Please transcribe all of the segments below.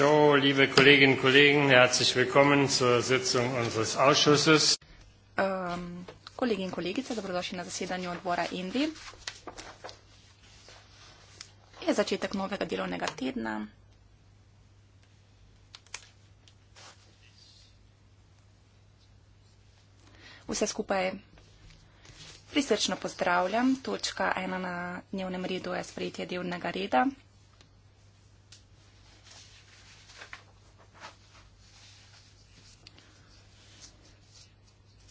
So, liebe Kolleginnen und Kollegen, herzlich willkommen zur Sitzung unseres Ausschusses. Um, ähm, Kolleginnen und Kollegen, dobrodošli na zasedanju odbora Indi. Je začetek novega delovnega tedna. Vse skupaj prisrčno pozdravljam. Točka ena na dnevnem redu je sprejetje delovnega reda.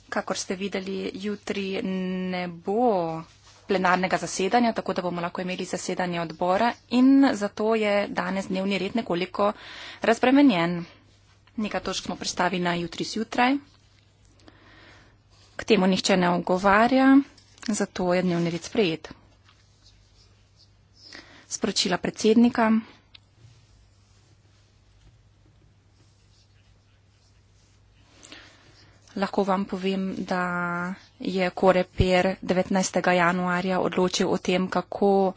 Kakor ste videli, jutri ne bo plenarnega zasedanja, tako da bomo lahko imeli zasedanje odbora in zato je danes dnevni red nekoliko razpremenjen. Nekaj točk smo predstavili na jutri zjutraj. K temu nihče ne ogovarja, zato je dnevni red sprejet. Sporočila predsednika. lahko vam povem, da je Koreper 19. januarja odločil o tem, kako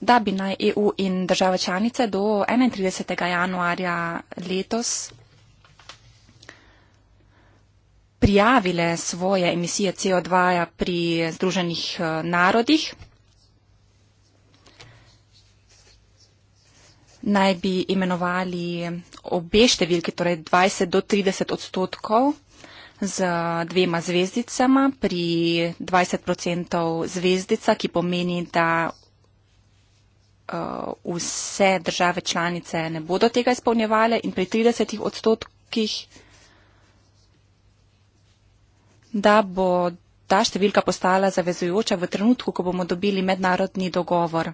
da bi naj EU in države članice do 31. januarja letos prijavile svoje emisije CO2 -ja pri Združenih eh, narodih. Naj bi imenovali obe številke, torej 20 do 30 odstotkov z dvema zvezdicama pri 20% zvezdica, ki pomeni, da uh, vse države članice ne bodo tega izpolnjevale in pri 30 odstotkih, da bo ta številka postala zavezujoča v trenutku, ko bomo dobili mednarodni dogovor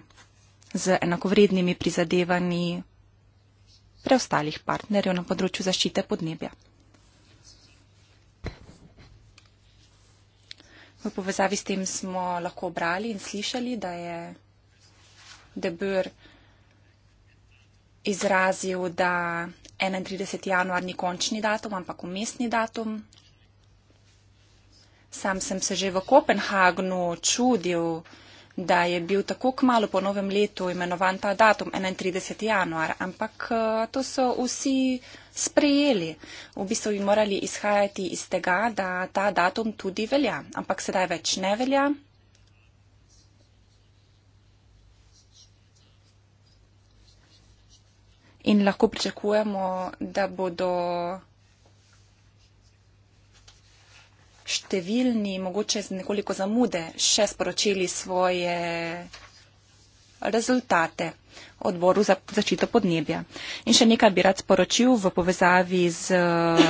z enakovrednimi prizadevanji preostalih partnerjev na področju zaščite podnebja. V povezavi s tem smo lahko brali in slišali, da je Debr izrazil, da 31. januar ni končni datum, ampak umestni datum. Sam sem se že v Kopenhagnu čudil, da je bil tako kmalo po novem letu imenovan ta datum 31. januar, ampak eh, to so vsi sprejeli. V bistvu bi morali izhajati iz tega, da ta datum tudi velja, ampak sedaj več ne velja. In lahko pričakujemo, da bodo številni, mogoče z nekoliko zamude, še sporočili svoje rezultate odboru za začito podnebja. In še nekaj bi rad sporočil v povezavi z uh,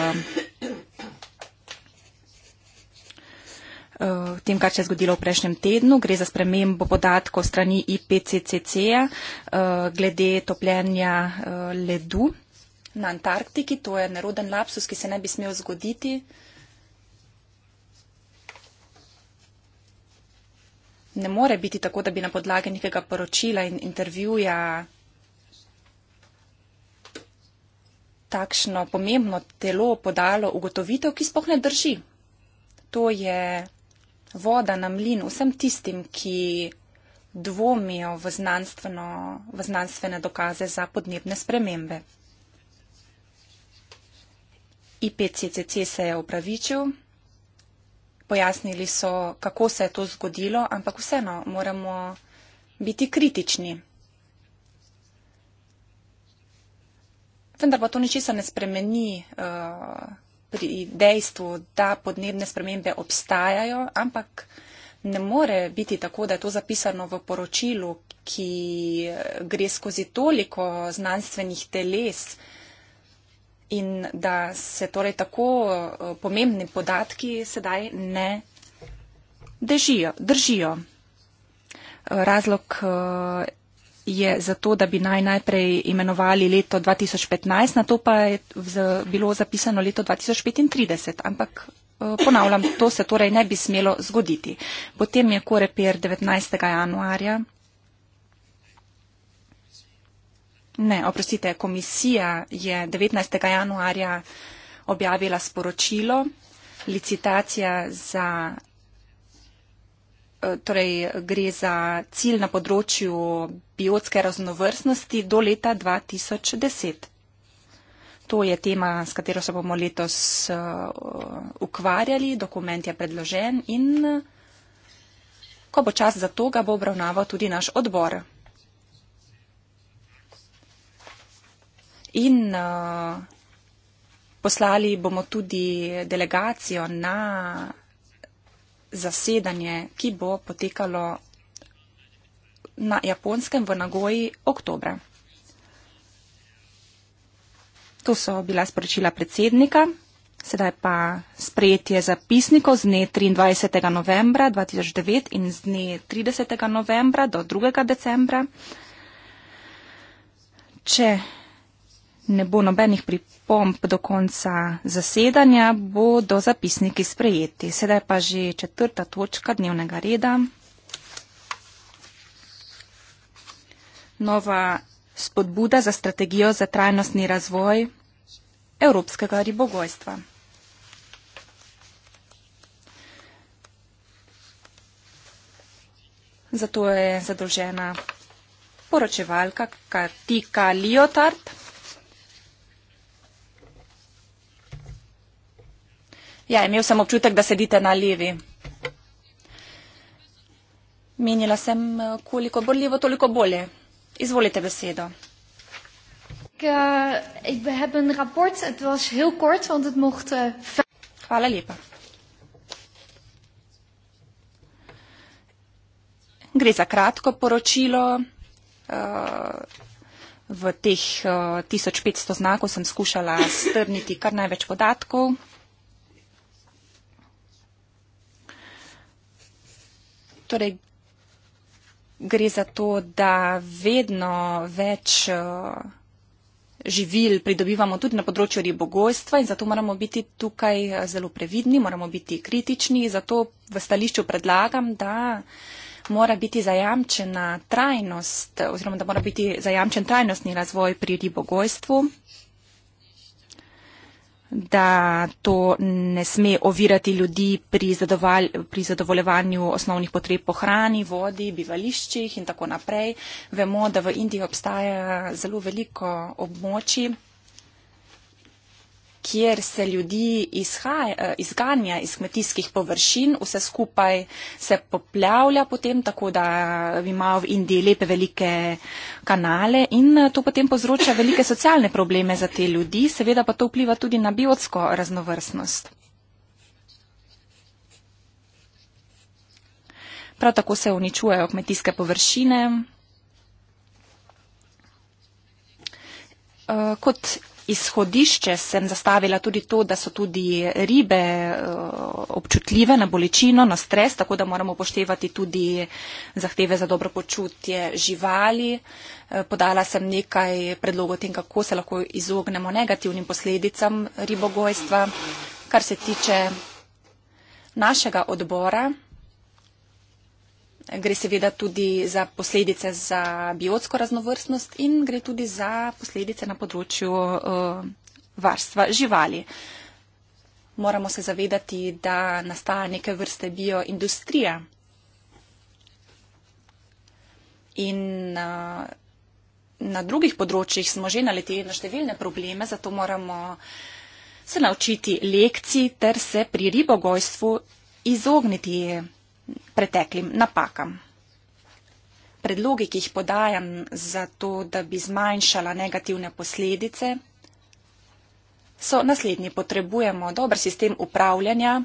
tem, kar se je zgodilo v prejšnjem tednu. Gre za spremembo podatkov strani IPCCC uh, eh, glede topljenja uh, ledu na Antarktiki. To je neroden lapsus, ki se ne bi smel zgoditi. Uh, ne more biti tako, da bi na podlagi nekega poročila in intervjuja takšno pomembno telo podalo ugotovitev, ki spohne drži. To je voda na mlin vsem tistim, ki dvomijo v, v znanstvene dokaze za podnebne spremembe. IPCCC se je upravičil pojasnili so, kako se je to zgodilo, ampak vseeno moramo biti kritični. Vendar pa to ničesar ne spremeni uh, pri dejstvu, da podnebne spremembe obstajajo, ampak ne more biti tako, da je to zapisano v poročilu, ki eh, gre skozi toliko znanstvenih teles, uh, in da se torej tako eh, pomembni podatki sedaj ne držijo. držijo. Eh, razlog eh, je zato, da bi naj najprej imenovali leto 2015, na to pa je bilo zapisano leto 2035, ampak ponavljam, to se torej ne bi smelo zgoditi. Potem je Koreper 19. januarja Ne, oprostite, komisija je 19. januarja objavila sporočilo, licitacija za, e, torej gre za cilj na področju biotske raznovrstnosti do leta 2010. To je tema, s katero se bomo letos e, ukvarjali, dokument je predložen in ko bo čas za to, ga bo obravnaval tudi naš odbor. In uh, poslali bomo tudi delegacijo na zasedanje, ki bo potekalo na Japonskem v Nagoji oktobra. To so bila sporočila predsednika, sedaj pa sprejetje zapisnikov z dne 23. novembra 2009 in z dne 30. novembra do 2. decembra. Če ne bo nobenih pripomb do konca zasedanja, bodo zapisniki sprejeti. Sedaj pa že četrta točka dnevnega reda. Nova spodbuda za strategijo za trajnostni razvoj evropskega ribogojstva. Zato je zadolžena poročevalka Katika Liotard. Ja, imel sem občutek, da sedite na levi. Menila sem, koliko borljivo, toliko bolje. Izvolite besedo. Eh, eh, Hvala lepa. Gre za kratko poročilo. Eh, v teh 1500 znakov sem skušala strniti kar največ podatkov. Torej, gre za to, da vedno več eh, živil pridobivamo tudi na področju ribogojstva in zato moramo biti tukaj eh, zelo previdni, moramo biti kritični. Zato v stališču predlagam, da mora biti zajamčena trajnost oziroma da mora biti zajamčen trajnostni razvoj pri ribogojstvu da to ne sme ovirati ljudi pri, zadoval, pri zadovoljevanju osnovnih potreb po hrani, vodi, bivališčih in tako naprej. Vemo, da v Indiji obstaja zelo veliko območij, kjer se ljudi eh, izganja iz kmetijskih površin, vse skupaj se poplavlja potem, tako da imajo v Indiji lepe velike kanale in eh, to potem povzroča velike socialne probleme za te ljudi, seveda pa to vpliva tudi na biotsko raznovrstnost. Prav tako se uničujejo kmetijske površine. Eh, kot izhodišče sem zastavila tudi to, da so tudi ribe eh, občutljive na bolečino, na stres, tako da moramo poštevati tudi zahteve za dobro počutje živali. Eh, podala sem nekaj predlogov o tem, kako se lahko izognemo negativnim posledicam ribogojstva. Kar se tiče našega odbora, gre seveda tudi za posledice za biotsko raznovrstnost in gre tudi za posledice na področju uh, varstva živali. Moramo se zavedati, da nastaja neke vrste bioindustrija. In uh, na drugih področjih smo že naleteli na številne probleme, zato moramo se naučiti lekcij ter se pri ribogojstvu izogniti preteklim napakam. Predlogi, ki jih podajam za to, da bi zmanjšala negativne posledice, so naslednji. Potrebujemo dober sistem upravljanja,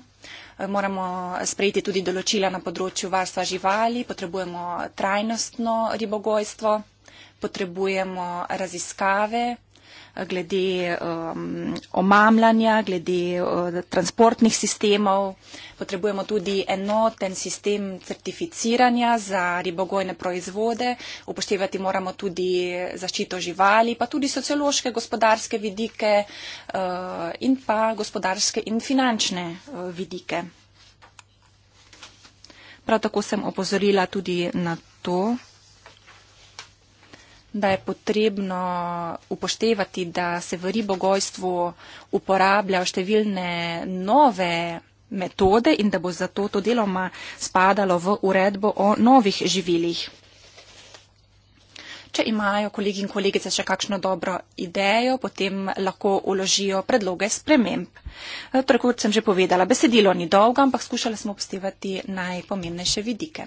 eh, moramo sprejeti tudi določila na področju varstva živali, potrebujemo trajnostno ribogojstvo, potrebujemo raziskave, glede um, omamljanja, glede uh, transportnih sistemov. Potrebujemo tudi enoten sistem certificiranja za ribogojne proizvode. Upoštevati moramo tudi zaščito živali, pa tudi sociološke, gospodarske vidike uh, in pa gospodarske in finančne uh, vidike. Prav tako sem opozorila tudi na to, da je potrebno upoštevati, da se v ribogojstvu uporabljajo številne nove metode in da bo zato to deloma spadalo v uredbo o novih živilih. Če imajo kolegi in kolegice še kakšno dobro idejo, potem lahko uložijo predloge sprememb. E, torej, kot sem že povedala, besedilo ni dolgo, ampak skušali smo obstevati najpomembnejše vidike.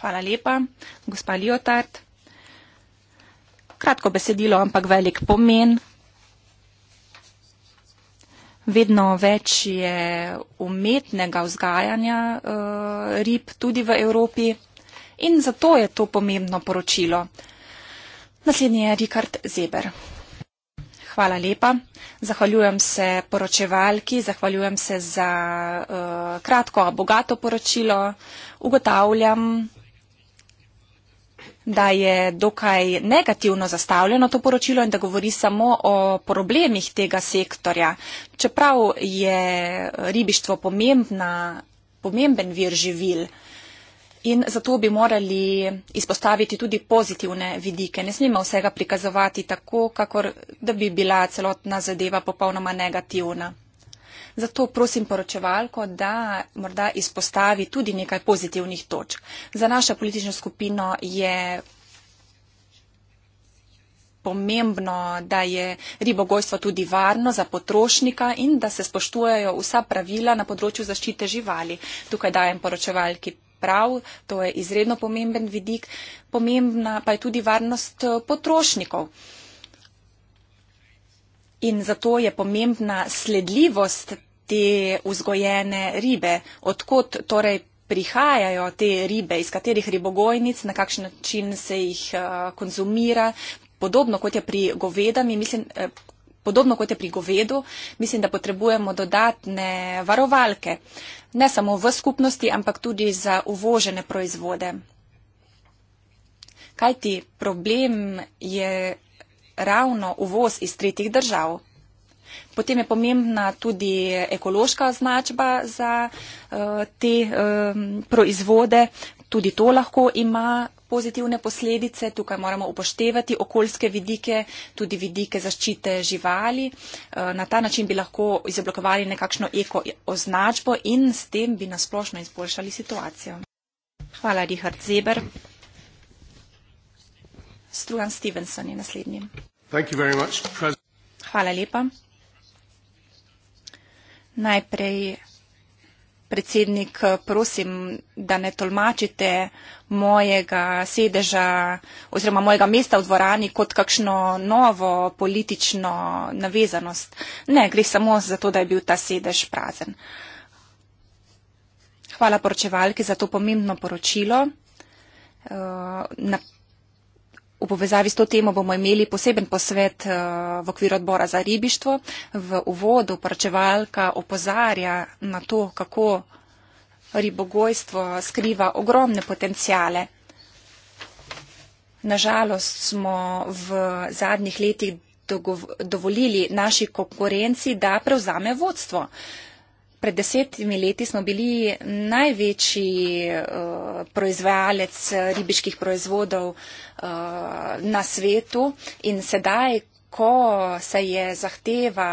Hvala lepa, gospa Liotard kratko besedilo, ampak velik pomen. Vedno več je umetnega vzgajanja uh, rib tudi v Evropi in zato je to pomembno poročilo. Naslednji je Rikard Zeber. Hvala lepa. Zahvaljujem se poročevalki, zahvaljujem se za uh, kratko, a bogato poročilo. Ugotavljam, da je dokaj negativno zastavljeno to poročilo in da govori samo o problemih tega sektorja. Čeprav je ribištvo pomembna, pomemben vir živil in zato bi morali izpostaviti tudi pozitivne vidike. Ne smemo vsega prikazovati tako, kakor da bi bila celotna zadeva popolnoma negativna. Zato prosim poročevalko, da morda izpostavi tudi nekaj pozitivnih točk. Za našo politično skupino je pomembno, da je ribogojstvo tudi varno za potrošnika in da se spoštujejo vsa pravila na področju zaščite živali. Tukaj dajem poročevalki prav, to je izredno pomemben vidik, pomembna pa je tudi varnost eh, potrošnikov. In zato je pomembna sledljivost te vzgojene ribe, odkot torej prihajajo te ribe, iz katerih ribogojnic, na kakšen način se jih eh, konzumira, podobno kot je pri govedami, mislim, eh, podobno kot je pri govedu, mislim, da potrebujemo dodatne varovalke, ne samo v skupnosti, ampak tudi za uvožene proizvode. Kaj ti problem je ravno uvoz iz tretjih držav? Potem je pomembna tudi ekološka označba za eh, te eh, proizvode. Tudi to lahko ima pozitivne posledice. Tukaj moramo upoštevati okoljske vidike, tudi vidike zaščite živali. Eh, na ta način bi lahko izoblikovali nekakšno eko označbo in s tem bi nasplošno izboljšali situacijo. Hvala, Richard Zeber. Strugan Stevenson je naslednji. Hvala lepa. Najprej, predsednik, prosim, da ne tolmačite mojega sedeža oziroma mojega mesta v dvorani kot kakšno novo politično navezanost. Ne, gre samo za to, da je bil ta sedež prazen. Hvala poročevalki za to pomembno poročilo. Uh, V povezavi s to temo bomo imeli poseben posvet eh, v okviru odbora za ribištvo. V uvodu poročevalka opozarja na to, kako ribogojstvo skriva ogromne potencijale. Nažalost smo v zadnjih letih dovolili naši konkurenci, da prevzame vodstvo. Uh, Pred desetimi leti smo bili največji uh, proizvajalec eh, ribiških proizvodov uh, na svetu in sedaj, ko se je zahteva,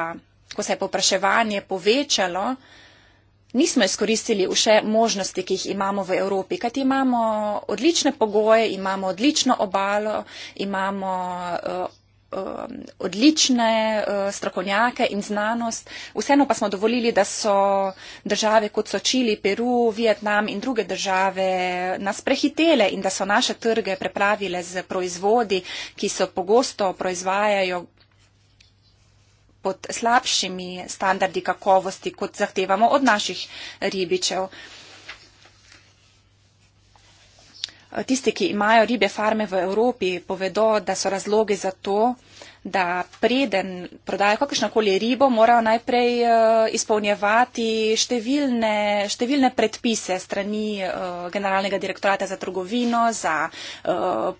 ko se je popraševanje povečalo, nismo izkoristili vse možnosti, ki jih imamo v Evropi, kajti imamo odlične pogoje, imamo odlično obalo, imamo uh, Um, odlične uh, strokovnjake in znanost. Vseeno pa smo dovolili, da so države kot so Čili, Peru, Vietnam in druge države nas prehitele in da so naše trge prepravile z proizvodi, ki so pogosto proizvajajo pod slabšimi standardi kakovosti, kot zahtevamo od naših ribičev. Eh, tisti, ki imajo ribe farme v Evropi, povedo, da so razlogi za to, da preden prodajo kakršnakoli ribo, morajo najprej eh, izpolnjevati številne, številne predpise strani eh, Generalnega direktorata za trgovino, za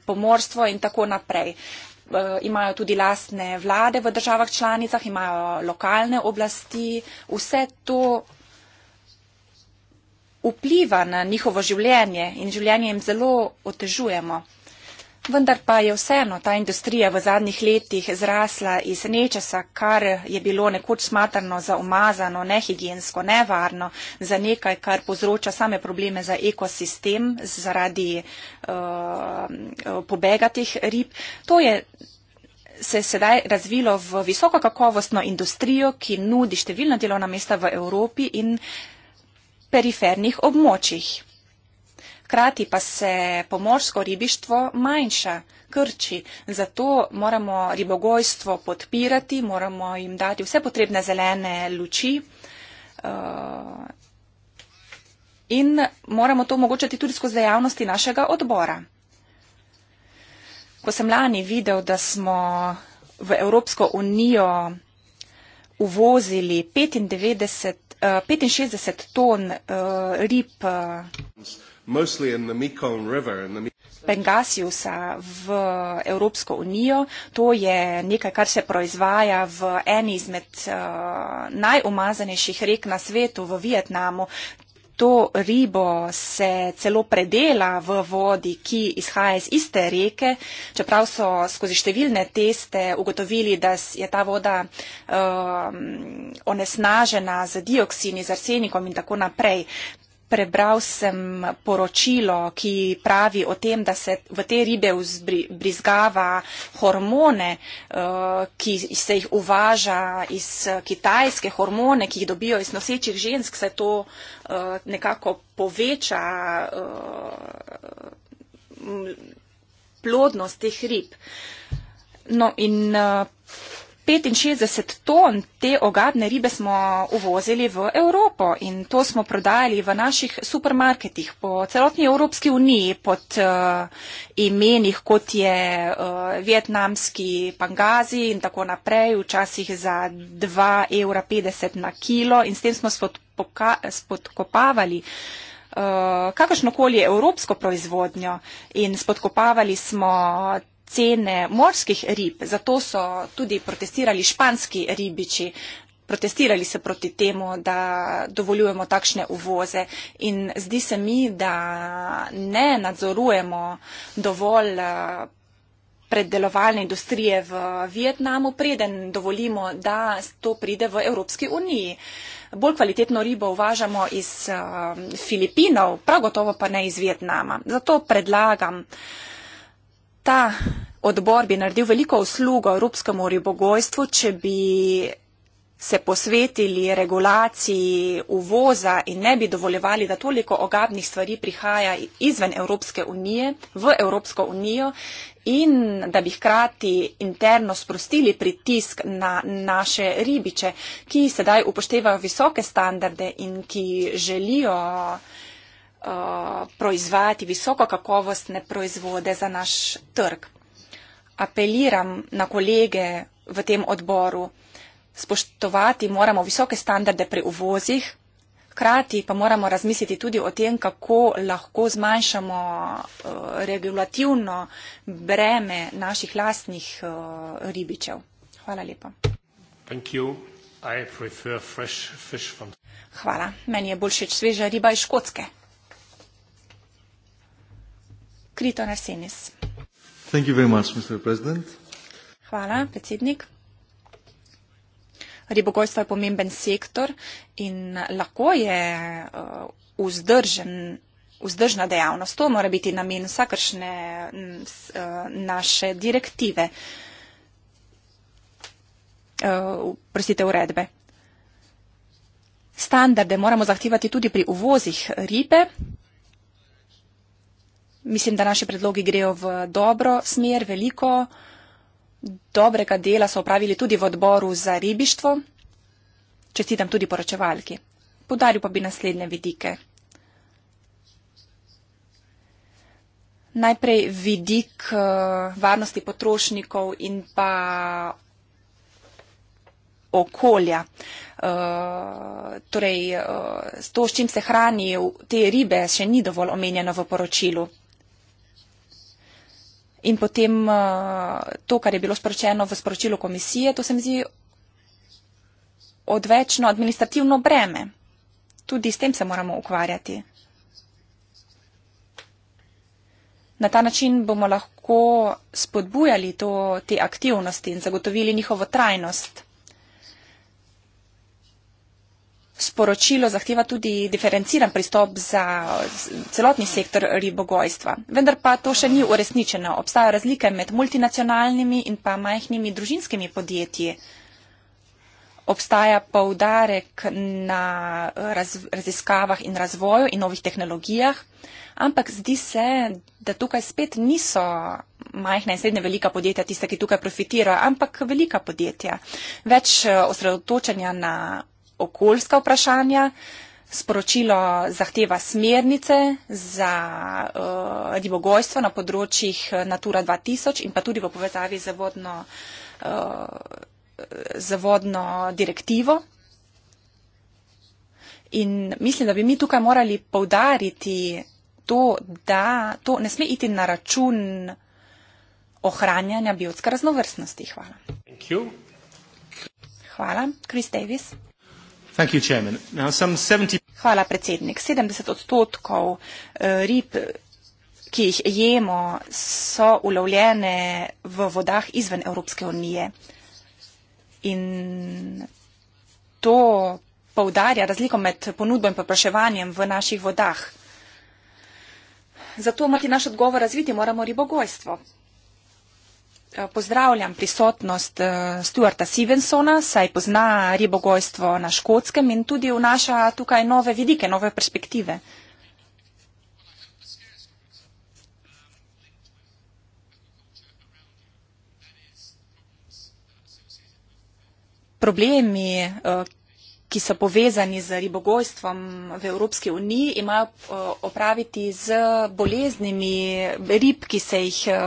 pomorstvo in tako naprej. Imajo tudi lastne vlade v državah članicah, imajo lokalne oblasti. Vse to vpliva na njihovo življenje in življenje jim zelo otežujemo. Vendar pa je vseeno ta industrija v zadnjih letih zrasla iz nečesa, kar je bilo nekoč smatrano za umazano, nehigijensko, nevarno, za nekaj, kar povzroča same probleme za ekosistem zaradi uh, eh, eh, pobegatih rib. To je se sedaj razvilo v visokokakovostno industrijo, ki nudi številna delovna mesta v Evropi in perifernih območjih. Hkrati pa se pomorsko ribištvo manjša, krči, zato moramo ribogojstvo podpirati, moramo jim dati vse potrebne zelene luči eh, in moramo to omogočati tudi skozi dejavnosti našega odbora. Ko sem lani videl, da smo v Evropsko unijo uvozili 95 65 ton eh, rib Bengasiusa eh, v Evropsko unijo. To je nekaj, kar se proizvaja v eni izmed eh, najomazanejših rek na svetu, v Vietnamu to ribo se celo predela v vodi, ki izhaja iz iste reke, čeprav so skozi številne teste ugotovili, da je ta voda um, onesnažena z dioksini, z arsenikom in tako naprej prebral sem poročilo, ki pravi o tem, da se v te ribe vzbrizgava hormone, eh, ki se jih uvaža iz eh, Kitajske, hormone, ki jih dobijo iz nosečih žensk, se to eh, nekako poveča plodnost teh rib. No in 65 ton te ogadne ribe smo uvozili v Evropo in to smo prodajali v naših supermarketih po celotni Evropski uniji pod uh, imenih, kot je uh, vietnamski pangazi in tako naprej, včasih za 2,50 evra na kilo in s tem smo spodkopavali. Uh, kakršnokoli evropsko proizvodnjo in spodkopavali smo cene morskih rib, zato so tudi protestirali španski ribiči. Protestirali so proti temu, da dovoljujemo takšne uvoze in zdi se mi, da ne nadzorujemo dovolj eh, predelovalne industrije v Vietnamu, preden dovolimo, da to pride v Evropski uniji. Bolj kvalitetno ribo uvažamo iz eh, Filipinov, prav gotovo pa ne iz Vietnama. Zato predlagam, ta odbor bi naredil veliko uslugo evropskemu ribogojstvu, če bi se posvetili regulaciji uvoza in ne bi dovoljevali, da toliko ogabnih stvari prihaja izven Evropske unije v Evropsko unijo in da bi hkrati interno sprostili pritisk na naše ribiče, ki sedaj upoštevajo visoke standarde in ki želijo uh, Eh, proizvajati visokokakovostne proizvode za naš trg. Apeliram na kolege v tem odboru, spoštovati moramo visoke standarde pri uvozih, krati pa moramo razmisliti tudi o tem, kako lahko zmanjšamo eh, regulativno breme naših lastnih eh, ribičev. Hvala lepa. Hvala. Meni je bolj všeč sveža riba iz Škotske. Kriton Arsenis. Thank you very much, Mr. President. Hvala, predsednik. Ribogojstvo je pomemben sektor in lahko je uh, vzdržen, vzdržna dejavnost. To mora biti namen vsakršne uh, naše direktive, uh, prosite, uredbe. Standarde moramo zahtevati tudi pri uvozih ribe mislim, da naše predlogi grejo v dobro smer. Veliko dobrega dela so opravili tudi v odboru za ribištvo. Čestitam tudi poročevalki. Podaril pa bi naslednje vidike. Najprej vidik eh, varnosti potrošnikov in pa okolja. Eh, torej, eh, to, s čim se hranijo te ribe, še ni dovolj omenjeno v poročilu in potem eh, to, kar je bilo sporočeno v sporočilu komisije, to se mi zdi odvečno administrativno breme. Tudi s tem se moramo ukvarjati. Na ta način bomo lahko spodbujali to, te aktivnosti in zagotovili njihovo trajnost. sporočilo zahteva tudi diferenciran pristop za celotni sektor ribogojstva. Vendar pa to še ni uresničeno. Obstaja razlike med multinacionalnimi in pa majhnimi družinskimi podjetji. Obstaja poudarek na raz, raziskavah in razvoju in novih tehnologijah, ampak zdi se, da tukaj spet niso majhna in srednja velika podjetja tiste, ki tukaj profitirajo, ampak velika podjetja. Več eh, osredotočanja na okoljska vprašanja. Sporočilo zahteva smernice za uh, ribogojstvo na področjih eh, Natura 2000 in pa tudi v povezavi z vodno, uh, vodno direktivo. In mislim, da bi mi tukaj morali povdariti to, da to ne sme iti na račun ohranjanja biotske raznovrstnosti. Hvala. Hvala. Chris Davis. Hvala, predsednik. 70 odstotkov eh, rib, ki jih jemo, so ulovljene v vodah izven Evropske unije. In to povdarja razliko med ponudbo in popraševanjem v naših vodah. Zato, mati naš odgovor razviti, moramo ribogojstvo. Eh, pozdravljam prisotnost eh, Stuarta Stevensona, saj pozna ribogojstvo na škotskem in tudi vnaša tukaj nove vidike, nove perspektive. Problemi, eh, ki so povezani z ribogojstvom v Evropski uniji, imajo eh, opraviti z boleznimi rib, ki se jih eh,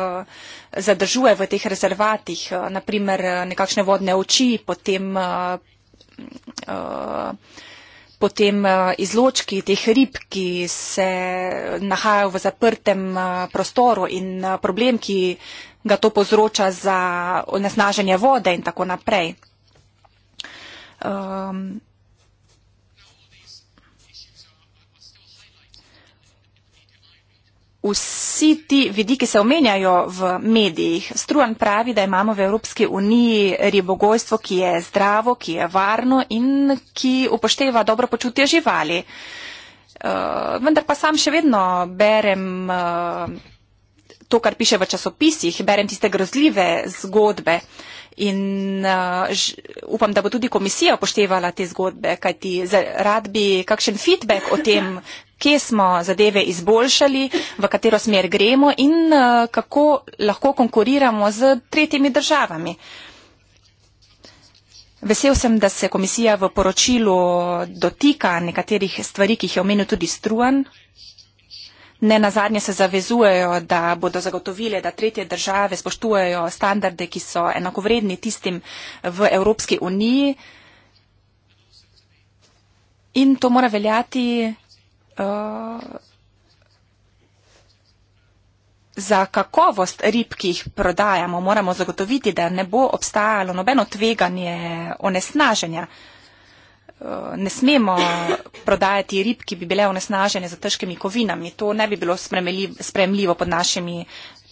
zadržuje v teh rezervatih, eh, naprimer nekakšne vodne oči, potem, potem izločki teh rib, ki se nahajajo v zaprtem prostoru in problem, ki ga to povzroča za onesnaženje vode in tako naprej. Um, vsi ti vidi, ki se omenjajo v medijih. Struan pravi, da imamo v Evropski uniji ribogojstvo, ki je zdravo, ki je varno in ki upošteva dobro počutje živali. Eh, vendar pa sam še vedno berem eh, to, kar piše v časopisih, berem tiste grozljive zgodbe. In uh, ž, upam, da bo tudi komisija upoštevala te zgodbe, kajti rad bi kakšen feedback o tem, kje smo zadeve izboljšali, v katero smer gremo in eh, kako lahko konkuriramo z tretjimi državami. Vesel sem, da se komisija v poročilu dotika nekaterih stvari, ki jih je omenil tudi Struan. Ne nazadnje se zavezujejo, da bodo zagotovile, da tretje države spoštujejo standarde, ki so enakovredni tistim v Evropski uniji. In to mora veljati Eh, za kakovost rib, ki jih prodajamo, moramo zagotoviti, da ne bo obstajalo nobeno tveganje onesnaženja. Eh, ne smemo prodajati rib, ki bi bile onesnažene za težkimi kovinami. To ne bi bilo spremljivo pod našimi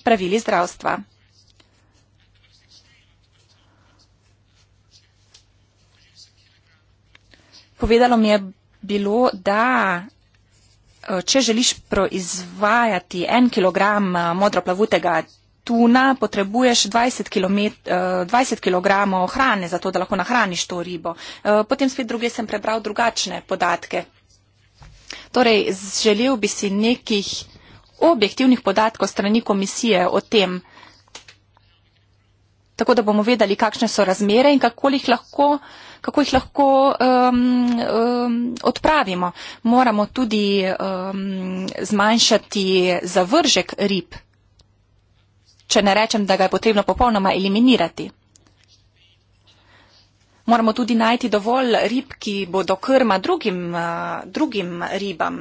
pravili zdravstva. Povedalo mi je bilo, da Eh, če želiš proizvajati en kilogram eh, modroplavutega tuna, potrebuješ 20, kilomet, 20 eh, kilogramov hrane, zato da lahko nahraniš to ribo. Potem spet druge sem prebral drugačne podatke. Torej, želel bi si nekih objektivnih podatkov strani komisije o tem, tako da bomo vedeli, kakšne so razmere in kako jih lahko, kako jih lahko um, um, odpravimo. Moramo tudi um, zmanjšati zavržek rib, če ne rečem, da ga je potrebno popolnoma eliminirati. Moramo tudi najti dovolj rib, ki bodo krma drugim, uh, drugim ribam.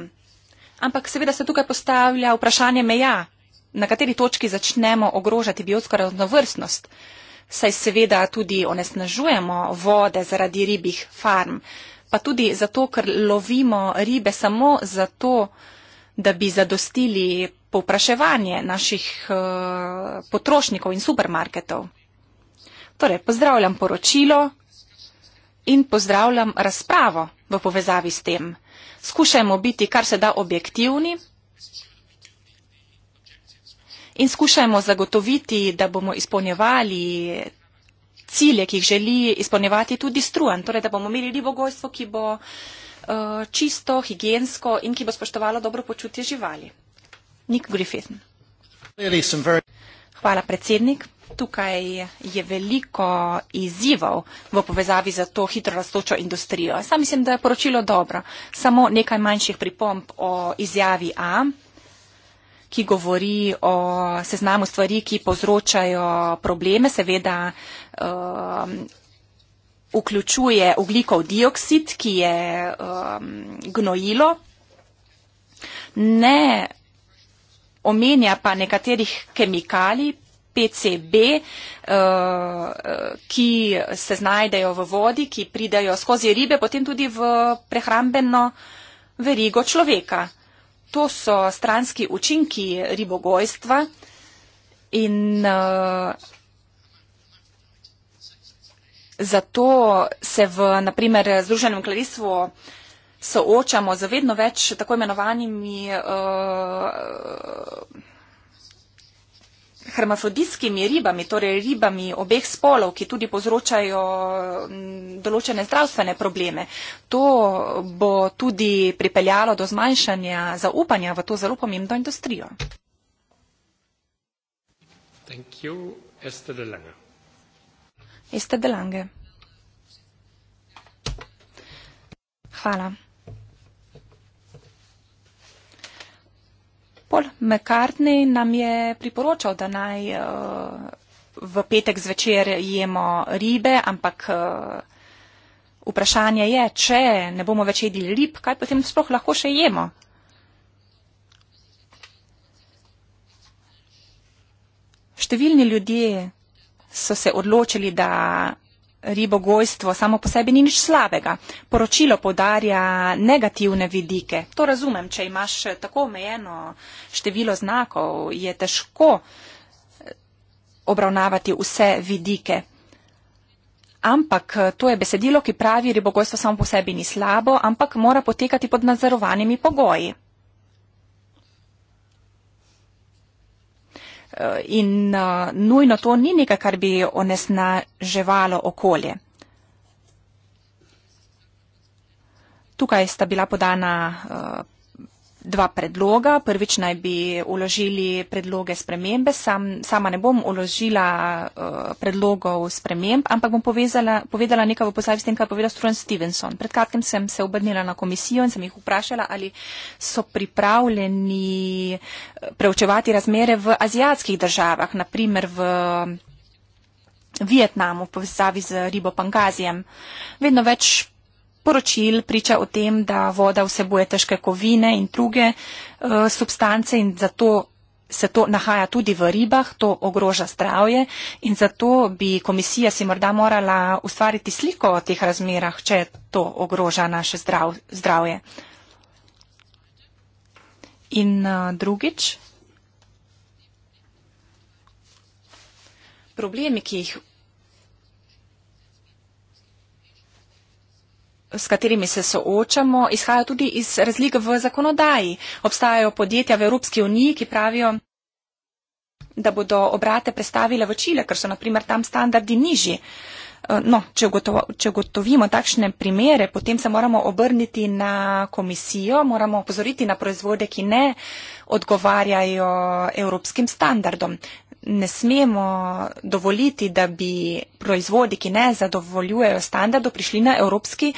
Ampak seveda se tukaj postavlja vprašanje meja, na kateri točki začnemo ogrožati biotsko raznovrstnost saj seveda tudi onesnažujemo vode zaradi ribih farm, pa tudi zato, ker lovimo ribe samo zato, da bi zadostili povpraševanje naših eh, potrošnikov in supermarketov. Torej, pozdravljam poročilo in pozdravljam razpravo v povezavi s tem. Skušajmo biti kar se da objektivni in skušajmo zagotoviti, da bomo izpolnjevali cilje, ki jih želi izpolnjevati tudi struan, torej da bomo imeli ribo gojstvo, ki bo eh, čisto, higijensko in ki bo spoštovalo dobro počutje živali. Nick Griffith. Hvala, predsednik. Tukaj je veliko izzivov v povezavi za to hitro rastočo industrijo. Sam mislim, da je poročilo dobro. Samo nekaj manjših pripomp o izjavi A ki govori o seznamu stvari, ki povzročajo probleme, seveda um, vključuje oglikov dioksid, ki je um, gnojilo, ne omenja pa nekaterih kemikalij, PCB, uh, ki se znajdejo v vodi, ki pridajo skozi ribe, potem tudi v prehrambeno verigo človeka to so stranski učinki ribogojstva in uh, zato se v, naprimer, Združenem kraljestvu soočamo z vedno več tako imenovanimi uh, hermafroditskimi ribami, torej ribami obeh spolov, ki tudi povzročajo določene zdravstvene probleme. To bo tudi pripeljalo do zmanjšanja zaupanja v to zelo pomembno industrijo. Thank you, Esther de Lange. Esther de Lange. Hvala. Paul McCartney nam je priporočal, da naj uh, v petek zvečer jemo ribe, ampak uh, vprašanje je, če ne bomo več jedli rib, kaj potem sploh lahko še jemo? Številni ljudje so se odločili, da ribogojstvo samo po sebi ni nič slabega. Poročilo podarja negativne vidike. To razumem, če imaš eh, tako omejeno število znakov, je težko eh, obravnavati vse vidike. Ampak eh, to je besedilo, ki pravi, ribogojstvo samo po sebi ni slabo, ampak mora potekati pod nadzorovanimi pogoji. Eh, in eh, nujno to ni nekaj, kar bi onesnaževalo okolje. Tukaj sta bila podana eh, dva predloga. Prvič naj bi uložili predloge spremembe. Sam, sama ne bom uložila uh, predlogov sprememb, ampak bom povezala, povedala nekaj v poslavi s tem, kar je povedal Struan Stevenson. Pred kratkim sem se obrnila na komisijo in sem jih vprašala, ali so pripravljeni eh, preučevati razmere v azijskih državah, naprimer v. Vietnamu v povezavi z ribo Pangazijem. Vedno več poročil priča o tem, da voda vsebuje težke kovine in druge uh, substance in zato se to nahaja tudi v ribah, to ogroža zdravje in zato bi komisija si morda morala ustvariti sliko o teh razmerah, če to ogroža naše zdrav, zdravje. In uh, drugič. Problemi, ki jih s katerimi se soočamo, izhajajo tudi iz razlik v zakonodaji. Obstajajo podjetja v Evropski uniji, ki pravijo, da bodo obrate prestavile v Čile, ker so naprimer tam standardi nižji. Eh, no, če, ugotovo, če ugotovimo takšne primere, potem se moramo obrniti na komisijo, moramo opozoriti na proizvode, ki ne odgovarjajo evropskim standardom. Ne smemo dovoliti, da bi proizvodi, ki ne zadovoljujejo standardov, prišli na evropski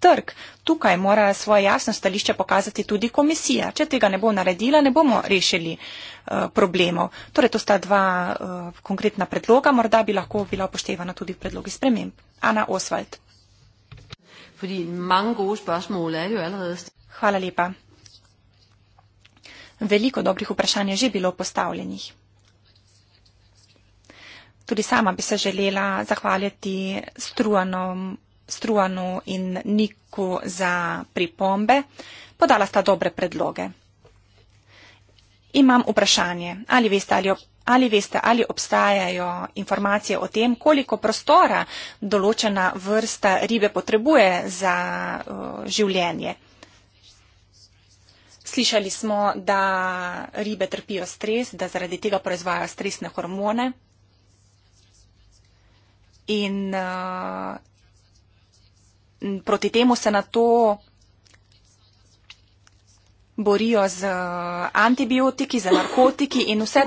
trg. Tukaj mora svoje jasno stališče pokazati tudi komisija. Če tega ne bo naredila, ne bomo rešili uh, problemov. Torej, to sta dva uh, konkretna predloga, morda bi lahko bila upoštevana tudi v predlogi sprememb. Ana Oswald. Er Hvala lepa. Veliko dobrih vprašanj je že bilo postavljenih. Tudi sama bi se želela zahvaliti struanom Struanu in Niku za pripombe. Podala sta dobre predloge. Imam vprašanje, ali veste ali, ali veste, ali obstajajo informacije o tem, koliko prostora določena vrsta ribe potrebuje za uh, življenje. Slišali smo, da ribe trpijo stres, da zaradi tega proizvajajo stresne hormone. In uh, proti temu se na to borijo z eh, antibiotiki, z narkotiki in vse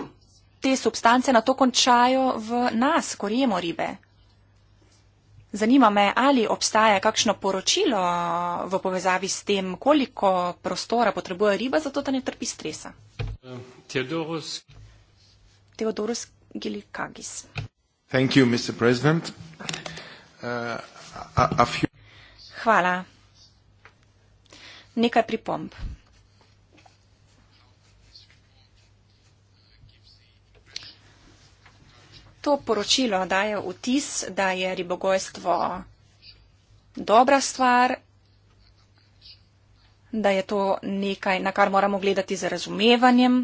te substance na to končajo v nas, ko jemo ribe. Zanima me, ali obstaja kakšno poročilo v povezavi s tem, koliko prostora potrebuje riba za to, da ne trpi stresa. Teodorus, Teodorus Gilikagis. Thank you, Mr. President. Uh, a, a few... Hvala. Nekaj pripomb. To poročilo daje vtis, da je ribogojstvo dobra stvar, da je to nekaj, na kar moramo gledati z razumevanjem.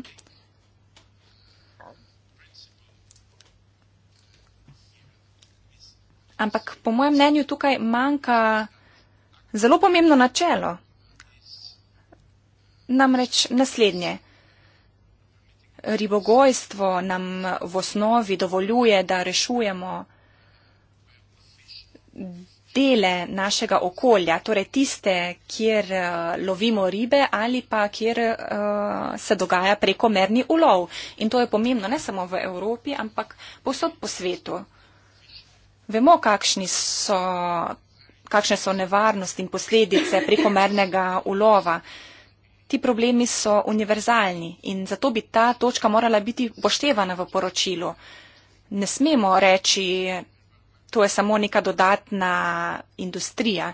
Ampak po mojem mnenju tukaj manjka. Zelo pomembno načelo. Namreč naslednje. Ribogojstvo nam v osnovi dovoljuje, da rešujemo dele našega okolja, torej tiste, kjer eh, lovimo ribe ali pa kjer eh, se dogaja prekomerni ulov. In to je pomembno ne samo v Evropi, ampak posod po svetu. Vemo, kakšni so kakšne so nevarnosti in posledice prekomernega ulova. Ti problemi so univerzalni in zato bi ta točka morala biti poštevana v poročilu. Ne smemo reči, to je samo neka dodatna industrija.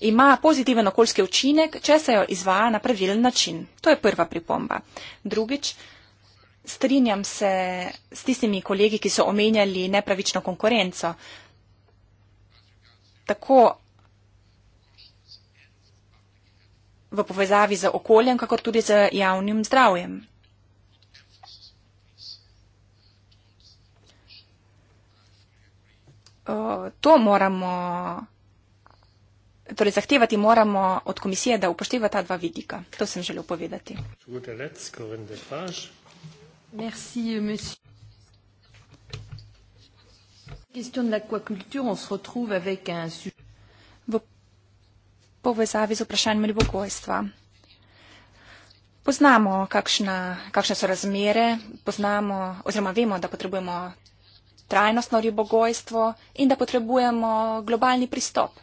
Ima pozitiven okoljski učinek, če se jo izvaja na pravilen način. To je prva pripomba. Drugič, strinjam se s tistimi kolegi, ki so omenjali nepravično konkurenco. Tako v povezavi z okoljem, kakor tudi z javnim zdravjem. To moramo, torej zahtevati moramo od komisije, da upošteva ta dva vidika. To sem želel povedati. Merci, monsieur. Question de l'aquaculture, on se retrouve avec un sujet povezavi z vprašanjem ljubogojstva. Poznamo, kakšna, kakšne so razmere, poznamo oziroma vemo, da potrebujemo trajnostno ribogojstvo in da potrebujemo globalni pristop.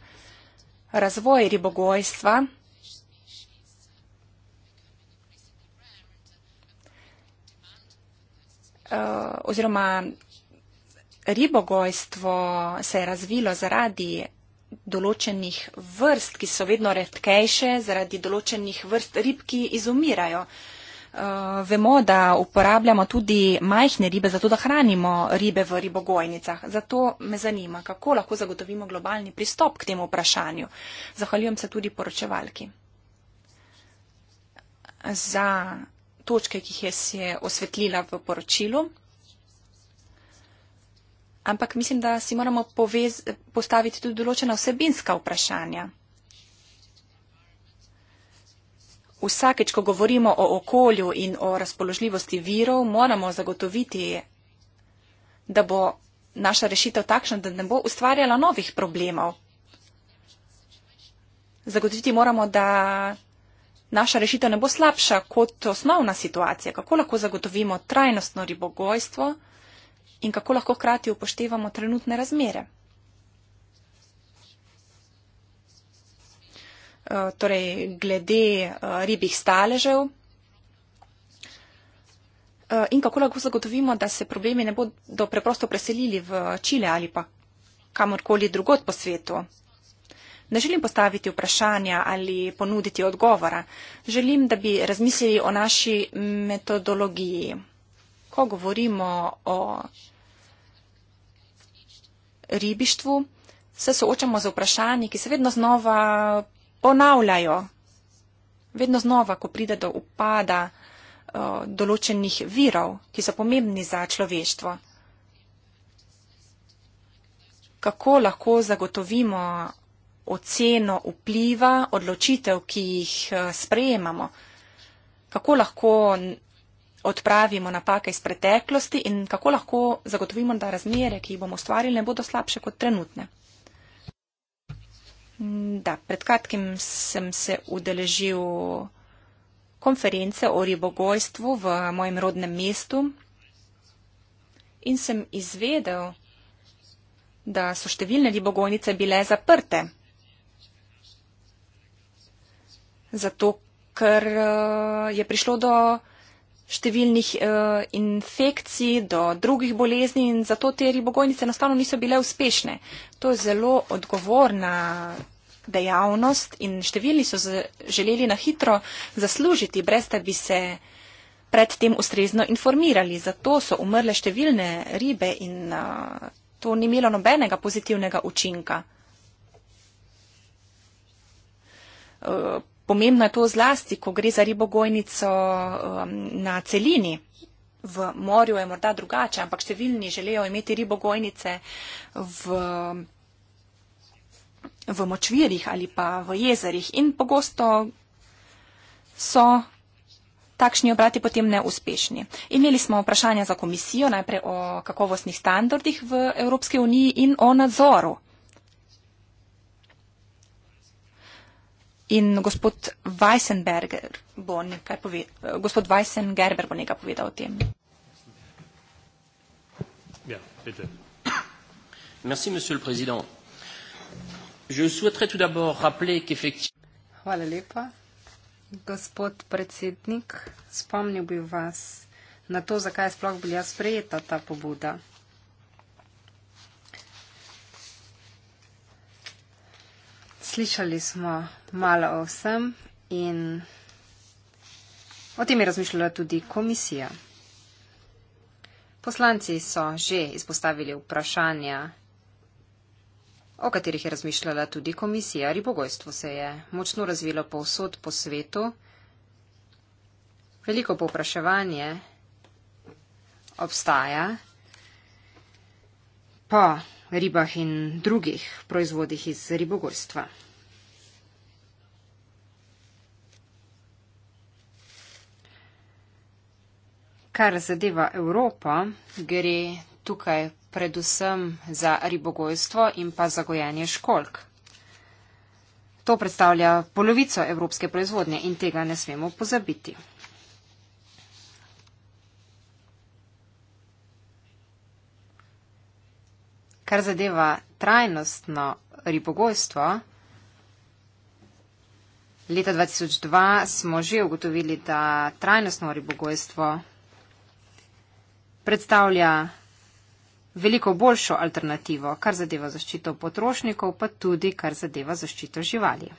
Razvoj ribogojstva eh, oziroma ribogojstvo se je razvilo zaradi določenih vrst, ki so vedno redkejše, zaradi določenih vrst rib, ki izumirajo. Eh, vemo, da uporabljamo tudi majhne ribe, zato da hranimo ribe v ribogojnicah. Zato me zanima, kako lahko zagotovimo globalni pristop k temu vprašanju. Zahvaljujem se tudi poročevalki za točke, ki jih je osvetlila v poročilu ampak mislim, da si moramo povez, postaviti tudi določena vsebinska vprašanja. Vsakeč, ko govorimo o okolju in o razpoložljivosti virov, moramo zagotoviti, da bo naša rešitev takšna, da ne bo ustvarjala novih problemov. Zagotoviti moramo, da naša rešitev ne bo slabša kot osnovna situacija. Kako lahko zagotovimo trajnostno ribogojstvo? in kako lahko hkrati upoštevamo trenutne razmere. E, torej, glede e, ribjih staležev e, in kako lahko zagotovimo, da se problemi ne bodo preprosto preselili v Čile ali pa kamorkoli drugot po svetu. Ne želim postaviti vprašanja ali ponuditi odgovora. Želim, da bi razmislili o naši metodologiji. Ko govorimo o ribištvu, se soočamo z vprašanji, ki se vedno znova ponavljajo. Vedno znova, ko pride do upada eh, določenih virov, ki so pomembni za človeštvo. Kako lahko zagotovimo oceno vpliva odločitev, ki jih eh, sprejemamo? Kako lahko odpravimo napake iz preteklosti in kako lahko zagotovimo, da razmere, ki jih bomo ustvarili, ne bodo slabše kot trenutne. Da, pred kratkim sem se udeležil konference o ribogojstvu v mojem rodnem mestu in sem izvedel, da so številne ribogojnice bile zaprte. Zato, ker eh, je prišlo do številnih uh, infekcij, do drugih bolezni in zato te ribogojnice enostavno niso bile uspešne. To je zelo odgovorna dejavnost in številni so želeli na hitro zaslužiti, brez da bi se predtem ustrezno informirali. Zato so umrle številne ribe in uh, to ni imelo nobenega pozitivnega učinka. Uh, Pomembno je to zlasti, ko gre za ribogojnico um, na celini. V morju je morda drugače, ampak številni želijo imeti ribogojnice v, v močvirjih ali pa v jezerih in pogosto so takšni obrati potem neuspešni. Imeli smo vprašanja za komisijo najprej o kakovostnih standardih v Evropske uniji in o nadzoru. In gospod Weissenberger bo nekaj povedal, gospod Weissengerber bo nekaj povedal o tem. Ja, bitte. Merci, monsieur le président. Je souhaiterais tout d'abord rappeler qu'effectivement. Hvala lepa. Gospod predsednik, spomnil bi vas na to, zakaj je sploh bila sprejeta ta pobuda. slišali smo malo o vsem in o tem je razmišljala tudi komisija. Poslanci so že izpostavili vprašanja, o katerih je razmišljala tudi komisija. Ribogojstvo se je močno razvilo povsod po svetu. Veliko povpraševanje obstaja. Pa ribah in drugih proizvodih iz ribogojstva. Kar zadeva Evropo, gre tukaj predvsem za ribogojstvo in pa za gojanje školk. To predstavlja polovico evropske proizvodnje in tega ne smemo pozabiti. kar zadeva trajnostno ribogojstvo, leta 2002 smo že ugotovili, da trajnostno ribogojstvo predstavlja veliko boljšo alternativo, kar zadeva zaščito potrošnikov, pa tudi kar zadeva zaščito živali.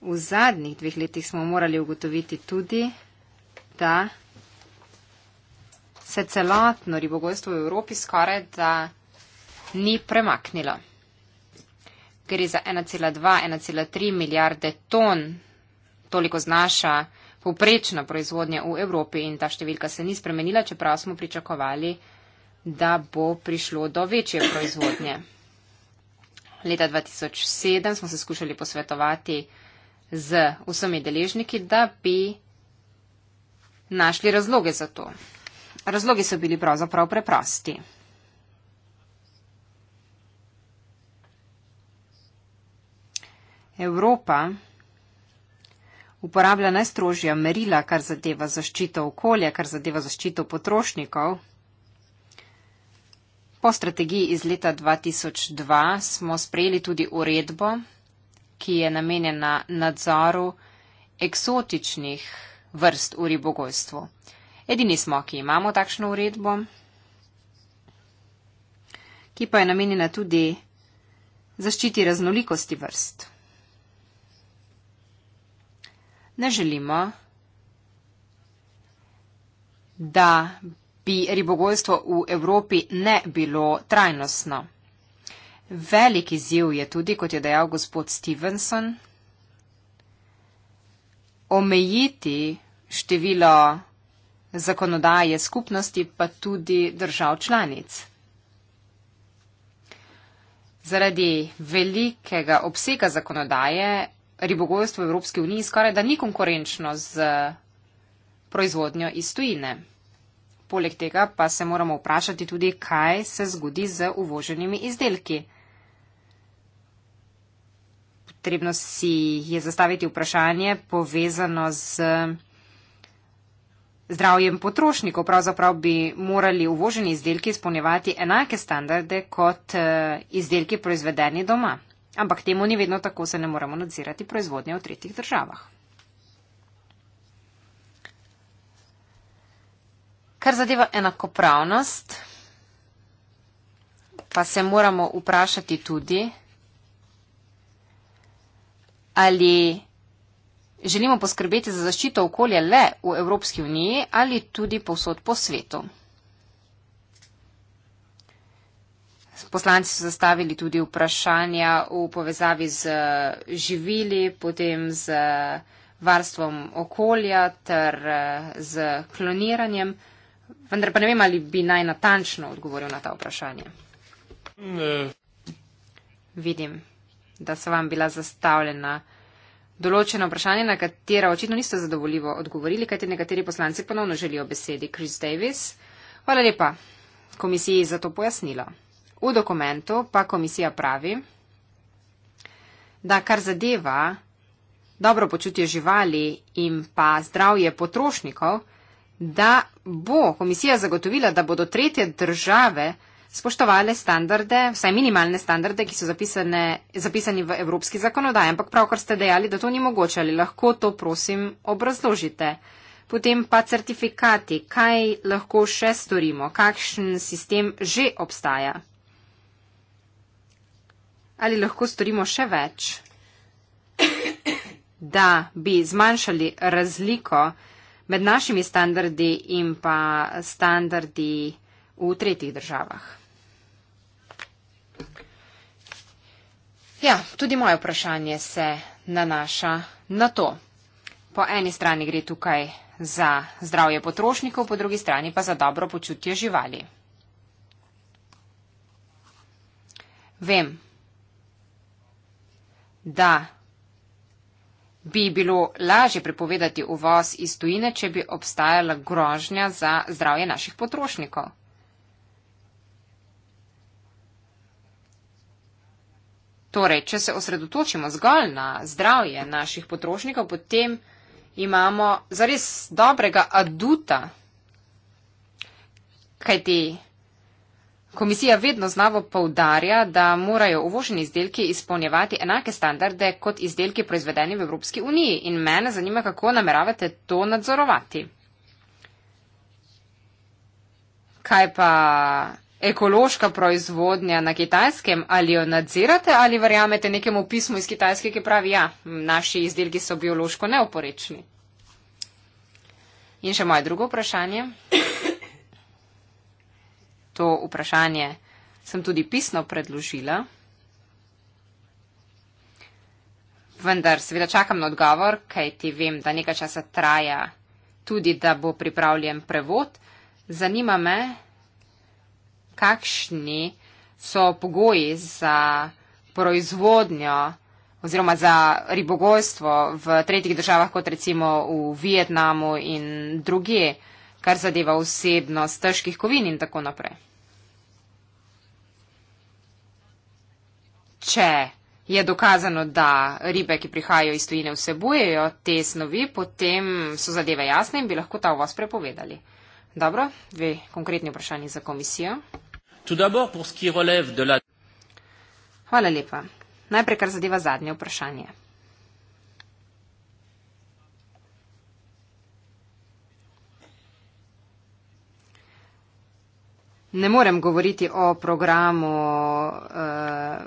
V zadnjih dveh letih smo morali ugotoviti tudi, da se celotno ribogojstvo v Evropi skoraj da ni premaknilo. Gre za 1,2-1,3 milijarde ton, toliko znaša povprečna proizvodnja v Evropi in ta številka se ni spremenila, čeprav smo pričakovali, da bo prišlo do večje proizvodnje. Leta 2007 smo se skušali posvetovati z vsemi deležniki, da bi našli razloge za to. Razlogi so bili pravzaprav preprosti. Evropa uporablja najstrožja merila, kar zadeva zaščito okolja, kar zadeva zaščito potrošnikov. Po strategiji iz leta 2002 smo sprejeli tudi uredbo, ki je namenjena nadzoru eksotičnih vrst v ribogojstvu. Edini smo, ki imamo takšno uredbo, ki pa je namenjena tudi zaščiti raznolikosti vrst. Ne želimo, da bi ribogojstvo v Evropi ne bilo trajnostno. Veliki ziv je tudi, kot je dejal gospod Stevenson, omejiti število zakonodaje skupnosti, pa tudi držav članic. Zaradi velikega obsega zakonodaje ribogojstvo v Evropski uniji skoraj da ni konkurenčno z proizvodnjo iz tujine. Poleg tega pa se moramo vprašati tudi, kaj se zgodi z uvoženimi izdelki. Potrebno si je zastaviti vprašanje povezano z zdravjem potrošnikov. Pravzaprav bi morali uvoženi izdelki izpolnjevati enake standarde kot eh, izdelki proizvedeni doma. Ampak temu ni vedno tako, se ne moremo nadzirati proizvodnje v tretjih državah. Kar zadeva enakopravnost, pa se moramo vprašati tudi, ali Želimo poskrbeti za zaščito okolja le v Evropski uniji ali tudi povsod po svetu. Poslanci so zastavili tudi vprašanja v povezavi z eh, živili, potem z eh, varstvom okolja ter eh, z kloniranjem, vendar pa ne vem, ali bi naj natančno odgovoril na ta vprašanja. Ne. Vidim, da so vam bila zastavljena določeno vprašanje, na katero očitno niste zadovoljivo odgovorili, kajti nekateri poslanci ponovno želijo besedi. Chris Davis, hvala lepa komisiji za to pojasnilo. V dokumentu pa komisija pravi, da kar zadeva dobro počutje živali in pa zdravje potrošnikov, da bo komisija zagotovila, da bodo tretje države spoštovale standarde, vsaj minimalne standarde, ki so zapisane, zapisani v evropski zakonodaji. Ampak pravkar ste dejali, da to ni mogoče ali lahko to prosim obrazložite. Potem pa certifikati, kaj lahko še storimo, kakšen sistem že obstaja. Ali lahko storimo še več, da bi zmanjšali razliko med našimi standardi in pa standardi v tretjih državah. Ja, tudi moje vprašanje se nanaša na to. Po eni strani gre tukaj za zdravje potrošnikov, po drugi strani pa za dobro počutje živali. Vem, da bi bilo lažje prepovedati uvoz iz tujine, če bi obstajala grožnja za zdravje naših potrošnikov. Torej, če se osredotočimo zgolj na zdravje naših potrošnikov, potem imamo zares dobrega aduta, kajti komisija vedno znavo povdarja, da morajo uvoženi izdelki izpolnjevati enake standarde kot izdelki proizvedeni v Evropski uniji in mene zanima, kako nameravate to nadzorovati. Kaj pa ekološka proizvodnja na kitajskem, ali jo nadzirate ali verjamete nekemu pismu iz Kitajske, ki pravi, ja, naši izdelki so biološko neoporečni. In še moje drugo vprašanje. To vprašanje sem tudi pisno predložila. Vendar seveda čakam na odgovor, kaj ti vem, da nekaj časa traja tudi, da bo pripravljen prevod. Zanima me, kakšni so pogoji za proizvodnjo oziroma za ribogojstvo v tretjih državah, kot recimo v Vietnamu in druge, kar zadeva vsebnost težkih kovin in tako naprej. Če je dokazano, da ribe, ki prihajajo iz tujine, vsebujejo te snovi, potem so zadeve jasne in bi lahko ta uvoz prepovedali. Dobro, dve konkretni vprašanji za komisijo. Tout d'abord pour ce qui relève de la. Hvala lepa. Najprej kar zadeva zadnje vprašanje. Ne morem govoriti o programu eh,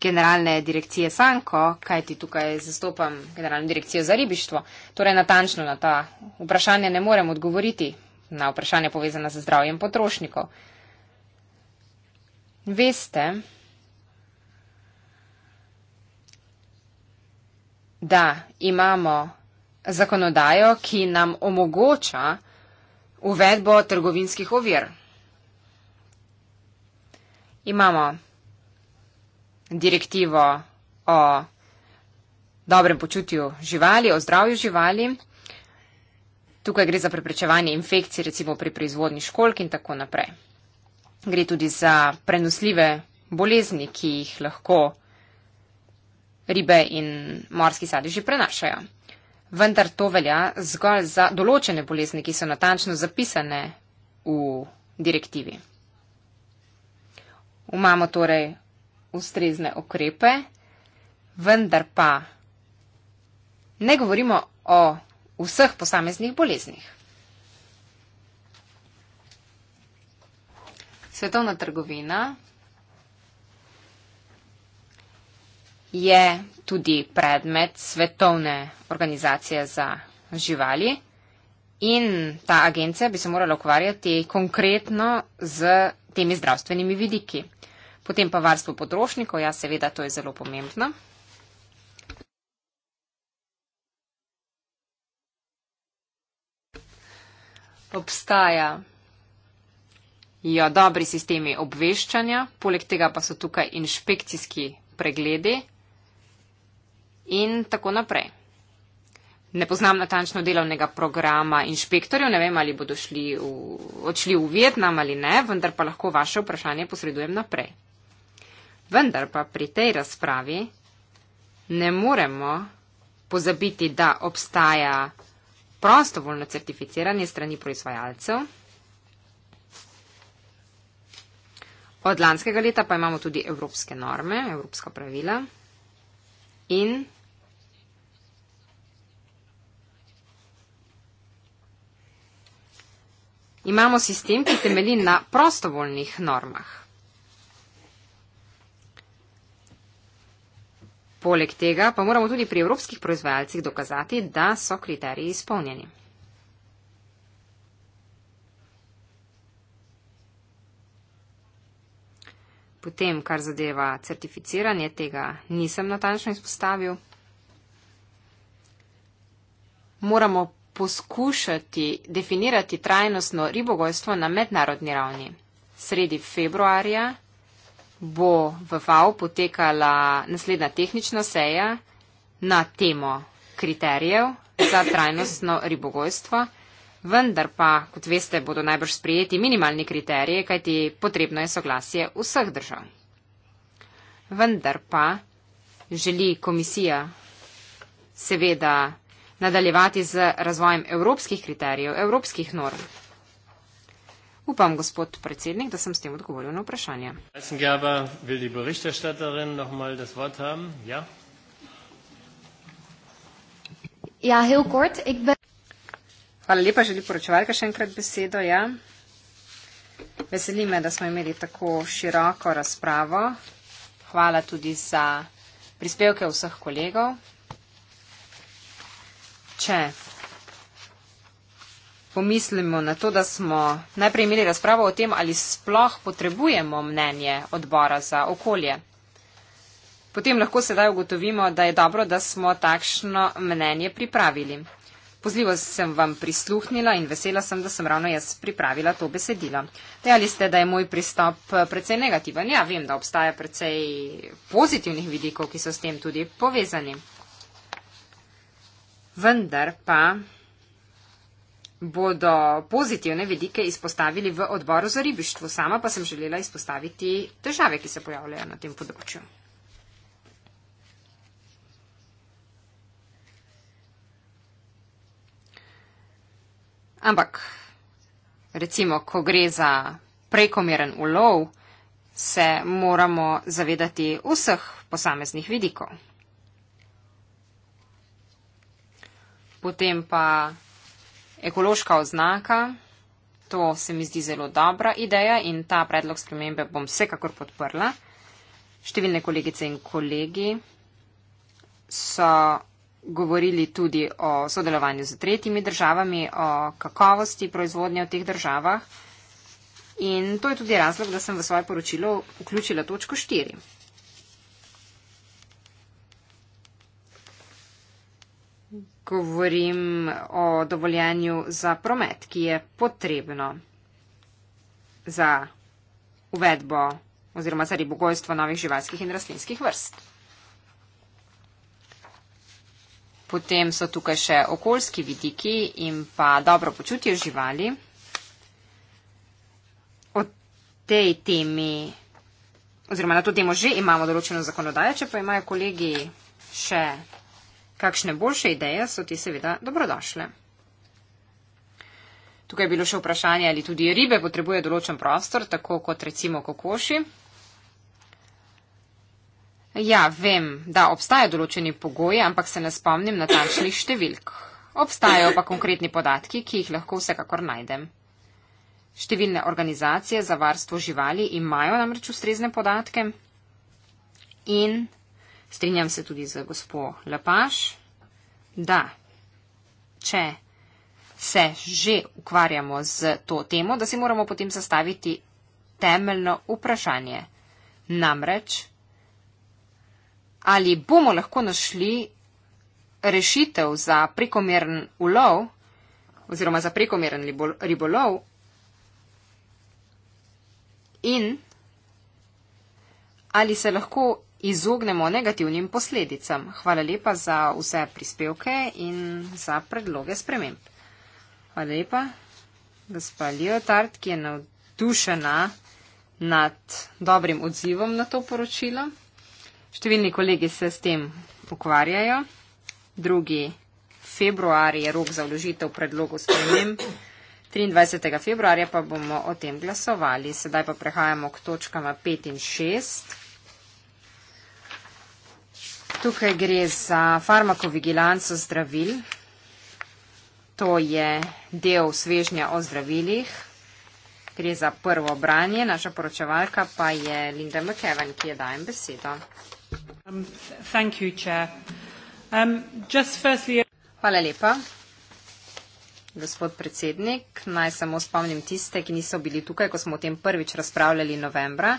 generalne direkcije Sanko, kajti tukaj zastopam generalno direkcijo za ribištvo. Torej natančno na ta vprašanje ne morem odgovoriti, na vprašanje povezane z zdravjem potrošnikov. Veste, da imamo zakonodajo, ki nam omogoča uvedbo trgovinskih ovir. Imamo direktivo o dobrem počutju živali, o zdravju živali. Tukaj gre za preprečevanje infekcij, recimo pri proizvodni školki in tako naprej gre tudi za prenosljive bolezni, ki jih lahko ribe in morski sadeži prenašajo. Vendar to velja zgolj za določene bolezni, ki so natančno zapisane v direktivi. Umamo torej ustrezne okrepe, vendar pa ne govorimo o vseh posameznih boleznih. Svetovna trgovina je tudi predmet svetovne organizacije za živali in ta agencija bi se morala ukvarjati konkretno z temi zdravstvenimi vidiki. Potem pa varstvo potrošnikov, ja seveda to je zelo pomembno. Obstaja Ja, dobri sistemi obveščanja, poleg tega pa so tukaj inšpekcijski pregledi in tako naprej. Ne poznam natančno delovnega programa inšpektorjev, ne vem, ali bodo šli v, odšli v Vietnam ali ne, vendar pa lahko vaše vprašanje posredujem naprej. Vendar pa pri tej razpravi ne moremo pozabiti, da obstaja prostovoljno certificiranje strani proizvajalcev. Od lanskega leta pa imamo tudi evropske norme, evropska pravila. In imamo sistem, ki temeli na prostovoljnih normah. Poleg tega pa moramo tudi pri evropskih proizvajalcih dokazati, da so kriteriji izpolnjeni. potem, kar zadeva certificiranje, tega nisem natančno izpostavil. Moramo poskušati definirati trajnostno ribogojstvo na mednarodni ravni. Sredi februarja bo v VAU potekala naslednja tehnična seja na temo kriterijev za trajnostno ribogojstvo vendar pa, kot veste, bodo najbrž sprijeti minimalni kriteriji, kajti potrebno je soglasje vseh držav. Vendar pa želi komisija seveda nadaljevati z razvojem evropskih kriterijev, evropskih norm. Upam, gospod predsednik, da sem s tem odgovoril na vprašanje. Ja? ja, heel kort. Ik ben... Hvala lepa, želi poročevalka še enkrat besedo. Ja. Veselime, da smo imeli tako široko razpravo. Hvala tudi za prispevke vseh kolegov. Če pomislimo na to, da smo najprej imeli razpravo o tem, ali sploh potrebujemo mnenje odbora za okolje, potem lahko sedaj ugotovimo, da je dobro, da smo takšno mnenje pripravili. Pozljivo sem vam prisluhnila in vesela sem, da sem ravno jaz pripravila to besedilo. Dejali ste, da je moj pristop eh, precej negativen. Ja, vem, da obstaja precej pozitivnih vidikov, ki so s tem tudi povezani. Vendar pa bodo pozitivne vidike izpostavili v odboru za ribištvo. Sama pa sem želela izpostaviti težave, ki se pojavljajo na tem področju. Ampak, recimo, ko gre za prekomeren ulov, se moramo zavedati vseh posameznih vidikov. Potem pa ekološka oznaka. To se mi zdi zelo dobra ideja in ta predlog spremembe bom vsekakor podprla. Številne kolegice in kolegi so govorili tudi o sodelovanju z tretjimi državami, o kakovosti proizvodnje v teh državah. In to je tudi razlog, da sem v svoje poročilo vključila točko 4. Govorim o dovoljenju za promet, ki je potrebno za uvedbo oziroma za ribogojstvo novih živalskih in rastlinskih vrst. Potem so tukaj še okoljski vidiki in pa dobro počutje živali. O tej temi, oziroma na to temo že imamo določeno zakonodajo, če pa imajo kolegi še kakšne boljše ideje, so ti seveda dobrodošle. Tukaj je bilo še vprašanje, ali tudi ribe potrebuje določen prostor, tako kot recimo kokoši. Ja, vem, da obstajajo določeni pogoji, ampak se ne spomnim natančnih številk. Obstajajo pa konkretni podatki, ki jih lahko vsekakor najdem. Številne organizacije za varstvo živali imajo namreč ustrezne podatke in strinjam se tudi z gospo Lepaš, da če se že ukvarjamo z to temo, da si moramo potem zastaviti temeljno vprašanje. Namreč, ali bomo lahko našli rešitev za prekomeren ulov oziroma za prekomeren ribolov in ali se lahko izognemo negativnim posledicam. Hvala lepa za vse prispevke in za predloge sprememb. Hvala lepa, gospa Leotard, ki je navdušena nad dobrim odzivom na to poročilo. Številni kolegi se s tem ukvarjajo. 2. februar je rok za vložitev predlogov spremem. 23. februarja pa bomo o tem glasovali. Sedaj pa prehajamo k točkama 5 in 6. Tukaj gre za farmakovigilanco zdravil. To je del svežnja o zdravilih. Gre za prvo branje. Naša poročevalka pa je Linda McEwen, ki je dajem besedo. Um, um, Hvala lepa, gospod predsednik. Naj samo spomnim tiste, ki niso bili tukaj, ko smo o tem prvič razpravljali novembra.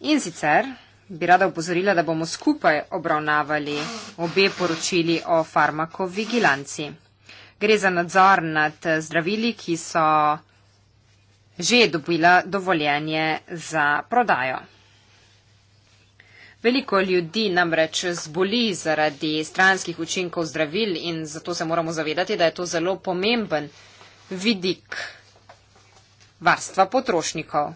In sicer bi rada upozorila, da bomo skupaj obravnavali obe poročili o farmakovigilanci. Gre za nadzor nad zdravili, ki so že dobila dovoljenje za prodajo. Veliko ljudi namreč zboli zaradi stranskih učinkov zdravil in zato se moramo zavedati, da je to zelo pomemben vidik varstva potrošnikov.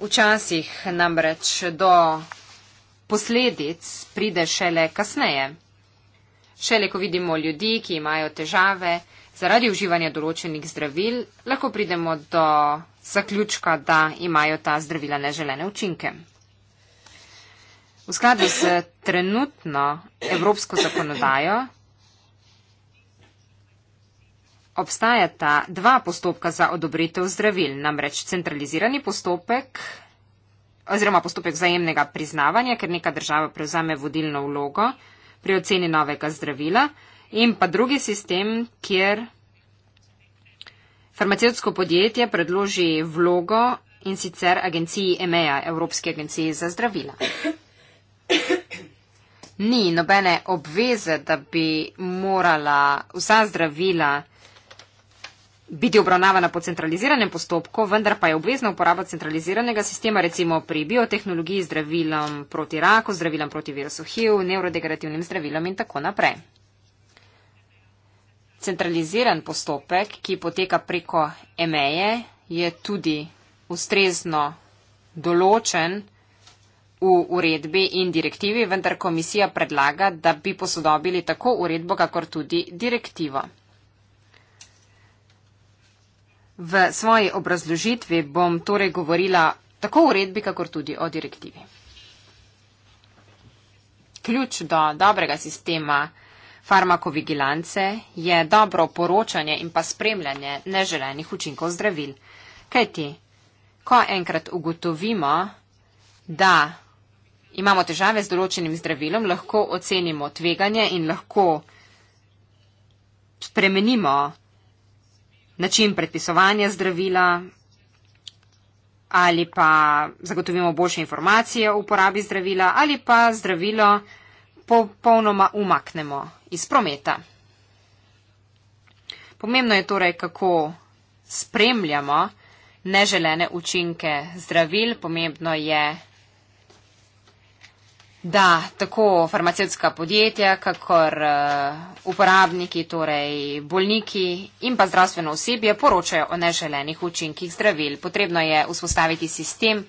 Včasih namreč do posledic pride šele kasneje. Šele ko vidimo ljudi, ki imajo težave zaradi uživanja določenih zdravil, lahko pridemo do zaključka, da imajo ta zdravila neželene učinke. V skladu z trenutno evropsko zakonodajo obstajata dva postopka za odobritev zdravil, namreč centralizirani postopek oziroma postopek vzajemnega priznavanja, ker neka država prevzame vodilno vlogo pri oceni novega zdravila in pa drugi sistem, kjer farmacevtsko podjetje predloži vlogo in sicer agenciji EMEA, Evropske agencije za zdravila. ni nobene obveze, da bi morala vsa zdravila biti obravnavana po centraliziranem postopku, vendar pa je obvezna uporaba centraliziranega sistema, recimo pri biotehnologiji, zdravilom proti raku, zdravilom proti virusu HIV, neurodegrativnim zdravilom in tako naprej. Centraliziran postopek, ki poteka preko EMEJE, je tudi ustrezno določen v uredbi in direktivi, vendar komisija predlaga, da bi posodobili tako uredbo, kakor tudi direktivo. V svoji obrazložitvi bom torej govorila tako o uredbi, kakor tudi o direktivi. Ključ do dobrega sistema farmakovigilance je dobro poročanje in pa spremljanje neželenih učinkov zdravil. Kajti, ko enkrat ugotovimo, da imamo težave z določenim zdravilom, lahko ocenimo tveganje in lahko spremenimo način predpisovanja zdravila ali pa zagotovimo boljše informacije o uporabi zdravila ali pa zdravilo popolnoma umaknemo iz prometa. Pomembno je torej, kako spremljamo neželene učinke zdravil, pomembno je, Da, tako farmacevtska podjetja, kakor uh, uporabniki, torej bolniki in pa zdravstveno osebje poročajo o neželenih učinkih zdravil. Potrebno je vzpostaviti sistem,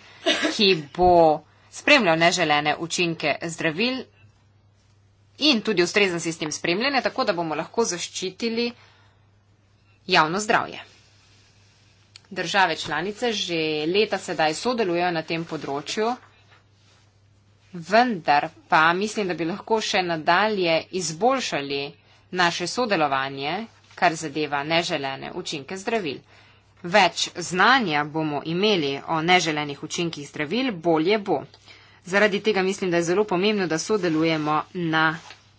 ki bo spremljal neželene učinke zdravil in tudi ustrezen sistem spremljanja, tako da bomo lahko zaščitili javno zdravje. Države članice že leta sedaj sodelujejo na tem področju vendar pa mislim, da bi lahko še nadalje izboljšali naše sodelovanje, kar zadeva neželene učinke zdravil. Več znanja bomo imeli o neželenih učinkih zdravil, bolje bo. Zaradi tega mislim, da je zelo pomembno, da sodelujemo na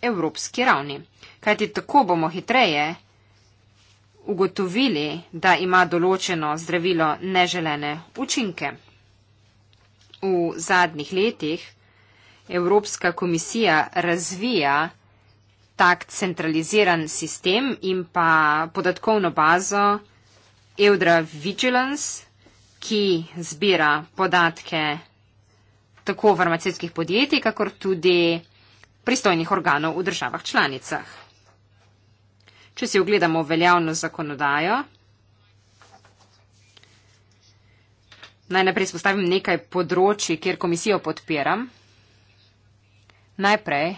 evropski ravni. Kajti tako bomo hitreje ugotovili, da ima določeno zdravilo neželene učinke. V zadnjih letih Evropska komisija razvija tak centraliziran sistem in pa podatkovno bazo Eudra Vigilance, ki zbira podatke tako farmacijskih podjetij, kakor tudi pristojnih organov v državah članicah. Če si ogledamo veljavno zakonodajo, naj najprej spostavim nekaj področji, kjer komisijo podpiram. Najprej,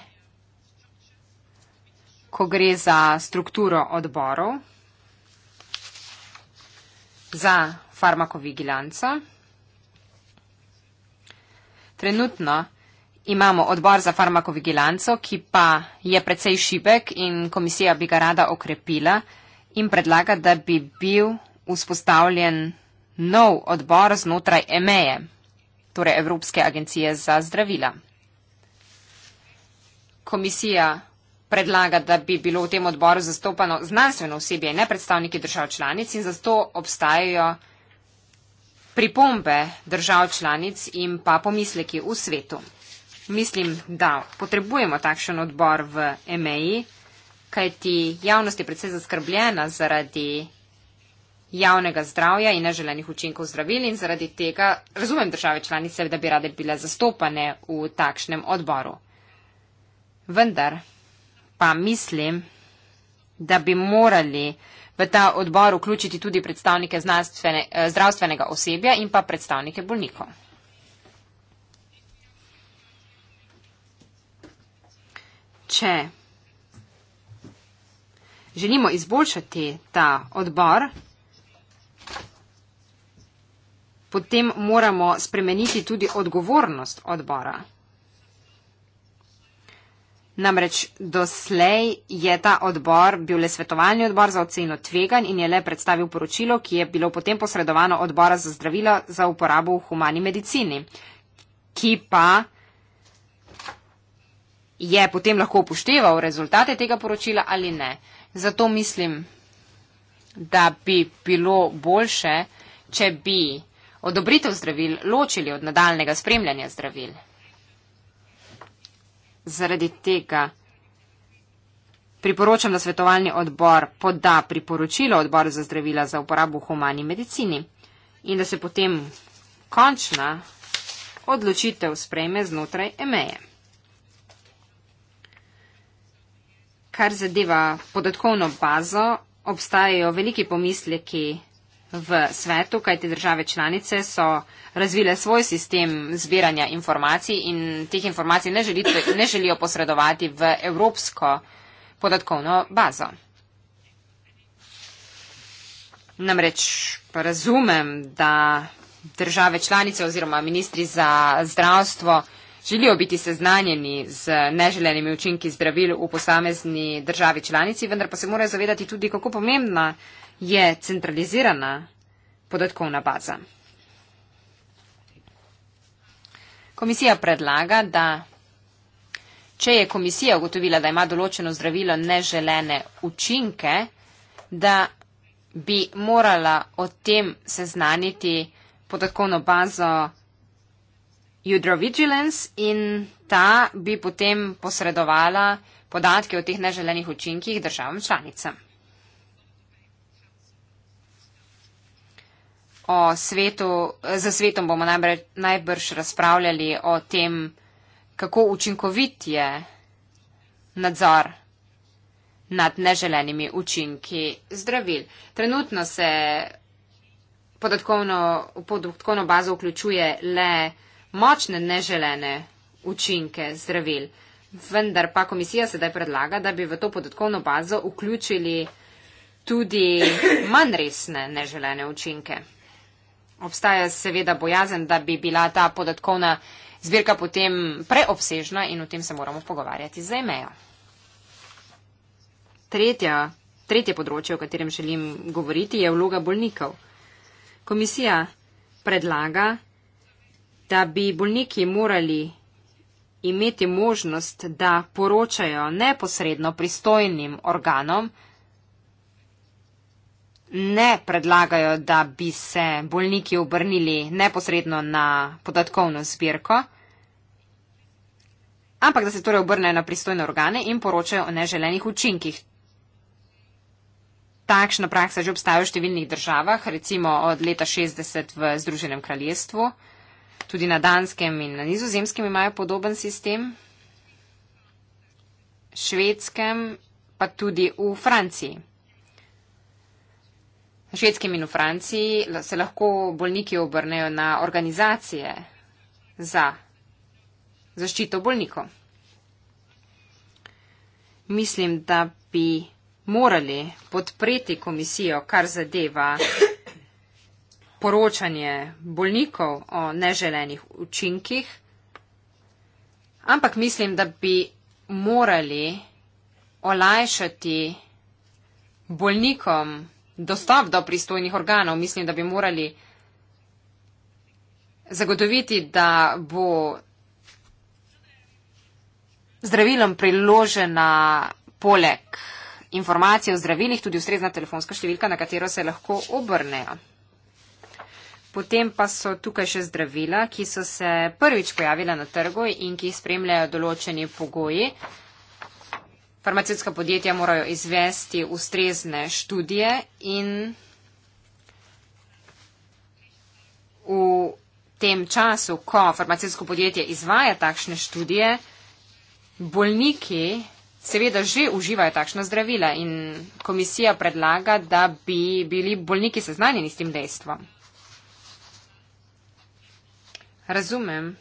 ko gre za strukturo odborov za farmakovigilanco. Trenutno imamo odbor za farmakovigilanco, ki pa je precej šibek in komisija bi ga rada okrepila in predlaga, da bi bil vzpostavljen nov odbor znotraj EMEje, torej Evropske agencije za zdravila komisija predlaga, da bi bilo v tem odboru zastopano znanstveno osebje in ne predstavniki držav članic in zato obstajajo pripombe držav članic in pa pomisleki v svetu. Mislim, da potrebujemo takšen odbor v EMEI, kajti javnost je predvsej zaskrbljena zaradi javnega zdravja in neželenih učinkov zdravil in zaradi tega razumem države članice, da bi rade bile zastopane v takšnem odboru. Vendar pa mislim, da bi morali v ta odbor vključiti tudi predstavnike eh, zdravstvenega osebja in pa predstavnike bolnikov. Če želimo izboljšati ta odbor, potem moramo spremeniti tudi odgovornost odbora. Namreč doslej je ta odbor bil le svetovalni odbor za oceno tvegan in je le predstavil poročilo, ki je bilo potem posredovano odbora za zdravila za uporabo v humani medicini, ki pa je potem lahko upošteval rezultate tega poročila ali ne. Zato mislim, da bi bilo boljše, če bi odobritev zdravil ločili od nadaljnega spremljanja zdravil zaradi tega priporočam, da svetovalni odbor poda priporočilo odboru za zdravila za uporabo v humani medicini in da se potem končna odločitev sprejme znotraj EMEje. Kar zadeva podatkovno bazo, obstajajo veliki pomisleki v svetu, kajte države članice so razvile svoj sistem zbiranja informacij in teh informacij ne, želite, ne želijo posredovati v evropsko podatkovno bazo. Namreč pa razumem, da države članice oziroma ministri za zdravstvo želijo biti seznanjeni z neželenimi učinki zdravil v posamezni državi članici, vendar pa se morajo zavedati tudi, kako pomembna je centralizirana podatkovna baza. Komisija predlaga, da če je komisija ugotovila, da ima določeno zdravilo neželene učinke, da bi morala o tem seznaniti podatkovno bazo Eudrovigilance in ta bi potem posredovala podatke o teh neželenih učinkih državam članicam. o svetu, za svetom bomo najbrž, najbrž razpravljali o tem, kako učinkovit je nadzor nad neželenimi učinki zdravil. Trenutno se podatkovno, podatkovno bazo vključuje le močne neželene učinke zdravil, vendar pa komisija sedaj predlaga, da bi v to podatkovno bazo vključili tudi manj resne neželene učinke. Obstaja seveda bojazen, da bi bila ta podatkovna zbirka potem preobsežna in o tem se moramo pogovarjati za emejo. Tretja, tretje področje, o katerem želim govoriti, je vloga bolnikov. Komisija predlaga, da bi bolniki morali imeti možnost, da poročajo neposredno pristojnim organom ne predlagajo, da bi se bolniki obrnili neposredno na podatkovno zbirko, ampak da se torej obrnejo na pristojne organe in poročajo o neželenih učinkih. Takšna praksa že obstaja v številnih državah, recimo od leta 60 v Združenem kraljestvu, tudi na Danskem in na Nizozemskem imajo podoben sistem, Švedskem pa tudi v Franciji. Švedskem in v Franciji se lahko bolniki obrnejo na organizacije za zaščito bolnikov. Mislim, da bi morali podpreti komisijo, kar zadeva poročanje bolnikov o neželenih učinkih, ampak mislim, da bi morali olajšati bolnikom dostop do pristojnih organov. Mislim, da bi morali zagotoviti, da bo zdravilom priložena poleg informacije o zdravilih tudi ustrezna telefonska številka, na katero se lahko obrnejo. Potem pa so tukaj še zdravila, ki so se prvič pojavila na trgu in ki spremljajo določeni pogoji farmacijska podjetja morajo izvesti ustrezne študije in v tem času, ko farmacijsko podjetje izvaja takšne študije, bolniki seveda že uživajo takšna zdravila in komisija predlaga, da bi bili bolniki seznanjeni s tem dejstvom. Razumem,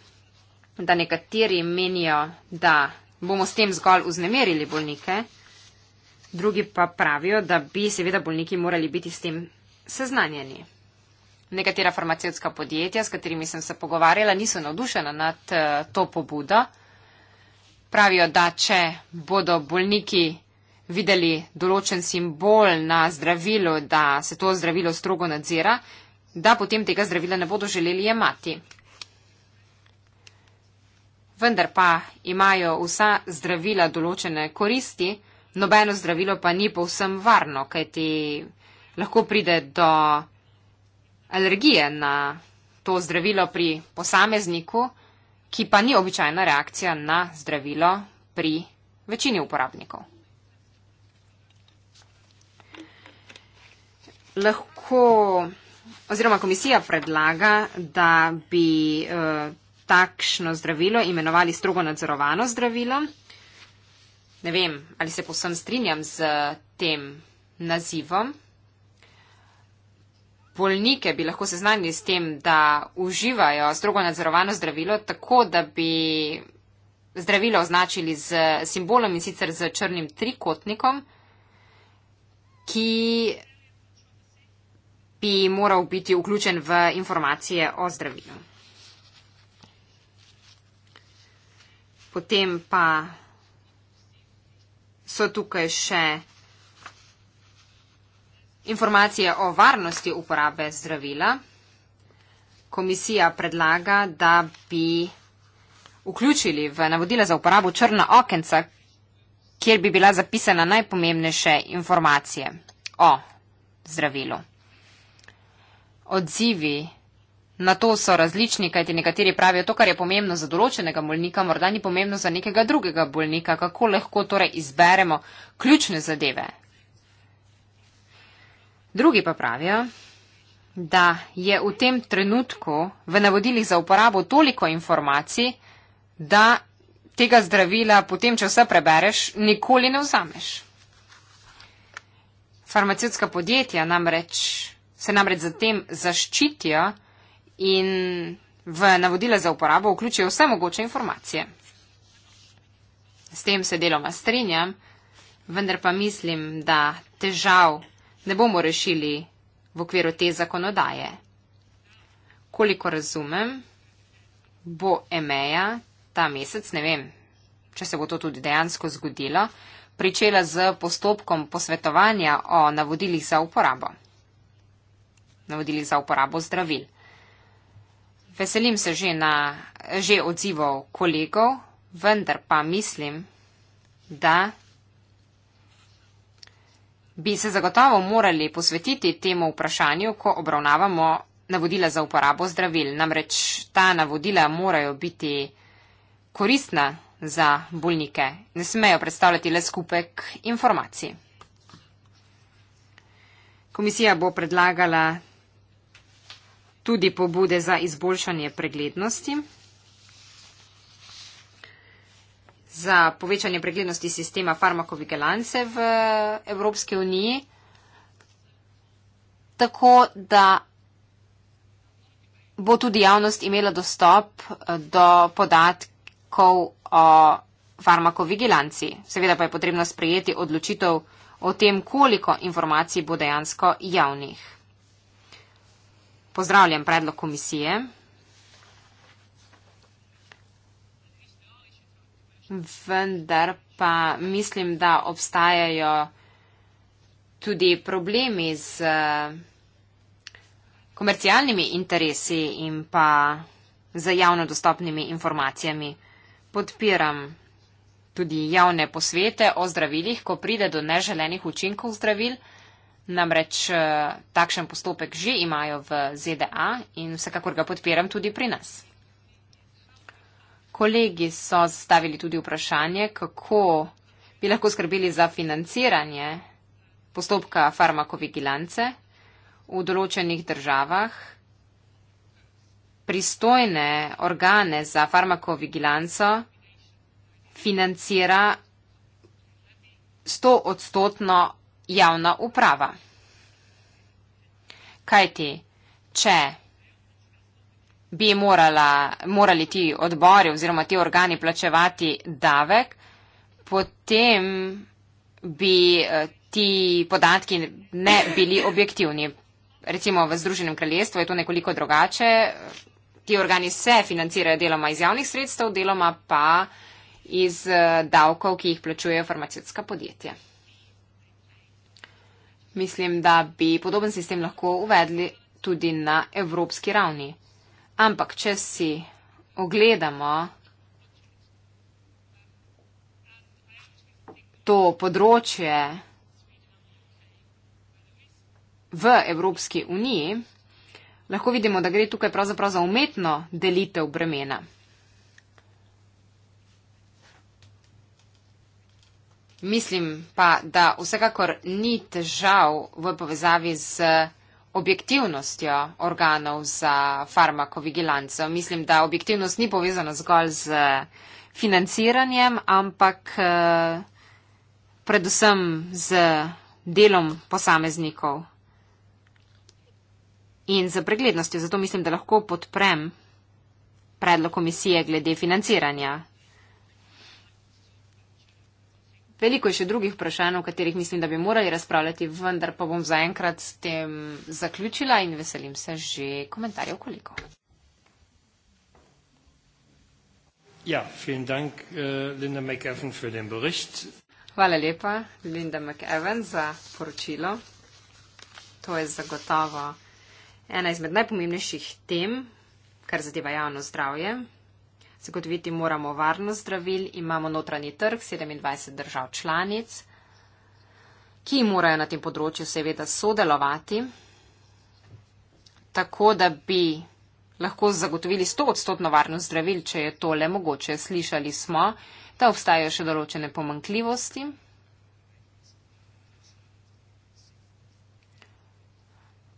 da nekateri menijo, da bomo s tem zgolj uznemerili bolnike, drugi pa pravijo, da bi seveda bolniki morali biti s tem seznanjeni. Nekatera farmacevtska podjetja, s katerimi sem se pogovarjala, niso navdušena nad eh, to pobudo. Pravijo, da če bodo bolniki videli določen simbol na zdravilu, da se to zdravilo strogo nadzira, da potem tega zdravila ne bodo želeli jemati vendar pa imajo vsa zdravila določene koristi, nobeno zdravilo pa ni povsem varno, kajti lahko pride do alergije na to zdravilo pri posamezniku, ki pa ni običajna reakcija na zdravilo pri večini uporabnikov. Lahko, oziroma komisija predlaga, da bi eh, takšno zdravilo imenovali strogo nadzorovano zdravilo. Ne vem, ali se posem strinjam z tem nazivom. Bolnike bi lahko seznanili s tem, da uživajo strogo nadzorovano zdravilo, tako da bi zdravilo označili z simbolom in sicer z črnim trikotnikom, ki bi moral biti vključen v informacije o zdravilu. Potem pa so tukaj še informacije o varnosti uporabe zdravila. Komisija predlaga, da bi vključili v navodila za uporabo črna okenca, kjer bi bila zapisana najpomembnejše informacije o zdravilu. Odzivi Na to so različni, kajti nekateri pravijo, to, kar je pomembno za določenega bolnika, morda ni pomembno za nekega drugega bolnika. Kako lahko torej izberemo ključne zadeve? Drugi pa pravijo, da je v tem trenutku v navodilih za uporabo toliko informacij, da tega zdravila potem, če vse prebereš, nikoli ne vzameš. Farmacijska podjetja namreč, se namreč zatem zaščitijo, in v navodila za uporabo vključijo vse mogoče informacije. S tem se deloma strinjam, vendar pa mislim, da težav ne bomo rešili v okviru te zakonodaje. Koliko razumem, bo EMEA ta mesec, ne vem, če se bo to tudi dejansko zgodilo, pričela z postopkom posvetovanja o navodilih za uporabo. Navodilih za uporabo zdravil. Veselim se že na že odzivov kolegov, vendar pa mislim, da bi se zagotovo morali posvetiti temu vprašanju, ko obravnavamo navodila za uporabo zdravil. Namreč ta navodila morajo biti koristna za bolnike. Ne smejo predstavljati le skupek informacij. Komisija bo predlagala tudi pobude za izboljšanje preglednosti. Za povečanje preglednosti sistema farmakovigilance v Evropske uniji, tako da bo tudi javnost imela dostop eh, do podatkov o farmakovigilanci. Seveda pa je potrebno sprejeti odločitev o tem, koliko informacij bo dejansko javnih. Pozdravljam predlog komisije. Vendar pa mislim, da obstajajo tudi problemi z eh, komercialnimi interesi in pa z javno dostopnimi informacijami. Podpiram tudi javne posvete o zdravilih, ko pride do neželenih učinkov zdravil. Namreč eh, takšen postopek že imajo v ZDA in vsekakor ga podpiram tudi pri nas. Kolegi so zastavili tudi vprašanje, kako bi lahko skrbeli za financiranje postopka farmakovigilance v določenih državah. Pristojne organe za farmakovigilanco financira 100 odstotno javna uprava. Kaj ti, če bi morala, morali ti odbori oziroma ti organi plačevati davek, potem bi eh, ti podatki ne bili objektivni. Recimo v Združenem kraljestvu je to nekoliko drugače. Ti organi se financirajo deloma iz javnih sredstev, deloma pa iz eh, davkov, ki jih plačujejo farmacijska podjetja. Mislim, da bi podoben sistem lahko uvedli tudi na evropski ravni. Ampak, če si ogledamo to področje v Evropski uniji, lahko vidimo, da gre tukaj pravzaprav za umetno delitev bremena. Mislim pa, da vsekakor ni težav v povezavi z objektivnostjo organov za farmakovigilanco. Mislim, da objektivnost ni povezana zgolj z financiranjem, ampak eh, predvsem z delom posameznikov in z preglednostjo. Zato mislim, da lahko podprem predlog komisije glede financiranja. Veliko je še drugih vprašanj, o katerih mislim, da bi morali razpravljati, vendar pa bom zaenkrat s tem zaključila in veselim se že komentarjev koliko. Ja, vielen Dank, äh, Linda McEwen, für den Bericht. Hvala lepa, Linda McEwen, za poročilo. To je zagotovo ena izmed najpomembnejših tem, kar zadeva javno zdravje. Zagotoviti moramo varnost zdravil, imamo notranji trg 27 držav članic, ki morajo na tem področju seveda sodelovati, tako da bi lahko zagotovili 100 odstotno varnost zdravil, če je tole mogoče. Slišali smo, da obstajajo še določene pomankljivosti.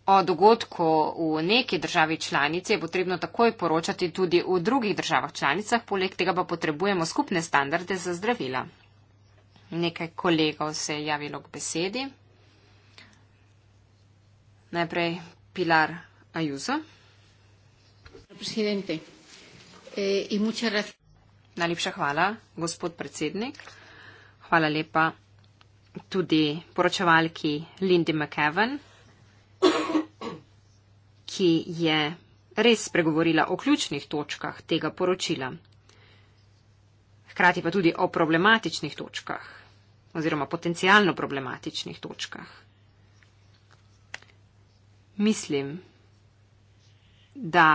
O dogodku v neki državi članici je potrebno takoj poročati tudi v drugih državah članicah, poleg tega pa potrebujemo skupne standarde za zdravila. Nekaj kolegov se je javilo k besedi. Najprej Pilar Ajuzo. Eh, Najlepša hvala, gospod predsednik. Hvala lepa tudi poročevalki Lindy McEwen ki je res spregovorila o ključnih točkah tega poročila. Hkrati pa tudi o problematičnih točkah oziroma potencijalno problematičnih točkah. Mislim, da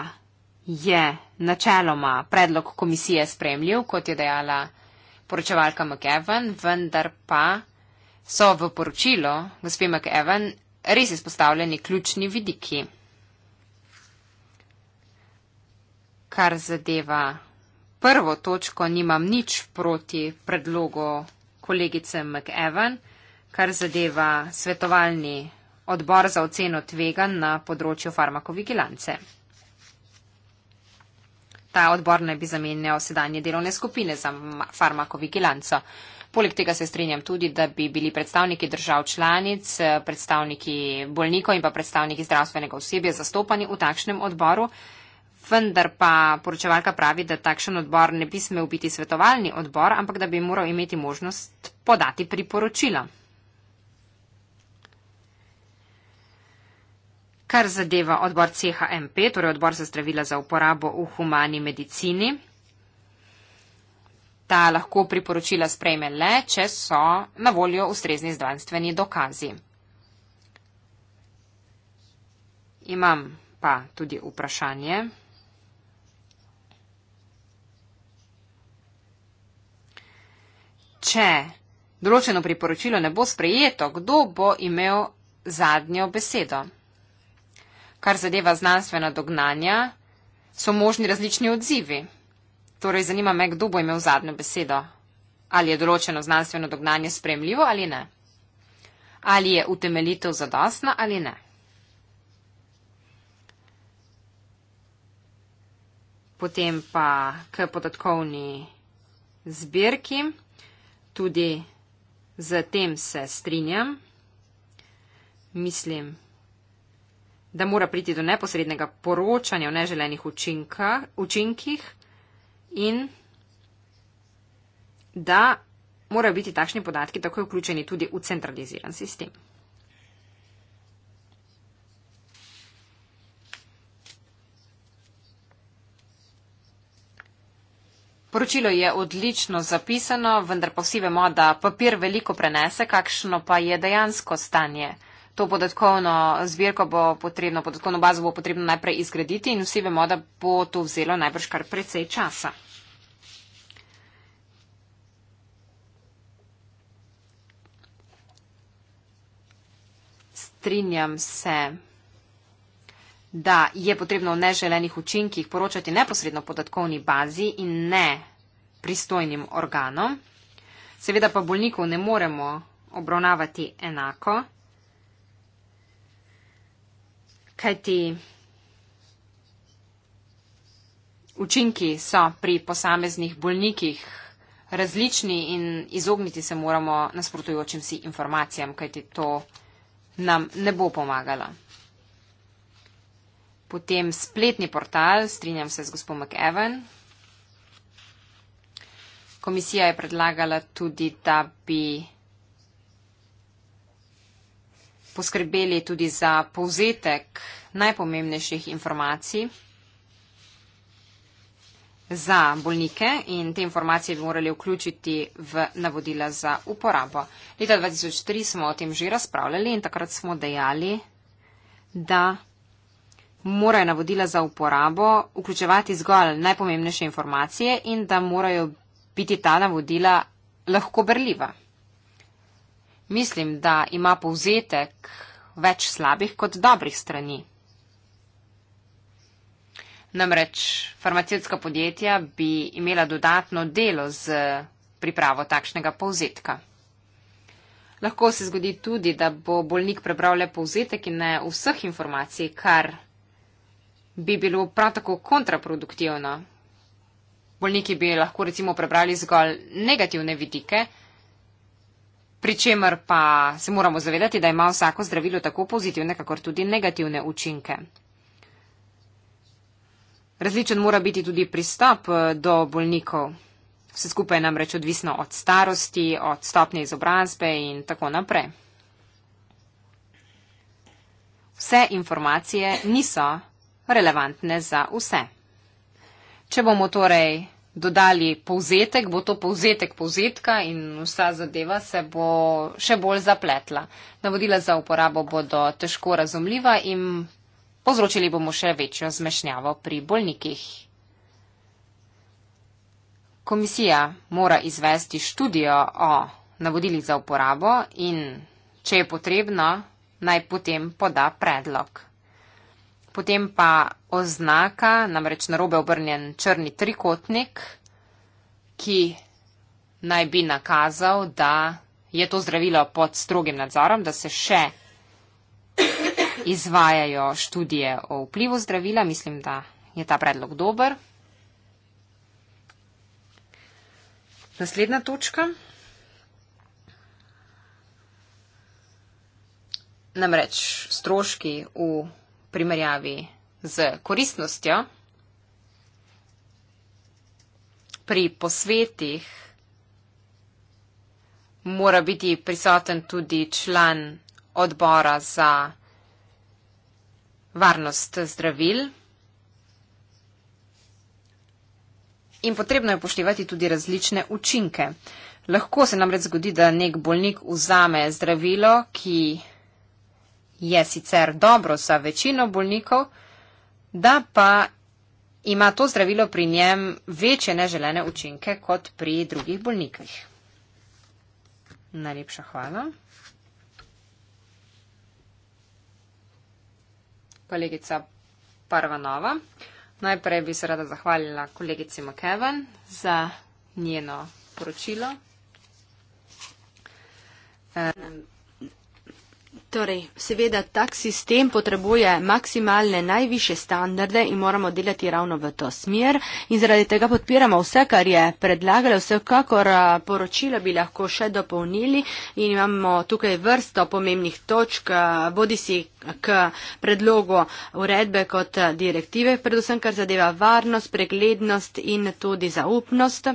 je načeloma predlog komisije spremljiv, kot je dejala poročevalka McEwen, vendar pa so v poročilo gospe McEwen res izpostavljeni ključni vidiki. kar zadeva prvo točko, nimam nič proti predlogu kolegice McEwan, kar zadeva svetovalni odbor za oceno tvega na področju farmakovigilance. Ta odbor naj bi zamenjal sedanje delovne skupine za farmakovigilanco. Poleg tega se strinjam tudi, da bi bili predstavniki držav članic, predstavniki bolnikov in pa predstavniki zdravstvenega osebja zastopani v takšnem odboru, Vendar pa poročevalka pravi, da takšen odbor ne bi smel biti svetovalni odbor, ampak da bi moral imeti možnost podati priporočila. Kar zadeva odbor CHMP, torej odbor za zdravila za uporabo v humani medicini, ta lahko priporočila sprejme le, če so na voljo ustrezni zdravstveni dokazi. Imam pa tudi vprašanje. če določeno priporočilo ne bo sprejeto, kdo bo imel zadnjo besedo. Kar zadeva znanstvena dognanja, so možni različni odzivi. Torej, zanima me, kdo bo imel zadnjo besedo. Ali je določeno znanstveno dognanje spremljivo ali ne? Ali je utemeljitev zadostna ali ne? Potem pa k podatkovni zbirki tudi z tem se strinjam. Mislim, da mora priti do neposrednega poročanja o neželenih učinka, učinkih in da morajo biti takšni podatki takoj vključeni tudi v centraliziran sistem. Poročilo je odlično zapisano, vendar pa vsi vemo, da papir veliko prenese, kakšno pa je dejansko stanje. To podatkovno zbirko bo potrebno, podatkovno bazo bo potrebno najprej izgraditi in vsi vemo, da bo to vzelo najbrž kar precej časa. Strinjam se da je potrebno o neželenih učinkih poročati neposredno podatkovni bazi in ne pristojnim organom. Seveda pa bolnikov ne moremo obravnavati enako, kajti učinki so pri posameznih bolnikih različni in izogniti se moramo nasprotujočim si informacijam, kajti to nam ne bo pomagalo. Potem spletni portal, strinjam se z gospod McEwen. Komisija je predlagala tudi, da bi poskrbeli tudi za povzetek najpomembnejših informacij za bolnike in te informacije bi morali vključiti v navodila za uporabo. Leta 2003 smo o tem že razpravljali in takrat smo dejali, da morajo navodila za uporabo vključevati zgolj najpomembnejše informacije in da morajo biti ta navodila lahko berljiva. Mislim, da ima povzetek več slabih kot dobrih strani. Namreč farmacijska podjetja bi imela dodatno delo z pripravo takšnega povzetka. Lahko se zgodi tudi, da bo bolnik prebral le povzetek in ne vseh informacij, kar bi bilo prav tako kontraproduktivno. Bolniki bi lahko recimo prebrali zgolj negativne vidike, pri čemer pa se moramo zavedati, da ima vsako zdravilo tako pozitivne, kakor tudi negativne učinke. Različen mora biti tudi pristop eh, do bolnikov. Vse skupaj je namreč odvisno od starosti, od stopnje izobrazbe in tako naprej. Vse informacije niso relevantne za vse. Če bomo torej dodali povzetek, bo to povzetek povzetka in vsa zadeva se bo še bolj zapletla. Navodila za uporabo bodo težko razumljiva in povzročili bomo še večjo zmešnjavo pri bolnikih. Komisija mora izvesti študijo o navodilih za uporabo in, če je potrebno, naj potem poda predlog potem pa oznaka, namreč narobe obrnjen črni trikotnik, ki naj bi nakazal, da je to zdravilo pod strogim nadzorom, da se še izvajajo študije o vplivu zdravila. Mislim, da je ta predlog dober. Naslednja točka. Namreč stroški v primerjavi z koristnostjo, pri posvetih mora biti prisoten tudi član odbora za varnost zdravil in potrebno je upoštevati tudi različne učinke. Lahko se namreč zgodi, da nek bolnik vzame zdravilo, ki je sicer dobro za večino bolnikov, da pa ima to zdravilo pri njem večje neželene učinke kot pri drugih bolnikih. Najlepša hvala. Kolegica Parvanova. Najprej bi se rada zahvalila kolegici Makevan za njeno poročilo. Um, Torej, seveda, tak sistem potrebuje maksimalne, najviše standarde in moramo delati ravno v to smer. In zaradi tega podpiramo vse, kar je predlagalo, vsekakor poročilo bi lahko še dopolnili in imamo tukaj vrsto pomembnih točk, bodi si k predlogu uredbe kot direktive, predvsem kar zadeva varnost, preglednost in tudi zaupnost.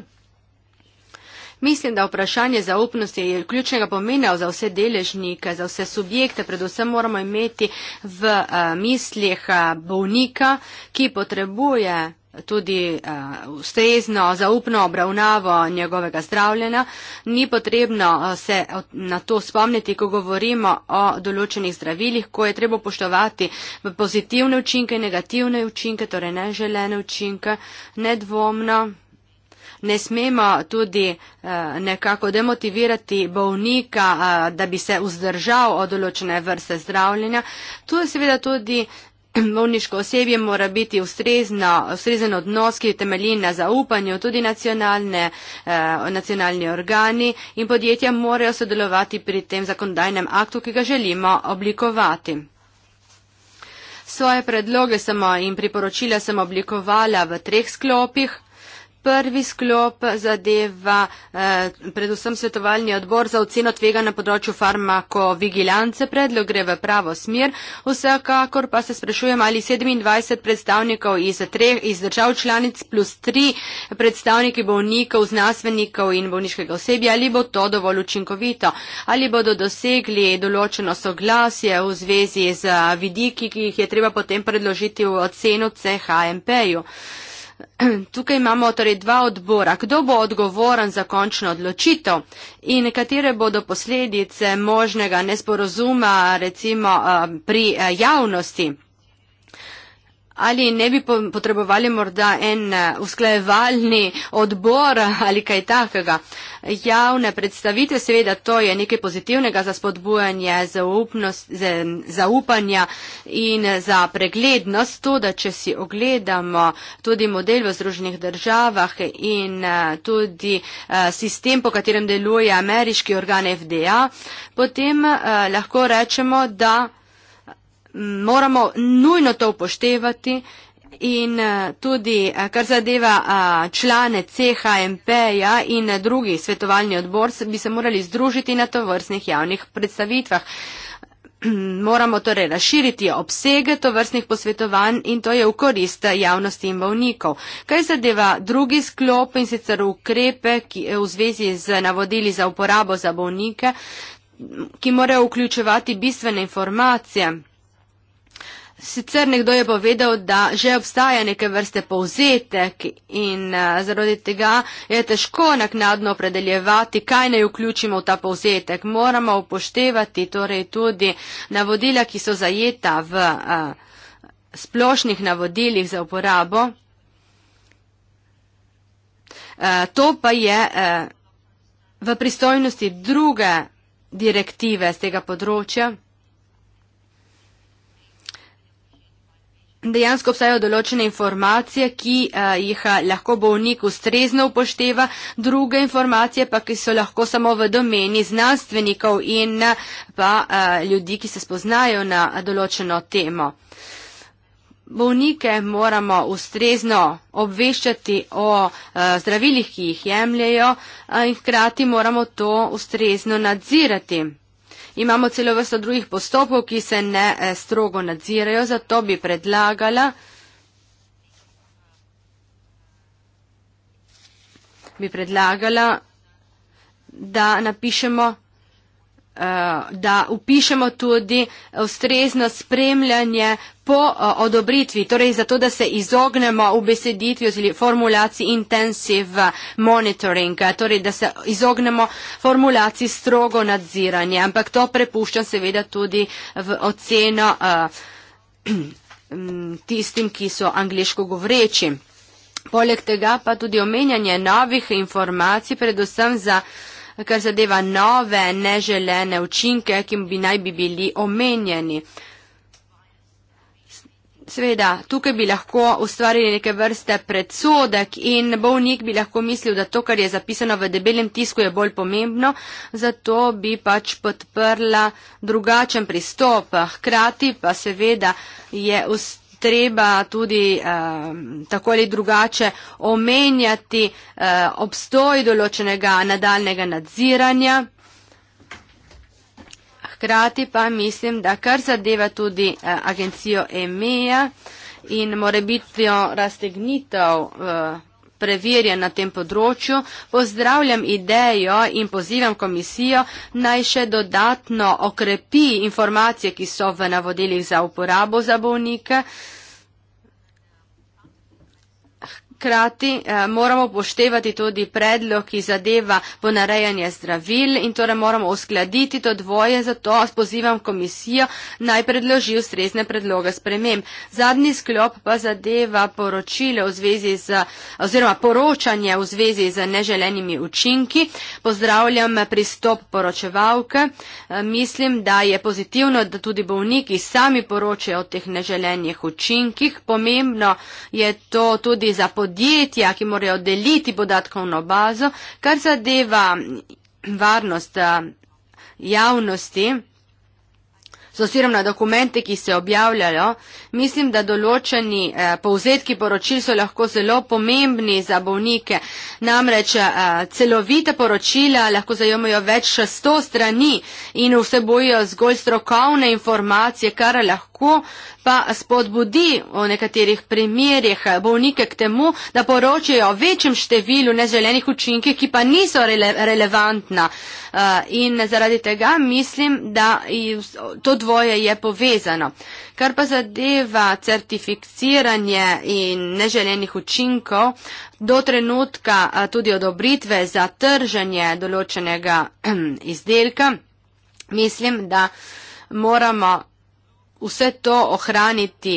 Mislim, da vprašanje zaupnosti je ključnega pomena za vse deležnike, za vse subjekte. Predvsem moramo imeti v uh, mislih eh, bolnika, ki potrebuje tudi uh, ustrezno zaupno obravnavo njegovega zdravljena. Ni potrebno uh, se na to spomniti, ko govorimo o določenih zdravilih, ko je treba poštovati v pozitivne učinke, negativne učinke, torej neželene učinke, nedvomno ne smemo tudi eh, nekako demotivirati bolnika, eh, da bi se vzdržal od določene vrste zdravljenja. Tu je seveda tudi bolniško osebje mora biti ustrezno, ustrezen odnos, ki temelji na zaupanju, tudi nacionalne, eh, nacionalni organi in podjetja morajo sodelovati pri tem zakondajnem aktu, ki ga želimo oblikovati. Svoje predloge in priporočila sem oblikovala v treh sklopih prvi sklop zadeva eh, predvsem svetovalni odbor za oceno tvega na področju farmakovigilance. Predlog gre v pravo smer. Vsekakor pa se sprašujem, ali 27 predstavnikov iz, treh, iz držav članic plus 3 predstavniki bolnikov, znanstvenikov in bolniškega osebja, ali bo to dovolj učinkovito, ali bodo dosegli določeno soglasje v zvezi z vidiki, ki jih je treba potem predložiti v oceno CHMP-ju. Tukaj imamo torej dva odbora. Kdo bo odgovoren za končno odločitev in katere bodo posledice možnega nesporozuma recimo eh, pri eh, javnosti? Ali ne bi potrebovali morda en eh, usklajevalni odbor ali kaj takega? Javne predstavitve, seveda, to je nekaj pozitivnega za spodbujanje zaupanja in eh, za preglednost. To, da če si ogledamo tudi model v Združenih državah in eh, tudi sistem, po katerem deluje ameriški organ FDA, potem lahko rečemo, da moramo nujno to upoštevati in eh, tudi, eh, kar zadeva eh, člane CHMP-ja in drugi svetovalni odbor, bi se morali združiti na to vrstnih javnih predstavitvah. Moramo torej raširiti obsege to vrstnih posvetovanj in to je v korist javnosti in bovnikov. Kaj zadeva drugi sklop in sicer ukrepe ki, v zvezi z navodili za uporabo za bovnike, ki morajo vključevati bistvene informacije? Sicer nekdo je povedal, da že obstaja neke vrste povzetek in uh, zaradi tega je težko naknadno opredeljevati, kaj naj vključimo v ta povzetek. Moramo upoštevati torej tudi navodila, ki so zajeta v uh, splošnih navodilih za uporabo. Uh, to pa je uh, v pristojnosti druge direktive z tega področja. dejansko obstajajo določene informacije, ki uh, jih eh, lahko bolnik ustrezno upošteva, druge informacije pa, ki so lahko samo v domeni znanstvenikov in eh, pa uh, ljudi, ki se spoznajo na določeno temo. Bovnike moramo ustrezno obveščati o uh, zdravilih, ki jih jemljajo uh, in hkrati moramo to ustrezno nadzirati. Imamo celo vrsto drugih postopkov, ki se ne eh, strogo nadzirajo, zato bi predlagala, bi predlagala da napišemo Eh, da upišemo tudi ustrezno spremljanje po eh, odobritvi, torej zato, da se izognemo v beseditvi oziroma formulaciji intensive monitoring, eh, torej da se izognemo formulaciji strogo nadziranje, ampak to prepuščam seveda tudi v oceno tistim, ki so angliško govoreči. Poleg tega pa tudi omenjanje novih informacij, predvsem za kar zadeva nove neželene učinke, ki bi naj bi bili omenjeni. Sveda, tukaj bi lahko ustvarili neke vrste predsodek in bolnik bi lahko mislil, da to, kar je zapisano v debelem tisku, je bolj pomembno, zato bi pač podprla drugačen pristop. Hkrati pa seveda je ustvarjeno treba tudi eh, tako ali drugače omenjati eh, obstoj določenega nadaljnega nadziranja. Hkrati pa mislim, da kar zadeva tudi eh, agencijo EMEA in morebitno raztegnitev. Eh, preverjen na tem področju, pozdravljam idejo in pozivam komisijo naj še dodatno okrepi informacije, ki so v navodilih za uporabo za bolnike. Krati eh, moramo poštevati tudi predlog, ki zadeva ponarejanje zdravil in torej moramo uskladiti to dvoje, zato pozivam komisijo naj predloži ustrezne predloge sprememb. Zadnji sklop pa zadeva poročile v zvezi z, oziroma poročanje v zvezi z neželenimi učinki. Pozdravljam pristop poročevalke. Eh, mislim, da je pozitivno, da tudi bolniki sami poročajo o teh neželenih učinkih. Pomembno je to tudi za podpornost podjetja, ki morajo deliti podatkovno bazo, kar zadeva varnost eh, javnosti, s osirom na dokumente, ki se objavljajo, Mislim, da določeni eh, povzetki poročil so lahko zelo pomembni za bolnike. Namreč eh, celovite poročila lahko zajomajo več šesto strani in vse bojo zgolj strokovne informacije, kar lahko pa spodbudi v nekaterih primerjih bolnike k temu, da poročajo o večjem številu neželenih učinkih, ki pa niso rele relevantna. Eh, in zaradi tega mislim, da to dvoje je povezano. Kar pa zadeva certificiranje in neželenih učinkov, do trenutka tudi odobritve za trženje določenega izdelka, mislim, da moramo vse to ohraniti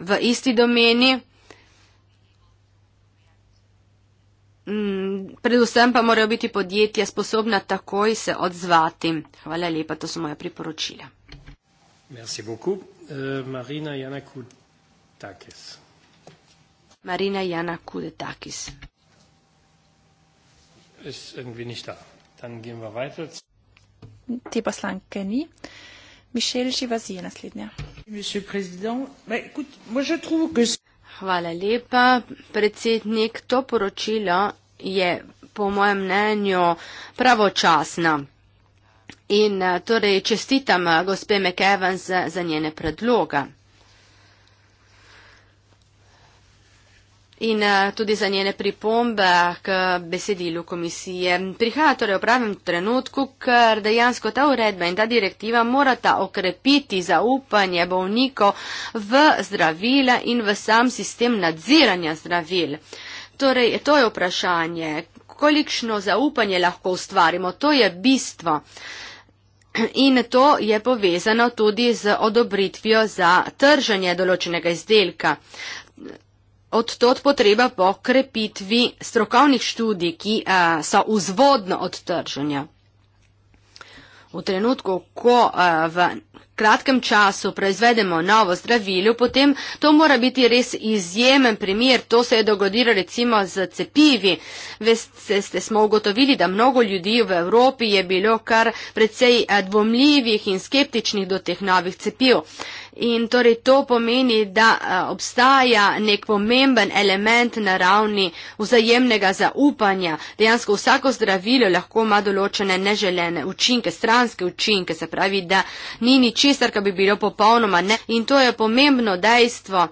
v isti domeni. Mm, predvsem pa morajo biti podjetja sposobna takoj se odzvati. Hvala lepa, to so moja priporočila. Merci beaucoup. Euh, Marina Yanakoudakis. Marina Yanakoudakis. Ist irgendwie nicht da. Dann gehen wir weiter. Die Baslanke nie. Michel Givasi, naslednja. Monsieur Président, bah, écoute, moi je trouve que... Hvala lepa, predsednik. To poročilo je po mojem mnenju pravočasno. In eh, torej čestitam eh, gospe McEvans za njene predloga. In eh, tudi za njene pripombe k besedilu komisije. Prihaja torej v pravem trenutku, ker dejansko ta uredba in ta direktiva morata okrepiti zaupanje bolnikov v zdravila in v sam sistem nadziranja zdravil. Torej, to je vprašanje, kolikšno zaupanje lahko ustvarimo, to je bistvo. In to je povezano tudi z odobritvijo za trženje določenega izdelka. Odtot potreba po krepitvi strokovnih študij, ki a, so vzvodno od trženja. V trenutku, ko a, v kratkem času proizvedemo novo zdravilo, potem to mora biti res izjemen primer. To se je dogodilo recimo z cepivi. Veste, ste smo ugotovili, da mnogo ljudi v Evropi je bilo kar predvsej eh, dvomljivih in skeptičnih do teh novih cepiv. In torej to pomeni, da eh, obstaja nek pomemben element na ravni vzajemnega zaupanja. Dejansko vsako zdravilo lahko ima določene neželene učinke, stranske učinke, se pravi, da ni nič ničesar, kar bi bilo popolnoma ne. In to je pomembno dejstvo,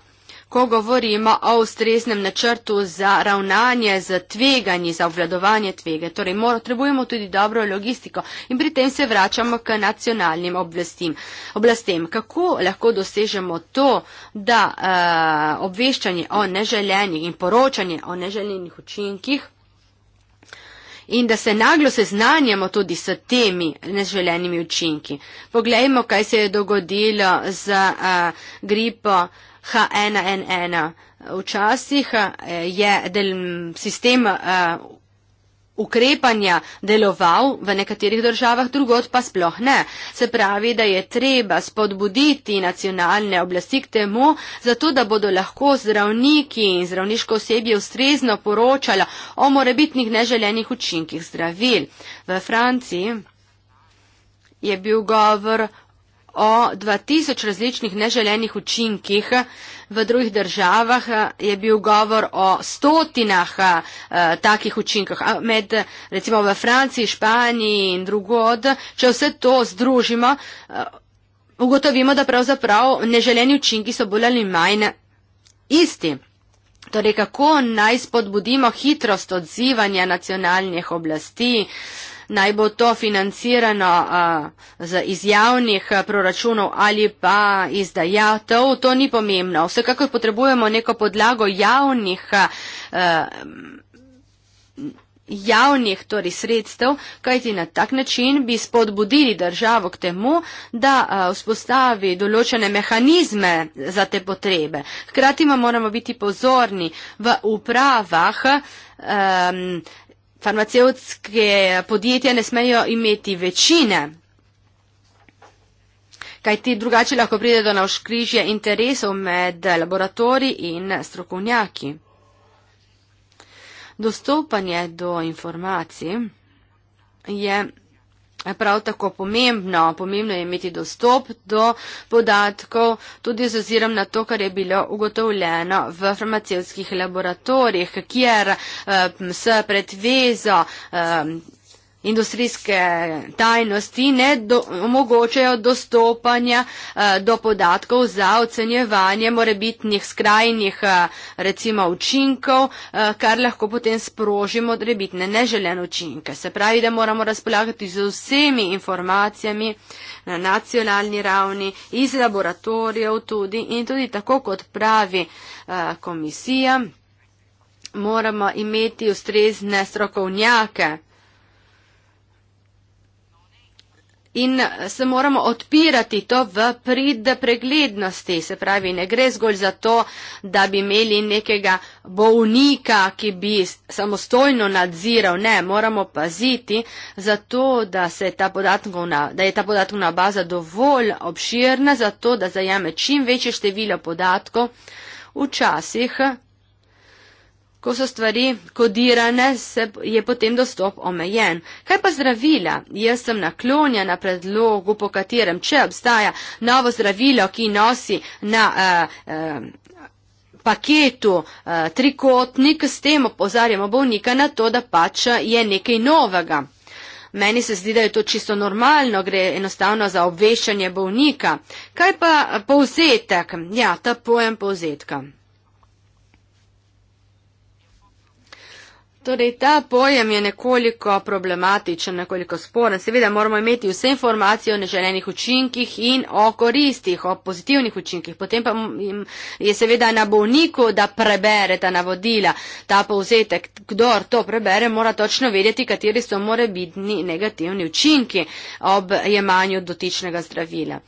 ko govorimo o ustreznem načrtu za ravnanje z tveganji, za obvladovanje tvega. Torej, potrebujemo tudi dobro logistiko in pri tem se vračamo k nacionalnim oblastim. oblastem. Kako lahko dosežemo to, da uh, obveščanje o neželenih in poročanje o neželenih učinkih in da se naglo seznanjamo tudi s temi neželenimi učinki. Poglejmo, kaj se je dogodilo z uh, gripo H1N1. Včasih uh, je del sistema uh, ukrepanja deloval v nekaterih državah, drugot pa sploh ne. Se pravi, da je treba spodbuditi nacionalne oblasti k temu, zato da bodo lahko zdravniki in zdravniško osebje ustrezno poročala o morebitnih neželenih učinkih zdravil. V Franciji je bil govor o 2000 različnih neželenih učinkih v drugih državah eh, je bil govor o stotinah eh, takih učinkah. Med recimo v Franciji, Španiji in drugod, če vse to združimo, eh, ugotovimo, da pravzaprav neželeni učinki so bolj ali manj isti. Torej, kako naj spodbudimo hitrost odzivanja nacionalnih oblasti? Eh, naj bo to financirano uh, iz javnih proračunov ali pa iz dajatev, to ni pomembno. Vsekakor potrebujemo neko podlago javnih. Uh, javnih torej sredstev, kajti na tak način bi spodbudili državo k temu, da vzpostavi določene mehanizme za te potrebe. Hkrati moramo biti pozorni v upravah, um, farmacevtske podjetja ne smejo imeti večine, kaj ti drugače lahko pride do navškrižja interesov med laboratoriji in strokovnjaki. Dostopanje do informacij je prav tako pomembno. Pomembno je imeti dostop do podatkov tudi z ozirom na to, kar je bilo ugotovljeno v farmacevskih laboratorijih, kjer eh, s predvezo eh, industrijske tajnosti ne do, omogočajo dostopanja a, eh, do podatkov za ocenjevanje morebitnih skrajnih a, eh, recimo učinkov, a, eh, kar lahko potem sprožimo morebitne neželene učinke. Se pravi, da moramo razpolagati z vsemi informacijami na nacionalni ravni, iz laboratorijev tudi in tudi tako kot pravi a, komisija, moramo imeti ustrezne strokovnjake. In se moramo odpirati to v prid preglednosti, se pravi, ne gre zgolj za to, da bi imeli nekega bovnika, ki bi samostojno nadziral, ne, moramo paziti za to, da, da je ta podatkovna baza dovolj obširna, za to, da zajame čim večje število podatkov, včasih Ko so stvari kodirane, se je potem dostop omejen. Kaj pa zdravila? Jaz sem naklonjena predlogu, po katerem, če obstaja novo zdravilo, ki nosi na uh, uh, paketu uh, trikotnik, s tem opozarjamo bolnika na to, da pač je nekaj novega. Meni se zdi, da je to čisto normalno, gre enostavno za obveščanje bolnika. Kaj pa povzetek? Ja, ta pojem povzetka. Torej, ta pojem je nekoliko problematičen, nekoliko sporen. Seveda moramo imeti vse informacije o neželenih učinkih in o koristih, o pozitivnih učinkih. Potem pa je seveda na bolniku, da prebere ta navodila, ta povzetek. Kdor to prebere, mora točno vedeti, kateri so morebitni negativni učinki ob jemanju dotičnega zdravila.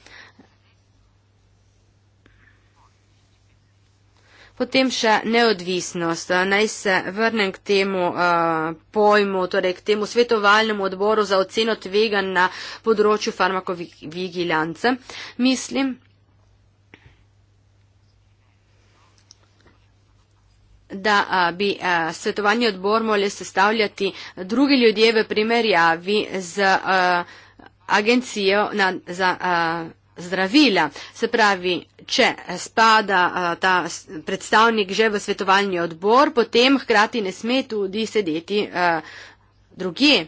Potem še neodvisnost. Eh, naj se vrnem k temu uh, pojmu, torej k temu svetovalnemu odboru za oceno tvega na področju farmakovigilance. Mislim, da a, eh, bi a, svetovanje odbor mogli sestavljati drugi ljudje v primerjavi z a, agencijo na, za. A, zdravila. Se pravi, če spada ta predstavnik že v svetovalni odbor, potem hkrati ne sme tudi sedeti drugje.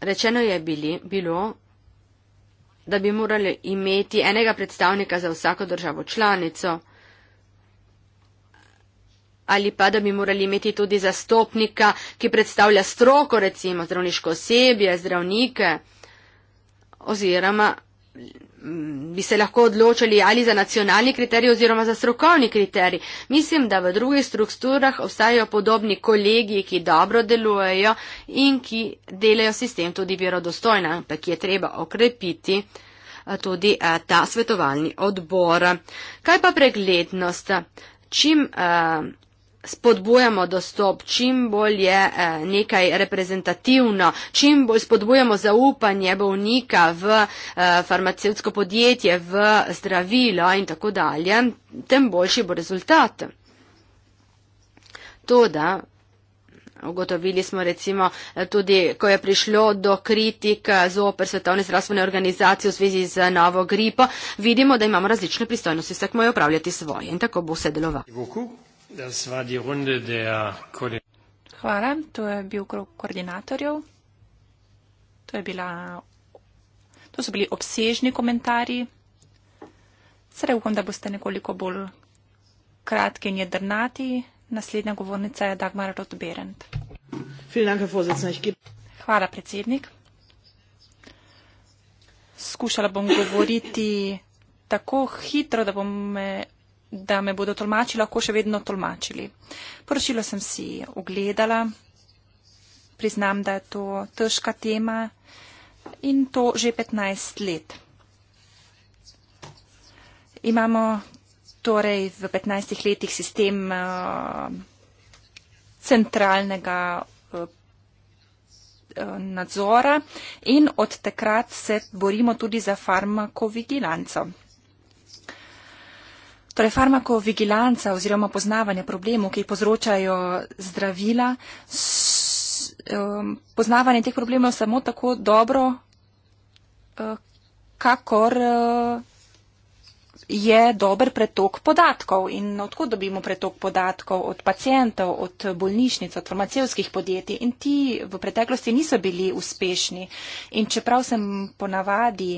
Rečeno je bili, bilo, da bi morali imeti enega predstavnika za vsako državo članico ali pa da bi morali imeti tudi zastopnika, ki predstavlja stroko, recimo zdravniško osebje, zdravnike, oziroma mm, bi se lahko odločili ali za nacionalni kriterij oziroma za strokovni kriterij. Mislim, da v drugih strukturah obstajajo podobni kolegi, ki dobro delujejo in ki delajo sistem tudi verodostojno, ampak je treba okrepiti eh, tudi eh, ta svetovalni odbor. Kaj pa preglednost? Čim eh, spodbujamo dostop, čim bolj je eh, nekaj reprezentativno, čim bolj spodbujamo zaupanje bolnika v eh, farmacevsko podjetje, v zdravilo in tako dalje, tem boljši bo rezultat. Toda, ugotovili smo recimo eh, tudi, ko je prišlo do kritik zoper svetovne zdravstvene organizacije v zvezi z novo gripo, vidimo, da imamo različne pristojnosti, vsak mora upravljati svoje in tako bo vse delovalo. Hvala, to je bil krok koordinatorjev. To, je bila, to so bili obsežni komentarji. Sedaj upam, da boste nekoliko bolj kratki in jedrnati. Naslednja govornica je Dagmar Rotberend. Hvala, predsednik. Skušala bom govoriti tako hitro, da bom da me bodo tolmači lahko še vedno tolmačili. Poročilo sem si ogledala, priznam, da je to težka tema in to že 15 let. Imamo torej v 15 letih sistem uh, centralnega eh, nadzora in od takrat se borimo tudi za farmakovigilanco. Torej, farmakovigilanca oziroma poznavanje problemov, ki jih povzročajo zdravila, s, um, poznavanje teh problemov samo tako dobro, uh, kakor uh, je dober pretok podatkov in odkud dobimo pretok podatkov od pacijentov, od bolnišnic, od farmacevskih podjetij in ti v preteklosti niso bili uspešni. In čeprav sem ponavadi.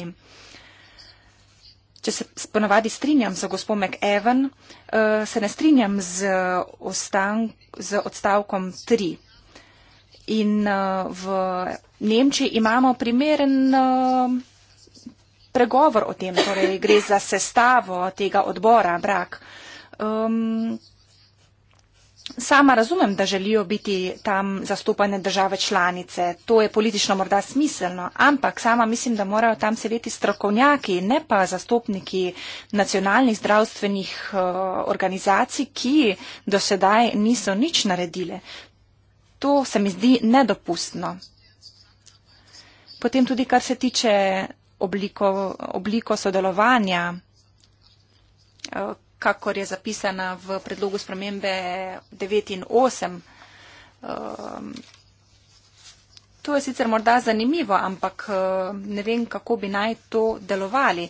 Če se ponavadi strinjam z gospod McEwen, eh, se ne strinjam z, ostank, z odstavkom 3. In eh, v Nemčiji imamo primeren eh, pregovor o tem, torej gre za sestavo tega odbora, brak sama razumem, da želijo biti tam zastopane države članice. To je politično morda smiselno, ampak sama mislim, da morajo tam sedeti strokovnjaki, ne pa zastopniki nacionalnih zdravstvenih eh, organizacij, ki do sedaj niso nič naredile. To se mi zdi nedopustno. Potem tudi, kar se tiče obliko, obliko sodelovanja, eh, kakor je zapisana v predlogu spremembe 9 in 8. Um, ehm, to je sicer morda zanimivo, ampak eh, ne vem, kako bi naj to delovali.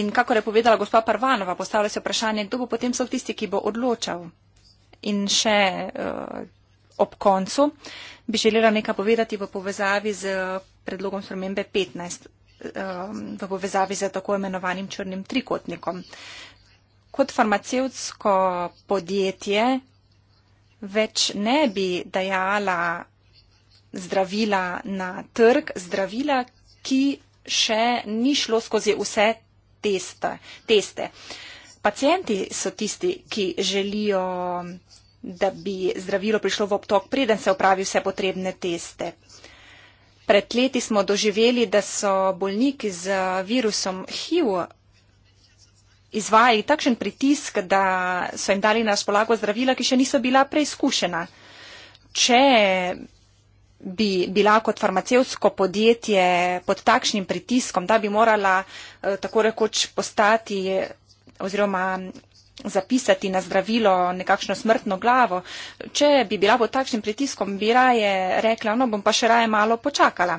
In kakor je povedala gospa Parvanova, postavlja se vprašanje, kdo bo potem sol tisti, ki bo odločal. In še uh, ob koncu bi želela nekaj povedati v povezavi z predlogom spremembe 15, uh, ehm, v povezavi z tako imenovanim črnim trikotnikom. Uh, kot farmacevtsko podjetje več ne bi dajala zdravila na trg, zdravila, ki še ni šlo skozi vse teste. teste. Pacijenti so tisti, ki želijo, da bi zdravilo prišlo v obtok, preden se opravi vse potrebne teste. Pred leti smo doživeli, da so bolniki z virusom HIV izvajali takšen pritisk, da so jim dali na razpolago zdravila, ki še niso bila preizkušena. Če bi bila kot farmacevsko podjetje pod takšnim pritiskom, da bi morala eh, tako rekoč postati oziroma zapisati na zdravilo nekakšno smrtno glavo, če bi bila pod takšnim pritiskom, bi raje rekla, no bom pa še raje malo počakala.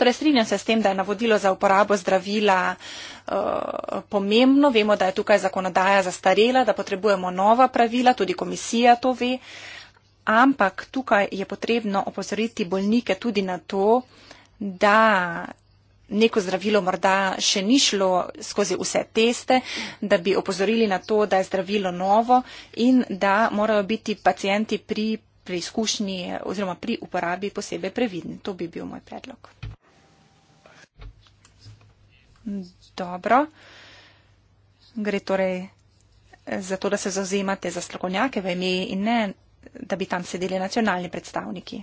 Torej, strinjam se s tem, da je navodilo za uporabo zdravila uh, Eh, pomembno. Vemo, da je tukaj zakonodaja zastarela, da potrebujemo nova pravila, tudi komisija to ve. Ampak tukaj je potrebno opozoriti bolnike tudi na to, da neko zdravilo morda še ni šlo skozi vse teste, da bi opozorili na to, da je zdravilo novo in da morajo biti pacijenti pri preizkušnji oziroma pri uporabi posebej previdni. To bi bil moj predlog. Dobro. Gre torej eh, za to, da se zauzemate za strokovnjake v EMEJ in ne, da bi tam sedeli nacionalni predstavniki.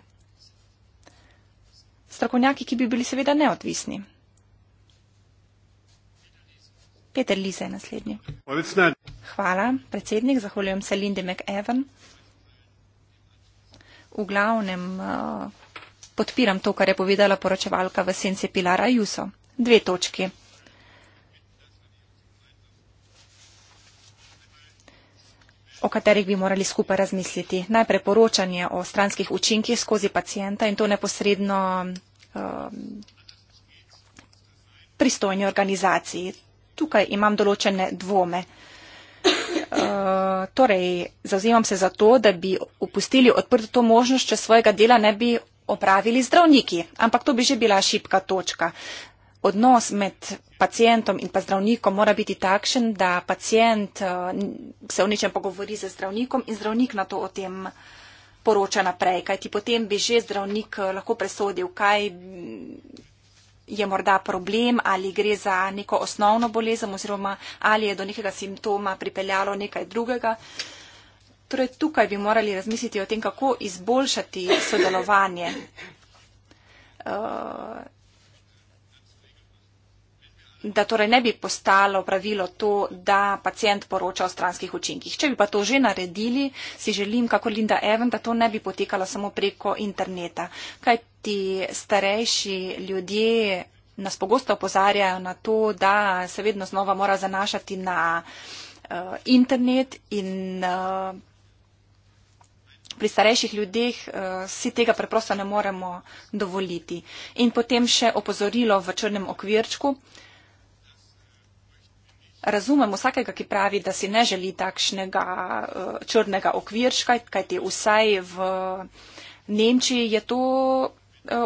Strokovnjaki, ki bi bili seveda neodvisni. Peter Lise je naslednji. Hvala, predsednik. Zahvaljujem se Lindy McEwen. V glavnem eh, podpiram to, kar je povedala poročevalka v senci Pilara Juso. Dve točki. o katerih bi morali skupaj razmisliti. Najprej poročanje o stranskih učinkih skozi pacijenta in to neposredno um, pristojni organizaciji. Tukaj imam določene dvome. Uh, torej, zauzimam se za to, da bi upustili odprto to možnost, če svojega dela ne bi opravili zdravniki. Ampak to bi že bila šipka točka odnos med pacijentom in pa zdravnikom mora biti takšen, da pacijent eh, se o nečem pogovori z zdravnikom in zdravnik na to o tem poroča naprej, kajti potem bi že zdravnik eh, lahko presodil, kaj mm, je morda problem ali gre za neko osnovno bolezen oziroma ali je do nekega simptoma pripeljalo nekaj drugega. Torej tukaj bi morali razmisliti o tem, kako izboljšati sodelovanje. Uh, da torej ne bi postalo pravilo to, da pacijent poroča o stranskih učinkih. Če bi pa to že naredili, si želim, kako Linda Even, da to ne bi potekalo samo preko interneta. Kaj ti starejši ljudje nas pogosto opozarjajo na to, da se vedno znova mora zanašati na uh, internet in uh, pri starejših ljudeh uh, si tega preprosto ne moremo dovoliti. In potem še opozorilo v črnem okvirčku. Uh, razumem vsakega, ki pravi, da si ne želi takšnega uh, črnega okvirška, kajti vsaj v Nemčiji je to uh,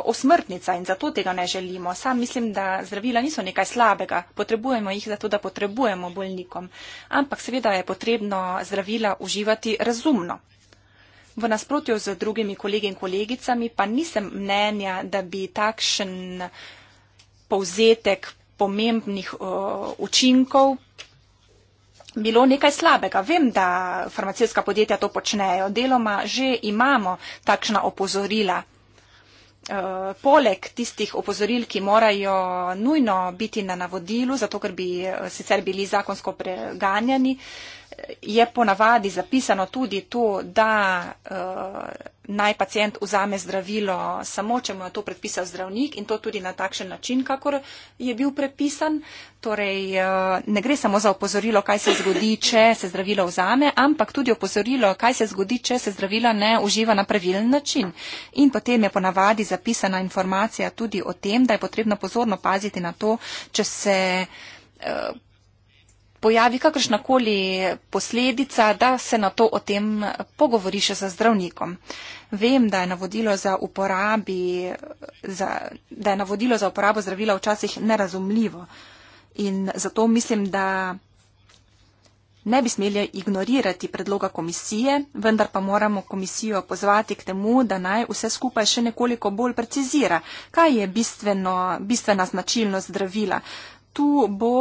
osmrtnica in zato tega ne želimo. Sam mislim, da zdravila niso nekaj slabega, potrebujemo jih zato, da potrebujemo bolnikom. Ampak seveda je potrebno zdravila uživati razumno. V nasprotju z drugimi kolegi in kolegicami pa nisem mnenja, da bi takšen povzetek pomembnih uh, učinkov bilo nekaj slabega. Vem, da farmacijska podjetja to počnejo. Deloma že imamo takšna opozorila. Uh, poleg tistih opozoril, ki morajo nujno biti na navodilu, zato ker bi uh, sicer bili zakonsko preganjani, uh, je ponavadi zapisano tudi to, da eh, naj pacijent vzame zdravilo samo, če mu je to predpisal zdravnik in to tudi na takšen način, kakor je bil predpisan. Torej, eh, ne gre samo za opozorilo, kaj se zgodi, če se zdravilo vzame, ampak tudi opozorilo, kaj se zgodi, če se zdravila ne uživa na pravilen način. In potem je ponavadi zapisana informacija tudi o tem, da je potrebno pozorno paziti na to, če se eh, pojavi kakršnakoli posledica, da se na to o tem pogovori še z zdravnikom. Vem, da je navodilo za, uporabi, za, da je navodilo za uporabo zdravila včasih nerazumljivo in zato mislim, da ne bi smeli ignorirati predloga komisije, vendar pa moramo komisijo pozvati k temu, da naj vse skupaj še nekoliko bolj precizira, kaj je bistveno, bistvena značilnost zdravila. Uh, tu bo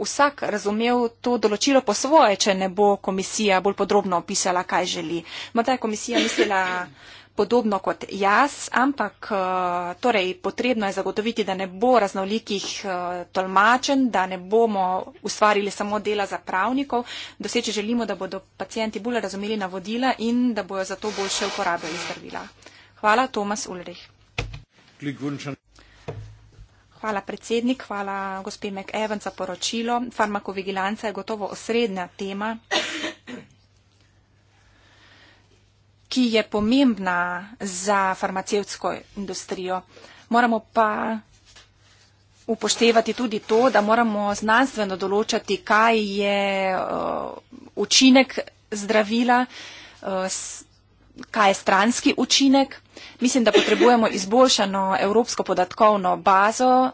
vsak razumel to določilo po svoje, če ne bo komisija bolj podrobno opisala, kaj želi. Morda je komisija mislila podobno kot jaz, ampak eh, torej, potrebno je zagotoviti, da ne bo raznolikih eh, tolmačen, da ne bomo ustvarili samo dela za pravnikov. Doseči želimo, da bodo pacijenti bolj razumeli navodila in da bojo zato boljše uporabljali zdravila. Hvala, Tomas Ulrich. Glückwunsch an hvala predsednik, hvala gospe McEwan za poročilo. Farmakovigilanca je gotovo osrednja tema, ki je pomembna za farmacevtsko industrijo. Moramo pa upoštevati tudi to, da moramo znanstveno določati, kaj je uh, učinek zdravila. Uh, kaj je stranski učinek. Mislim, da potrebujemo izboljšano evropsko podatkovno bazo,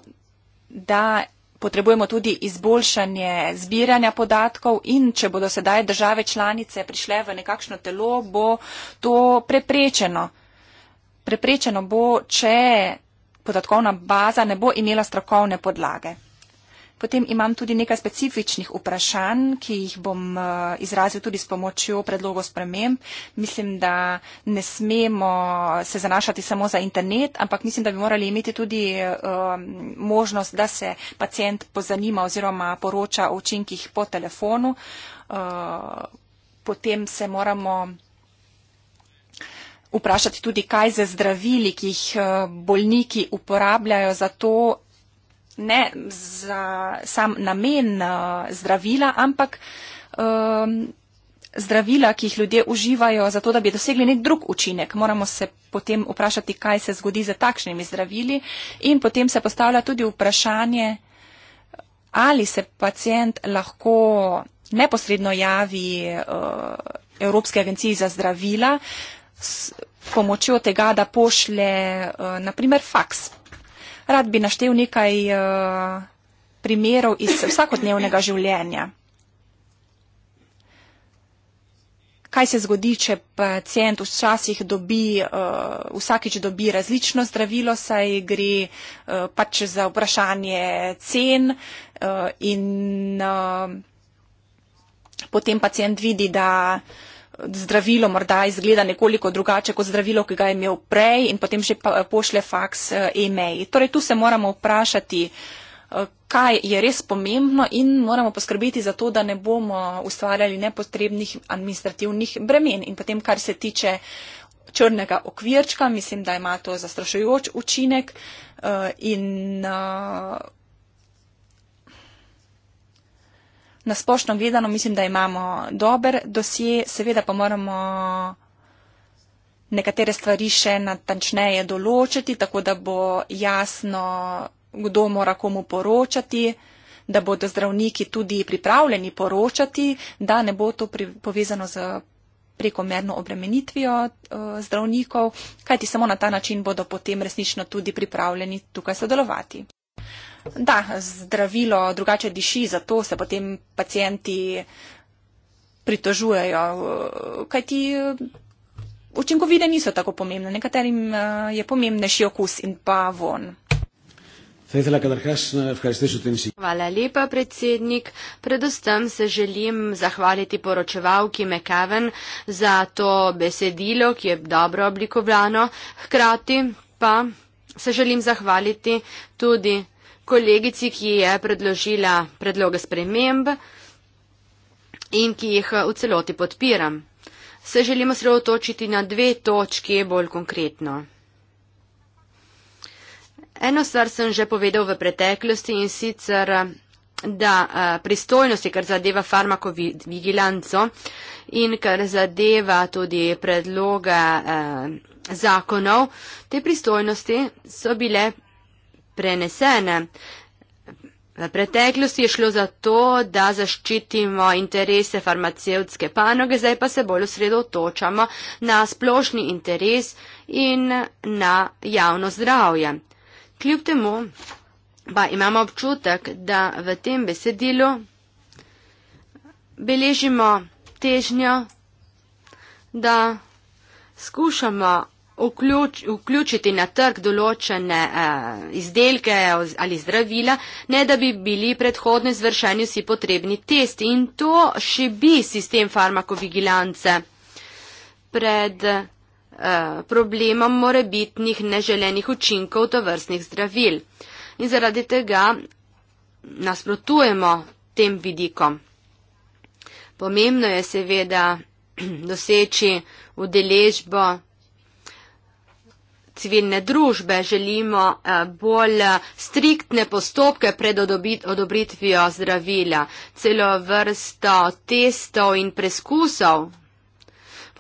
da potrebujemo tudi izboljšanje zbiranja podatkov in če bodo sedaj države članice prišle v nekakšno telo, bo to preprečeno. Preprečeno bo, če podatkovna baza ne bo imela strokovne podlage. Potem imam tudi nekaj specifičnih vprašanj, ki jih bom eh, izrazil tudi s pomočjo predlogov sprememb. Mislim, da ne smemo se zanašati samo za internet, ampak mislim, da bi morali imeti tudi eh, možnost, da se pacijent pozanima oziroma poroča o učinkih po telefonu. Eh, potem se moramo vprašati tudi, kaj za zdravili, ki jih bolniki uporabljajo za to ne za sam namen eh, zdravila, ampak um, zdravila, ki jih ljudje uživajo, zato da bi dosegli nek drug učinek. Moramo se potem vprašati, kaj se zgodi za takšnimi zdravili in potem se postavlja tudi vprašanje, ali se pacijent lahko neposredno javi uh, Evropske agenciji za zdravila s pomočjo tega, da pošlje uh, eh, naprimer faks Rad bi naštel nekaj uh, primerov iz vsakodnevnega življenja. Kaj se zgodi, če pacijent včasih dobi, uh, vsakič dobi različno zdravilo, saj gre uh, pač za vprašanje cen uh, in uh, potem pacijent vidi, da uh, zdravilo morda izgleda nekoliko drugače kot zdravilo, ki ga je imel prej in potem že pošlje faks eh, e-mail. Torej tu se moramo vprašati, eh, kaj je res pomembno in moramo poskrbeti za to, da ne bomo ustvarjali nepotrebnih administrativnih bremen. In potem, kar se tiče črnega okvirčka, mislim, da ima to zastrašujoč učinek eh, in nasplošno gledano mislim, da imamo dober dosje, seveda pa moramo nekatere stvari še natančneje določiti, tako da bo jasno, kdo mora komu poročati, da bodo zdravniki tudi pripravljeni poročati, da ne bo to pri, povezano z prekomerno obremenitvijo uh, zdravnikov, kajti samo na ta način bodo potem resnično tudi pripravljeni tukaj sodelovati. Da, zdravilo drugače diši, zato se potem pacijenti pritožujejo, kaj ti učinkovite niso tako pomembne. Nekaterim eh, je pomembnejši okus in pa von. Hvala lepa, predsednik. Predvsem se želim zahvaliti poročevalki Mekaven za to besedilo, ki je dobro oblikovano. Hkrati pa se želim zahvaliti tudi kolegici, ki je predložila predloge sprememb in ki jih eh, v celoti podpiram. Se želimo sredotočiti na dve točke bolj konkretno. Eno stvar sem že povedal v preteklosti in sicer, da eh, pristojnosti, kar zadeva farmakovigilanco in kar zadeva tudi predloga eh, zakonov, te pristojnosti so bile prenesene. V preteklosti je šlo za to, da zaščitimo interese farmacevtske panoge, zdaj pa se bolj osredotočamo na splošni interes in na javno zdravje. Kljub temu pa imamo občutek, da v tem besedilu beležimo težnjo, da skušamo vključ, vključiti na trg določene eh, izdelke ali zdravila, ne da bi bili predhodno izvršeni vsi potrebni testi. In to še bi sistem farmakovigilance pred eh, problemom morebitnih neželenih učinkov tovrstnih zdravil. In zaradi tega nasprotujemo tem vidikom. Pomembno je seveda doseči udeležbo civilne družbe, želimo eh, bolj striktne postopke pred odobritvijo zdravila, celo vrsto testov in preskusov.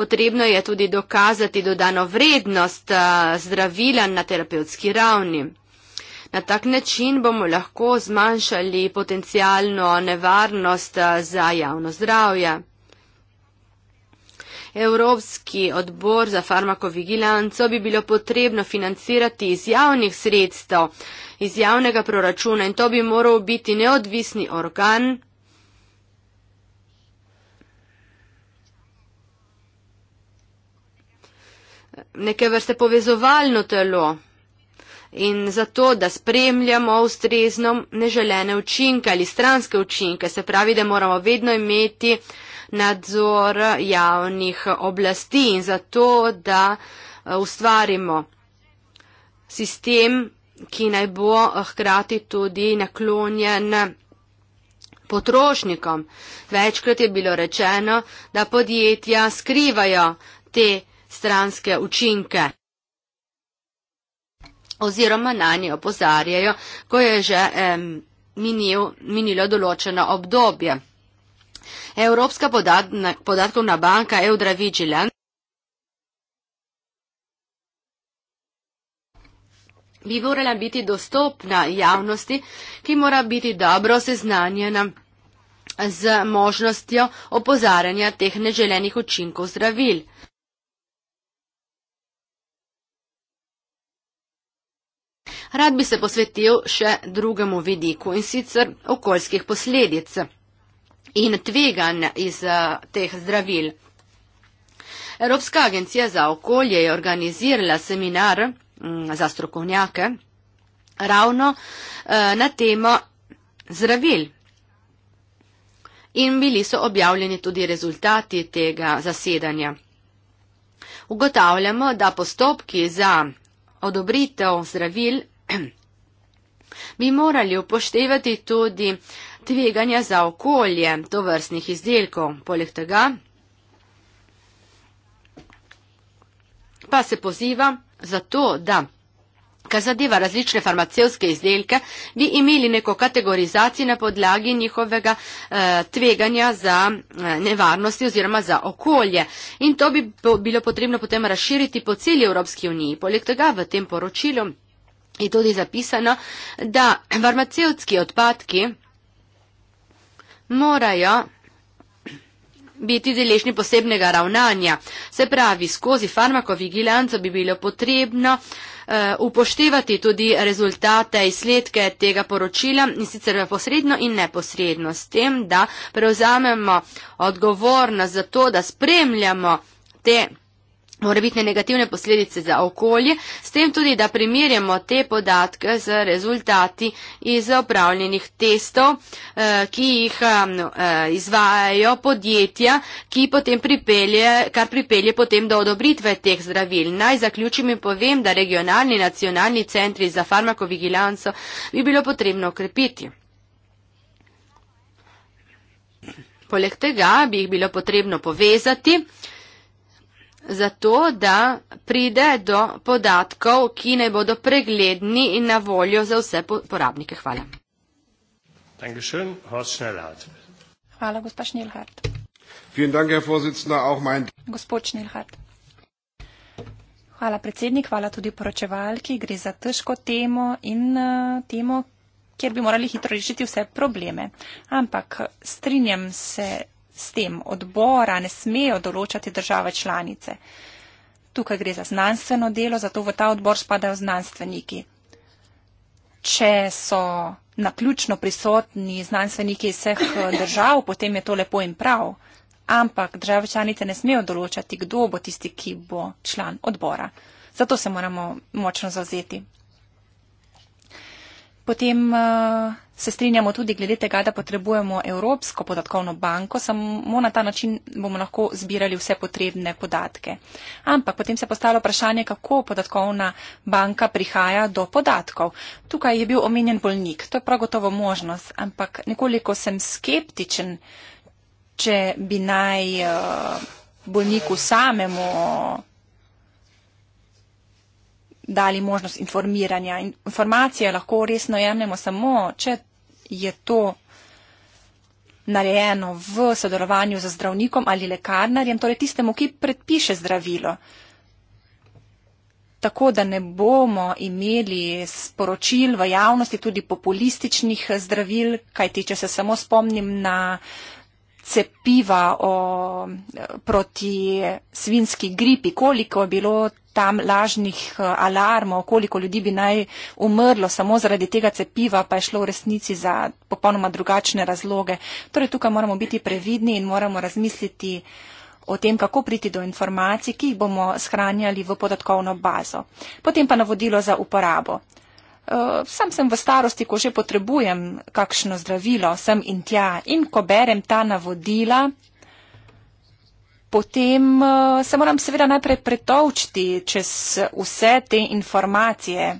Potrebno je tudi dokazati dodano vrednost eh, zdravila na terapevtski ravni. Na tak način bomo lahko zmanjšali potencijalno nevarnost eh, za javno zdravje. Evropski odbor za farmakovigilanco bi bilo potrebno financirati iz javnih sredstev, iz javnega proračuna in to bi moral biti neodvisni organ. neke vrste povezovalno telo in zato, da spremljamo ustrezno neželene učinke ali stranske učinke, se pravi, da moramo vedno imeti uh, nadzor javnih oblasti in zato, da eh, ustvarimo sistem, ki naj bo eh, hkrati tudi naklonjen potrošnikom. Večkrat je bilo rečeno, da podjetja skrivajo te stranske učinke oziroma na nje opozarjajo, ko je že eh, minil, minilo določeno obdobje. Evropska podatkovna banka Eudra Vigilan bi morala biti dostopna javnosti, ki mora biti dobro seznanjena z možnostjo opozarjanja teh neželenih učinkov zdravil. Rad bi se posvetil še drugemu vidiku in sicer okoljskih posledic in tveganj iz eh, teh zdravil. Evropska agencija za okolje je organizirala seminar mm, za strokovnjake ravno eh, na temo zdravil. In bili so objavljeni tudi rezultati tega zasedanja. Ugotavljamo, da postopki za odobritev zdravil bi morali upoštevati tudi uh, tveganja za okolje tovrstnih izdelkov. Poleg tega pa se poziva za to, da kar zadeva različne farmacevske izdelke, bi imeli neko kategorizacijo na podlagi njihovega eh, tveganja za eh, nevarnosti oziroma za okolje. In to bi po, bilo potrebno potem razširiti po celi Evropski uniji. Poleg tega v tem poročilu je tudi zapisano, da farmacevski odpadki morajo biti deležni posebnega ravnanja. Se pravi, skozi farmakovigilanco bi bilo potrebno eh, upoštevati tudi rezultate, izsledke tega poročila in sicer posredno in neposredno s tem, da prevzamemo odgovornost za to, da spremljamo te morebitne negativne posledice za okolje, s tem tudi, da primerjamo te podatke z rezultati iz opravljenih testov, eh, ki jih no, eh, izvajajo podjetja, ki potem pripelje, kar pripelje potem do odobritve teh zdravil. Naj zaključim in povem, da regionalni nacionalni centri za farmakovigilanco bi bilo potrebno okrepiti. Poleg tega bi jih bilo potrebno povezati, zato da pride do podatkov, ki ne bodo pregledni in na voljo za vse porabnike. Hvala. Hvala, gospa Šnilhart. Dank, mein... Gospod Šnilhart. Hvala, predsednik, hvala tudi poročevalki. Gre za težko temo in uh, temo, kjer bi morali hitro rešiti vse probleme. Ampak strinjam se s tem. Odbora ne smejo določati države članice. Tukaj gre za znanstveno delo, zato v ta odbor spadajo znanstveniki. Če so naključno prisotni znanstveniki iz vseh eh, držav, potem je to lepo in prav. Ampak države članice ne smejo določati, kdo bo tisti, ki bo član odbora. Zato se moramo močno zauzeti. Potem uh, se strinjamo tudi glede tega, da potrebujemo Evropsko podatkovno banko, samo na ta način bomo lahko zbirali vse potrebne podatke. Ampak potem se postalo vprašanje, kako podatkovna banka prihaja do podatkov. Tukaj je bil omenjen bolnik, to je prav gotovo možnost, ampak nekoliko sem skeptičen, če bi naj uh, bolniku samemu. Uh, dali možnost informiranja. In informacije lahko resno jemljemo samo, če je to narejeno v sodelovanju z zdravnikom ali lekarnarjem, torej tistemu, ki predpiše zdravilo. Tako da ne bomo imeli sporočil v javnosti tudi populističnih zdravil, kajti če se samo spomnim na uh, cepiva o, proti svinski gripi, koliko je bilo tam lažnih eh, alarmov, koliko ljudi bi naj umrlo samo zaradi tega cepiva, pa je šlo v resnici za popolnoma drugačne razloge. Torej tukaj moramo biti previdni in moramo razmisliti o tem, kako priti do informacij, ki jih bomo shranjali v podatkovno bazo. Potem pa navodilo za uporabo uh, sam sem v starosti, ko že potrebujem kakšno zdravilo, sem in tja. In ko berem ta navodila, potem uh, se moram seveda najprej pretočiti čez vse te informacije.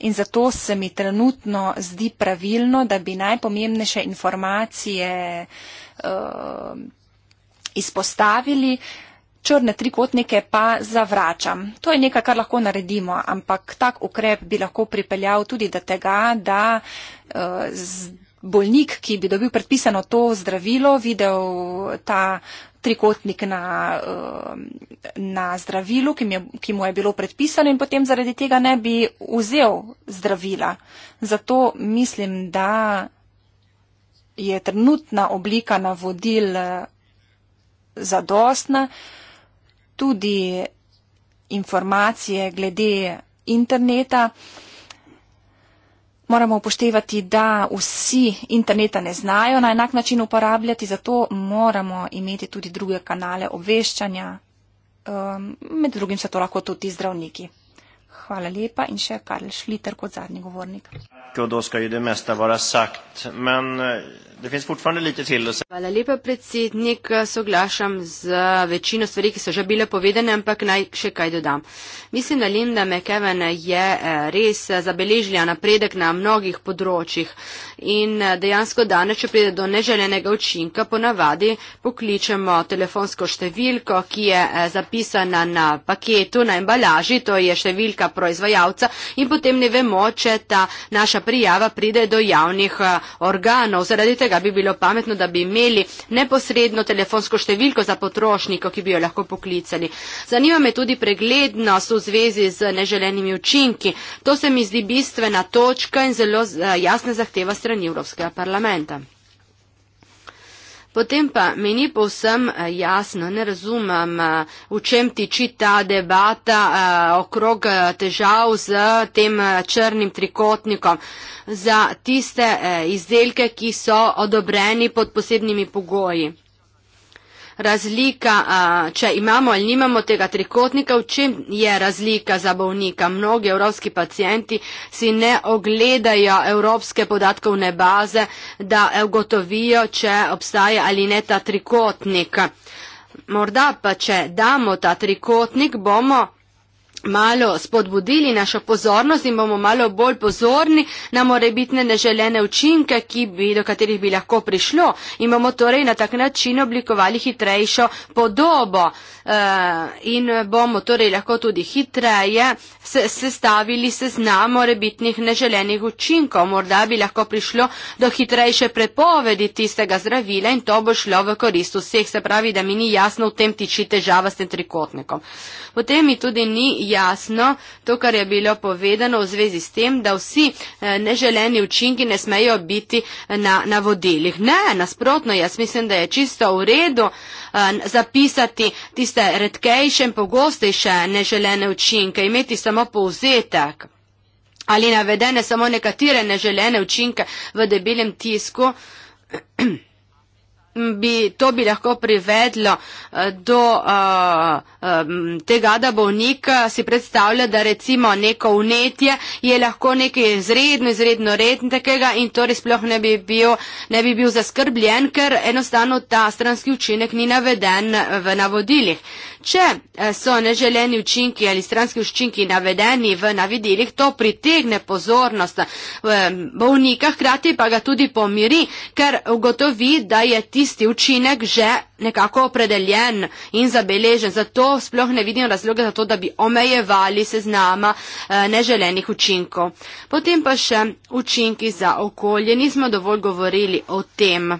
In zato se mi trenutno zdi pravilno, da bi najpomembnejše informacije uh, izpostavili. Uh, črne trikotnike pa zavračam. To je nekaj, kar lahko naredimo, ampak tak ukrep bi lahko pripeljal tudi do tega, da uh, bolnik, ki bi dobil predpisano to zdravilo, videl ta trikotnik na, eh, na zdravilu, ki, je, ki mu je bilo predpisano in potem zaradi tega ne bi vzel zdravila. Zato mislim, da je trenutna oblika navodil eh, zadostna. Uh, tudi informacije glede interneta. Moramo upoštevati, da vsi interneta ne znajo na enak način uporabljati, zato moramo imeti tudi druge kanale obveščanja. Um, med drugim so to lahko tudi zdravniki. Hvala lepa in še Karl Šliter kot zadnji govornik. Kodoska, det finns fortfarande lite till att säga. Hvala lepa predsednik, soglašam z večino stvari, ki so že bile povedane, ampak naj še kaj dodam. Mislim, da Linda McKeven je eh, res eh, zabeležila napredek na mnogih področjih in eh, dejansko danes, če pride do neželenega učinka, ponavadi pokličemo telefonsko številko, ki je zapisana na paketu, na embalaži, to je številka proizvajalca in potem ne vemo, če ta naša prijava pride do javnih organov. Zaradi tega, katerega bi bilo pametno, da bi imeli neposredno telefonsko številko za potrošnika, ki bi jo lahko poklicali. Zanima me tudi preglednost v zvezi z neželenimi učinki. To se mi zdi bistvena točka in zelo eh, jasna zahteva strani Evropskega parlamenta. Potem pa mi ni povsem eh, jasno, ne razumem, eh, v čem tiči ta debata eh, okrog težav z tem črnim trikotnikom za tiste izdelke, ki so odobreni pod posebnimi pogoji razlika, če imamo ali nimamo tega trikotnika, v čem je razlika za bolnika. Mnogi evropski pacijenti si ne ogledajo evropske podatkovne baze, da ugotovijo, če obstaja ali ne ta trikotnik. Morda pa, če damo ta trikotnik, bomo malo spodbudili našo pozornost in bomo malo bolj pozorni na morebitne neželene učinke, bi, do katerih bi lahko prišlo in bomo torej na tak način oblikovali hitrejšo podobo e, in bomo torej lahko tudi hitreje se, se stavili seznam morebitnih neželenih učinkov. Morda bi lahko prišlo do hitrejše prepovedi tistega zdravila in to bo šlo v korist vseh, se pravi, da mi ni jasno v tem tiči težava s tem trikotnikom. Potem mi tudi ni jasno to, kar je bilo povedano v zvezi s tem, da vsi eh, neželeni učinki ne smejo biti eh, na, na vodilih. Ne, nasprotno, jaz mislim, da je čisto v redu eh, zapisati tiste redkejše in pogostejše neželene učinke, imeti samo povzetek ali navedene samo nekatere neželene učinke v debelem tisku, bi to bi lahko privedlo do uh, um, tega, da bolnik eh, si predstavlja, da recimo neko unetje je lahko nekaj izredno, izredno rednega in torej sploh ne bi, bil, ne bi bil zaskrbljen, ker enostavno ta stranski učinek ni naveden eh, v navodilih. Če eh, so neželeni učinki ali stranski učinki navedeni v navidilih, to pritegne pozornost bolnika, hkrati pa ga tudi pomiri, ker ugotovi, da je tisti učinek že nekako opredeljen in zabeležen, zato sploh ne vidim razloga za to, da bi omejevali seznama eh, neželenih učinkov. Potem pa še učinki za okolje, nismo dovolj govorili o tem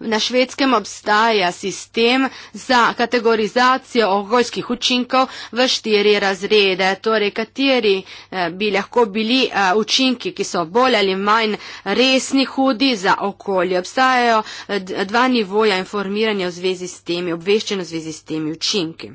na švedskem obstaja sistem za kategorizacijo okoljskih učinkov v štiri razrede, torej kateri eh, bi lahko bili eh, učinki, ki so bolj ali manj resni, hudi za okolje. Obstajajo eh, dva nivoja informiranja v zvezi s temi, obveščeno v zvezi s temi učinki.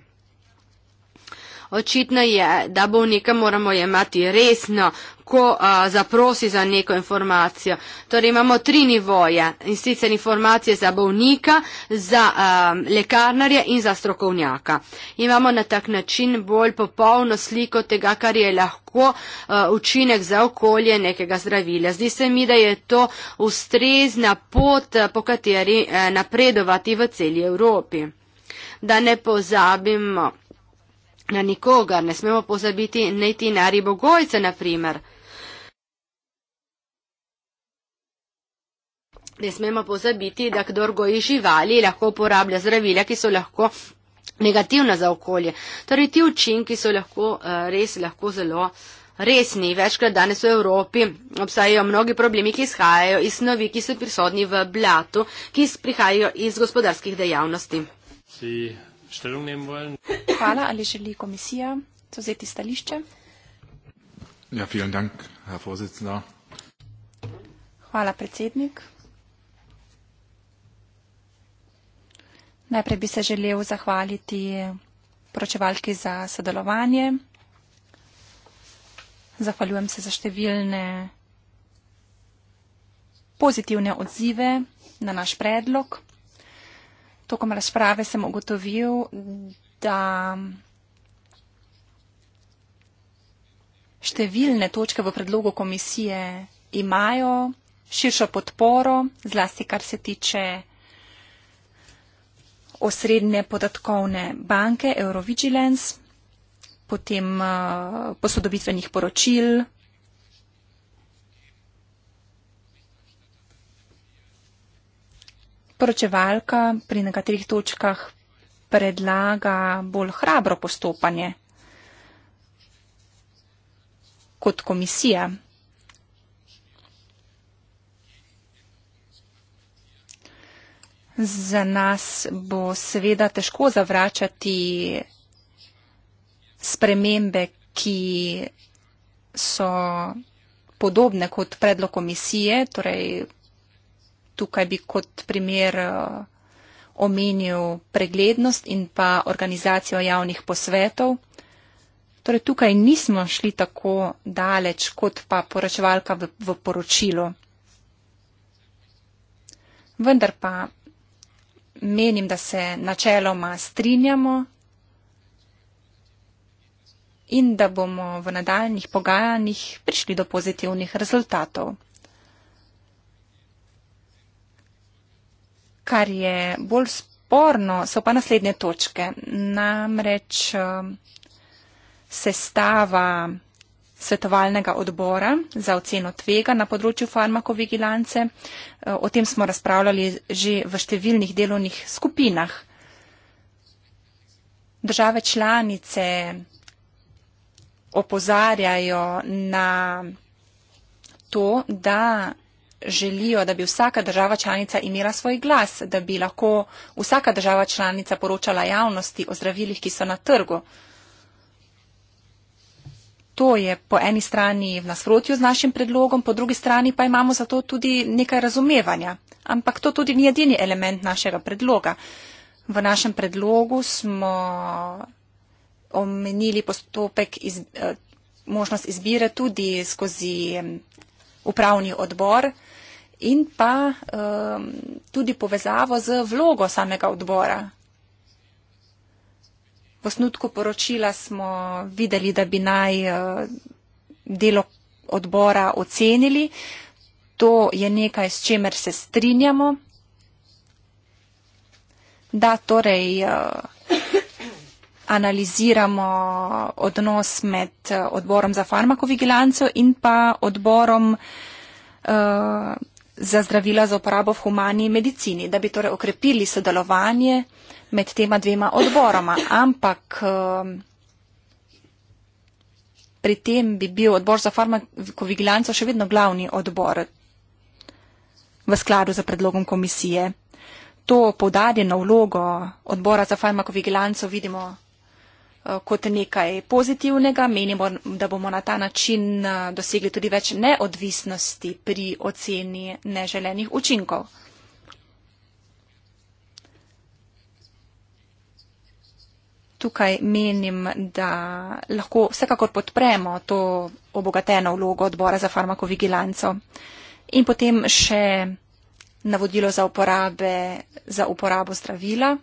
Očitno je, da bolnike moramo jemati resno, lahko a, zaprosi za neko informacijo. Torej imamo tri nivoje in sicer informacije za bovnika, za a, lekarnarja in za strokovnjaka. Imamo na tak način bolj popolno sliko tega, kar je lahko a, učinek za okolje nekega zdravila. Zdi se mi, da je to ustrezna pot, a, po kateri a, napredovati v celi Evropi. Da ne pozabimo. Na nikogar ne smemo pozabiti, niti na ribogojce, na primer. ne smemo pozabiti, da kdor goji živali, lahko uporablja zdravila, ki so lahko negativna za okolje. Torej, ti učinki so lahko eh, res lahko zelo resni. Večkrat danes v Evropi obstajajo mnogi problemi, ki izhajajo iz snovi, ki so prisodni v blatu, ki prihajajo iz gospodarskih dejavnosti. Hvala, ali želi komisija zauzeti stališče? Ja, vielen Dank, Herr Vorsitzender. Hvala, predsednik. Najprej bi se želel zahvaliti poročevalki za sodelovanje. Zahvaljujem se za številne pozitivne odzive na naš predlog. Tokom razprave sem ugotovil, da številne točke v predlogu komisije imajo širšo podporo, zlasti kar se tiče osrednje podatkovne banke Eurovigilance, potem uh, posodobitvenih poročil. Poročevalka pri nekaterih točkah predlaga bolj hrabro postopanje kot komisija. Za nas bo seveda težko zavračati spremembe, ki so podobne kot predlog komisije. Torej, tukaj bi kot primer eh, omenil preglednost in pa organizacijo javnih posvetov. Torej, tukaj nismo šli tako daleč kot pa poročevalka v, v poročilu. Vendar pa menim, da se načeloma strinjamo in da bomo v nadaljnih pogajanjih prišli do pozitivnih rezultatov. Kar je bolj sporno, so pa naslednje točke. Namreč eh, sestava svetovalnega odbora za oceno tvega na področju farmakovigilance. E, o tem smo razpravljali že v številnih delovnih skupinah. Države članice opozarjajo na to, da želijo, da bi vsaka država članica imela svoj glas, da bi lahko vsaka država članica poročala javnosti o zdravilih, ki so na trgu to je po eni strani v nasprotju z našim predlogom, po drugi strani pa imamo za to tudi nekaj razumevanja. Ampak to tudi ni edini element našega predloga. V našem predlogu smo omenili postopek iz, eh, možnost izbire tudi skozi upravni odbor in pa um, tudi povezavo z vlogo samega odbora, posnutku poročila smo videli, da bi naj eh, delo odbora ocenili. To je nekaj, s čemer se strinjamo. Da torej eh, analiziramo odnos med eh, odborom za farmakovigilanco in pa odborom za zdravila za uporabo v humani medicini, da bi torej okrepili sodelovanje med tema dvema odboroma. Ampak um, pri tem bi bil odbor za farmakovigilanco še vedno glavni odbor v skladu za predlogom komisije. To povdarjeno vlogo odbora za farmakovigilanco vidimo Eh, kot nekaj pozitivnega. Menimo, da bomo na ta način eh, dosegli tudi več neodvisnosti pri oceni neželenih učinkov. Tukaj menim, da lahko vsekakor podpremo to obogateno vlogo odbora za farmakovigilanco. In potem še navodilo za, uporabe, za uporabo zdravila.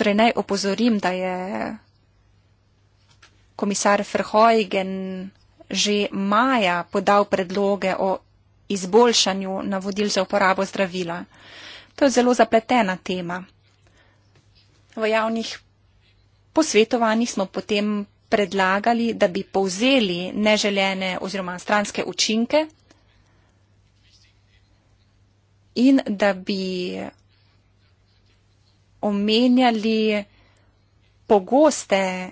Torej, naj opozorim, da je komisar Ferhojgen že maja podal predloge o izboljšanju navodil za uporabo zdravila. To je zelo zapletena tema. V javnih posvetovanjih smo potem predlagali, da bi povzeli neželene oziroma stranske učinke in da bi omenjali pogoste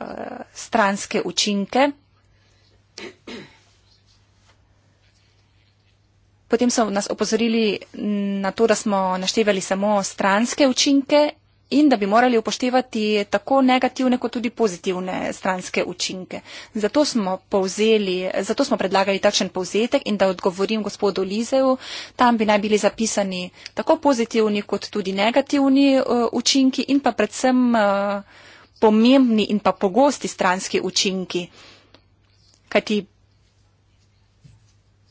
uh, stranske učinke. Potem so nas opozorili na to, da smo naštevali samo stranske učinke in da bi morali upoštevati tako negativne kot tudi pozitivne stranske učinke. Zato smo, povzeli, zato smo predlagali takšen povzetek in da odgovorim gospodu Lizeju, tam bi naj bili zapisani tako pozitivni kot tudi negativni eh, učinki in pa predvsem eh, pomembni in pa pogosti stranski učinki. Kajti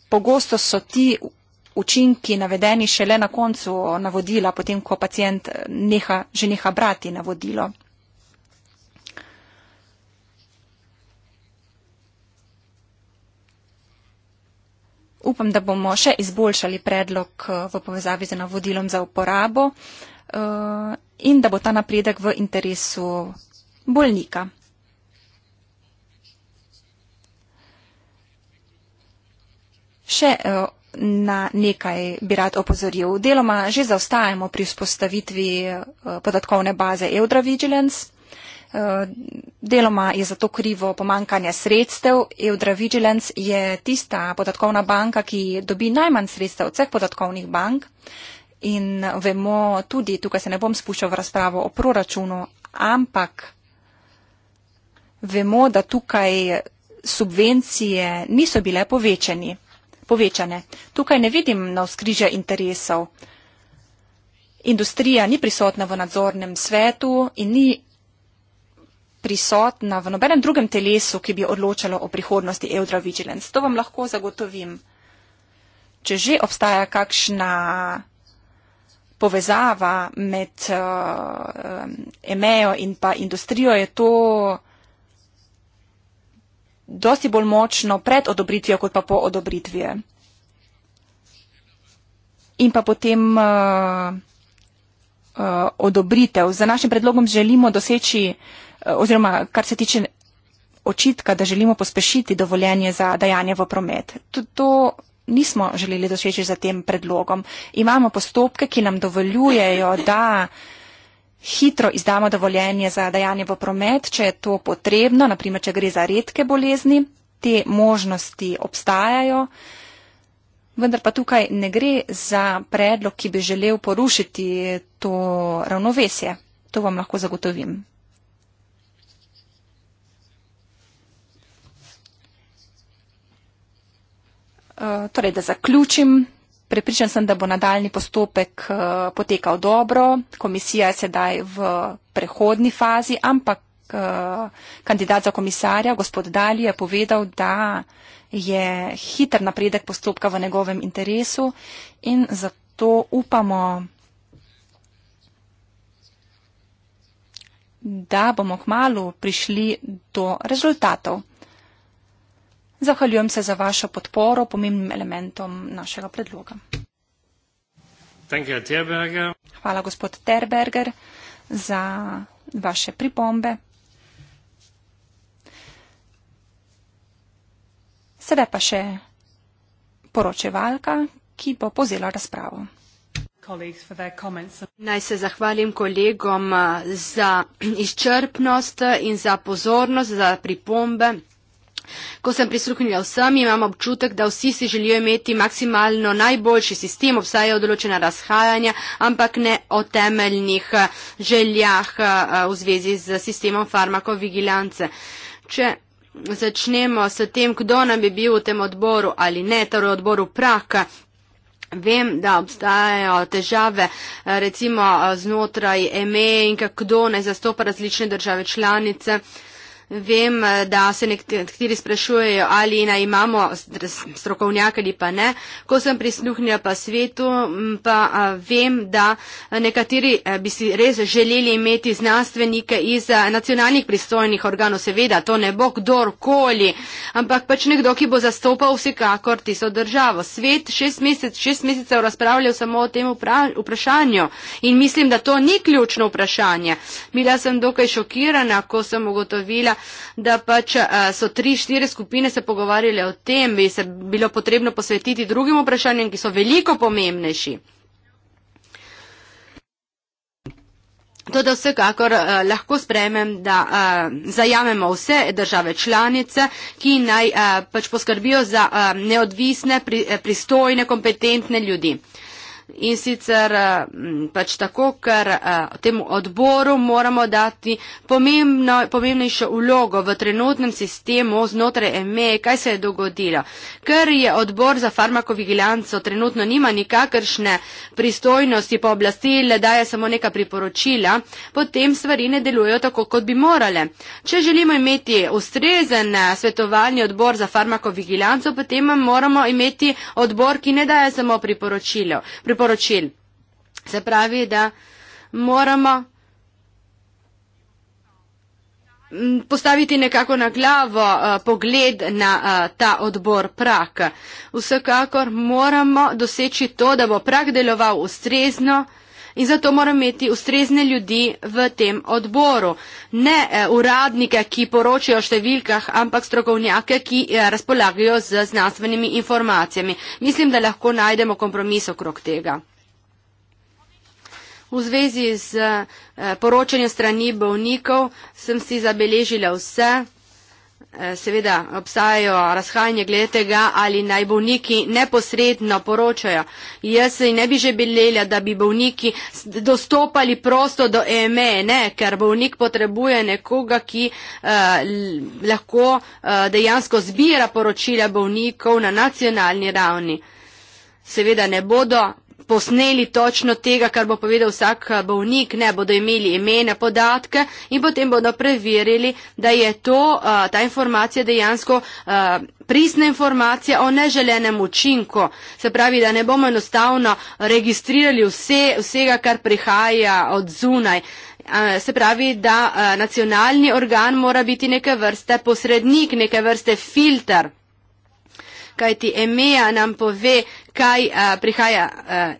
pogosto so ti učinki navedeni šele na koncu navodila, potem, ko pacijent neha, že neha brati navodilo. Upam, da bomo še izboljšali predlog eh, v povezavi z navodilom za uporabo eh, in da bo ta napredek v interesu bolnika. Še eh, na nekaj bi rad opozoril. Deloma že zaostajamo pri vzpostavitvi eh, podatkovne baze Eudra Vigilance. Eh, deloma je zato krivo pomankanje sredstev. Eudra Vigilance je tista podatkovna banka, ki dobi najmanj sredstev od vseh podatkovnih bank. In vemo tudi, tukaj se ne bom spuščal v razpravo o proračunu, ampak vemo, da tukaj subvencije niso bile povečeni povečane. Tukaj ne vidim na vzkrižja interesov. Industrija ni prisotna v nadzornem svetu in ni prisotna v nobenem drugem telesu, ki bi odločalo o prihodnosti Eudra Vigilance. To vam lahko zagotovim. Če že obstaja kakšna povezava med uh, EMEO in pa industrijo, je to dosti bolj močno pred odobritvijo, kot pa po odobritvi. In pa potem uh, uh, odobritev. Za našim predlogom želimo doseči, uh, oziroma kar se tiče očitka, da želimo pospešiti dovoljenje za dajanje v promet. To, to nismo želeli doseči za tem predlogom. Imamo postopke, ki nam dovoljujejo, da uh, hitro izdamo dovoljenje za dajanje v promet, če je to potrebno, naprimer, če gre za redke bolezni, te možnosti obstajajo. Vendar pa tukaj ne gre za predlog, ki bi želel porušiti to ravnovesje. To vam lahko zagotovim. Eh, torej, da zaključim. Prepričan sem, da bo nadaljni postopek eh, potekal dobro. Komisija je sedaj v prehodni fazi, ampak eh, kandidat za komisarja, gospod Dali, je povedal, da je hiter napredek postopka v njegovem interesu in zato upamo, da bomo k malu prišli do rezultatov. Zahvaljujem se za vašo podporo pomembnim elementom našega predloga. Hvala, gospod Terberger, za vaše pripombe. Sedaj pa še poročevalka, ki bo povzela razpravo. Naj se zahvalim kolegom eh, za izčrpnost in za pozornost, za pripombe. Ko sem prisluhnila vsem, imam občutek, da vsi si želijo imeti maksimalno najboljši sistem, obstajajo določena razhajanja, ampak ne o temeljnih eh, željah eh, v zvezi z sistemom farmakovigilance. Če začnemo s tem, kdo nam bi bil v tem odboru ali ne, torej odboru praka, Vem, da obstajajo težave eh, recimo znotraj EME in kako naj zastopa različne države članice. Vem, eh, da se nekateri sprašujejo, ali naj imamo strokovnjaka ali pa ne. Ko sem prisluhnila pa svetu, pa vem, da eh, nekateri eh, bi si res želeli imeti znanstvenike iz nacionalnih pristojnih organov. Seveda, to ne bo kdorkoli, ampak pač nekdo, ki bo zastopal vsekakor tisto državo. Svet šest, mesec, šest mesecev razpravljal samo o tem vprašanju in mislim, da to ni ključno vprašanje. Bila sem dokaj šokirana, ko sem ugotovila, da pač eh, so tri, štiri skupine se pogovarjale o tem, bi se bilo potrebno posvetiti drugim vprašanjem, ki so veliko pomembnejši. To, da vsekakor eh, lahko sprejmem, da eh, zajamemo vse države članice, ki naj eh, pač poskrbijo za eh, neodvisne, pri, eh, pristojne, kompetentne ljudi. Eh, in sicer eh, pač tako, ker eh, temu odboru moramo dati pomembno, pomembnejšo ulogo v trenutnem sistemu znotraj ME, kaj se je dogodilo. Ker je odbor za farmakovigilanco trenutno nima nikakršne pristojnosti po oblastile, daje samo neka priporočila, potem stvari ne delujejo tako, kot bi morale. Če želimo imeti ustrezen eh, svetovalni odbor za farmakovigilanco, potem moramo imeti odbor, ki ne daje samo priporočilo priporočil. Se pravi, da moramo mm, postaviti nekako na glavo uh, pogled na uh, ta odbor prak. Vsekakor moramo doseči to, da bo prak deloval ustrezno, uh, in zato moram imeti ustrezne ljudi v tem odboru. Ne eh, uradnike, ki poročajo o številkah, ampak strokovnjake, ki eh, razpolagajo z znanstvenimi informacijami. Mislim, da lahko najdemo kompromis okrog tega. V zvezi z eh, poročanjem strani bolnikov sem si zabeležila vse. Eh, seveda obstajajo razhajanje glede tega, ali naj bolniki neposredno poročajo. Jaz ne bi že bilela, da bi bolniki dostopali prosto do EME, e, ne, ker bolnik potrebuje nekoga, ki eh, lahko eh, dejansko zbira poročila bolnikov na nacionalni ravni. Seveda ne bodo posneli točno tega, kar bo povedal vsak eh, bolnik, ne bodo imeli imene, podatke in potem bodo preverili, da je to, uh, ta informacija dejansko uh, pristna informacija o neželenem učinku. Se pravi, da ne bomo enostavno registrirali vse, vsega, kar prihaja od zunaj. Se pravi, da nacionalni organ mora biti neke vrste posrednik, neke vrste filter. Kaj ti EMEA nam pove, kaj uh, prihaja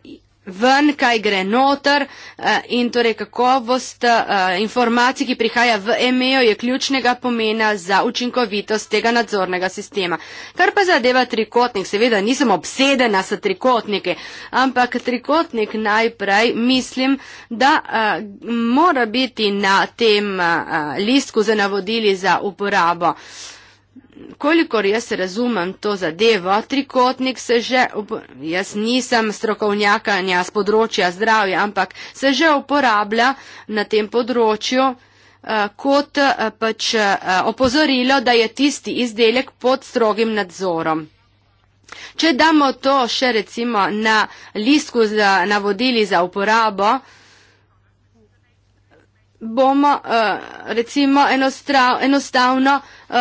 uh, ven, kaj gre noter uh, in torej kakovost uh, informacij, ki prihaja v EMEO, je ključnega pomena za učinkovitost tega nadzornega sistema. Kar pa zadeva trikotnik, seveda nisem obsedena s trikotniki, ampak trikotnik najprej mislim, da uh, mora biti na tem uh, listku za navodili za uporabo. Uh, kolikor jaz razumem to zadevo, trikotnik se že, jaz nisem strokovnjakanja z področja zdravja, ampak se že uporablja na tem področju eh, kot eh, pač eh, opozorilo, da je tisti izdelek pod strogim nadzorom. Če damo to še recimo na listku za navodili za uporabo, bomo uh, recimo enostav, enostavno uh,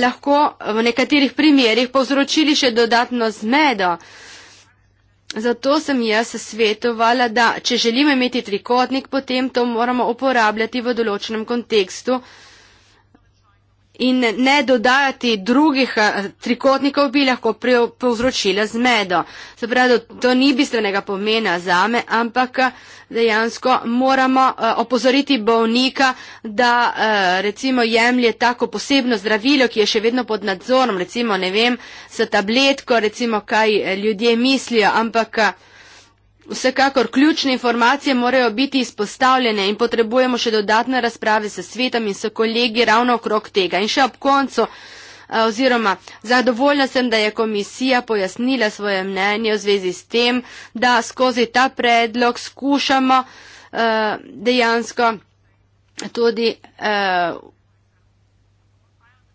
lahko v nekaterih primerjih povzročili še dodatno zmedo. Zato sem jaz svetovala, da če želimo imeti trikotnik, potem to moramo uporabljati v določenem kontekstu. Uh, in ne dodajati drugih eh, trikotnikov bi lahko povzročila zmedo. Se pravi, to ni bistvenega pomena zame, ampak eh, dejansko moramo eh, opozoriti bolnika, da recimo jemlje tako posebno zdravilo, ki je še vedno pod nadzorom, recimo ne vem, s tabletko, recimo kaj ljudje mislijo, ampak Vsekakor ključne informacije morajo biti izpostavljene in potrebujemo še dodatne razprave s svetom in s kolegi ravno okrog tega. In še ob koncu, eh, oziroma zadovoljna sem, da je komisija pojasnila svoje mnenje v zvezi s tem, da skozi ta predlog skušamo uh, dejansko tudi. Uh,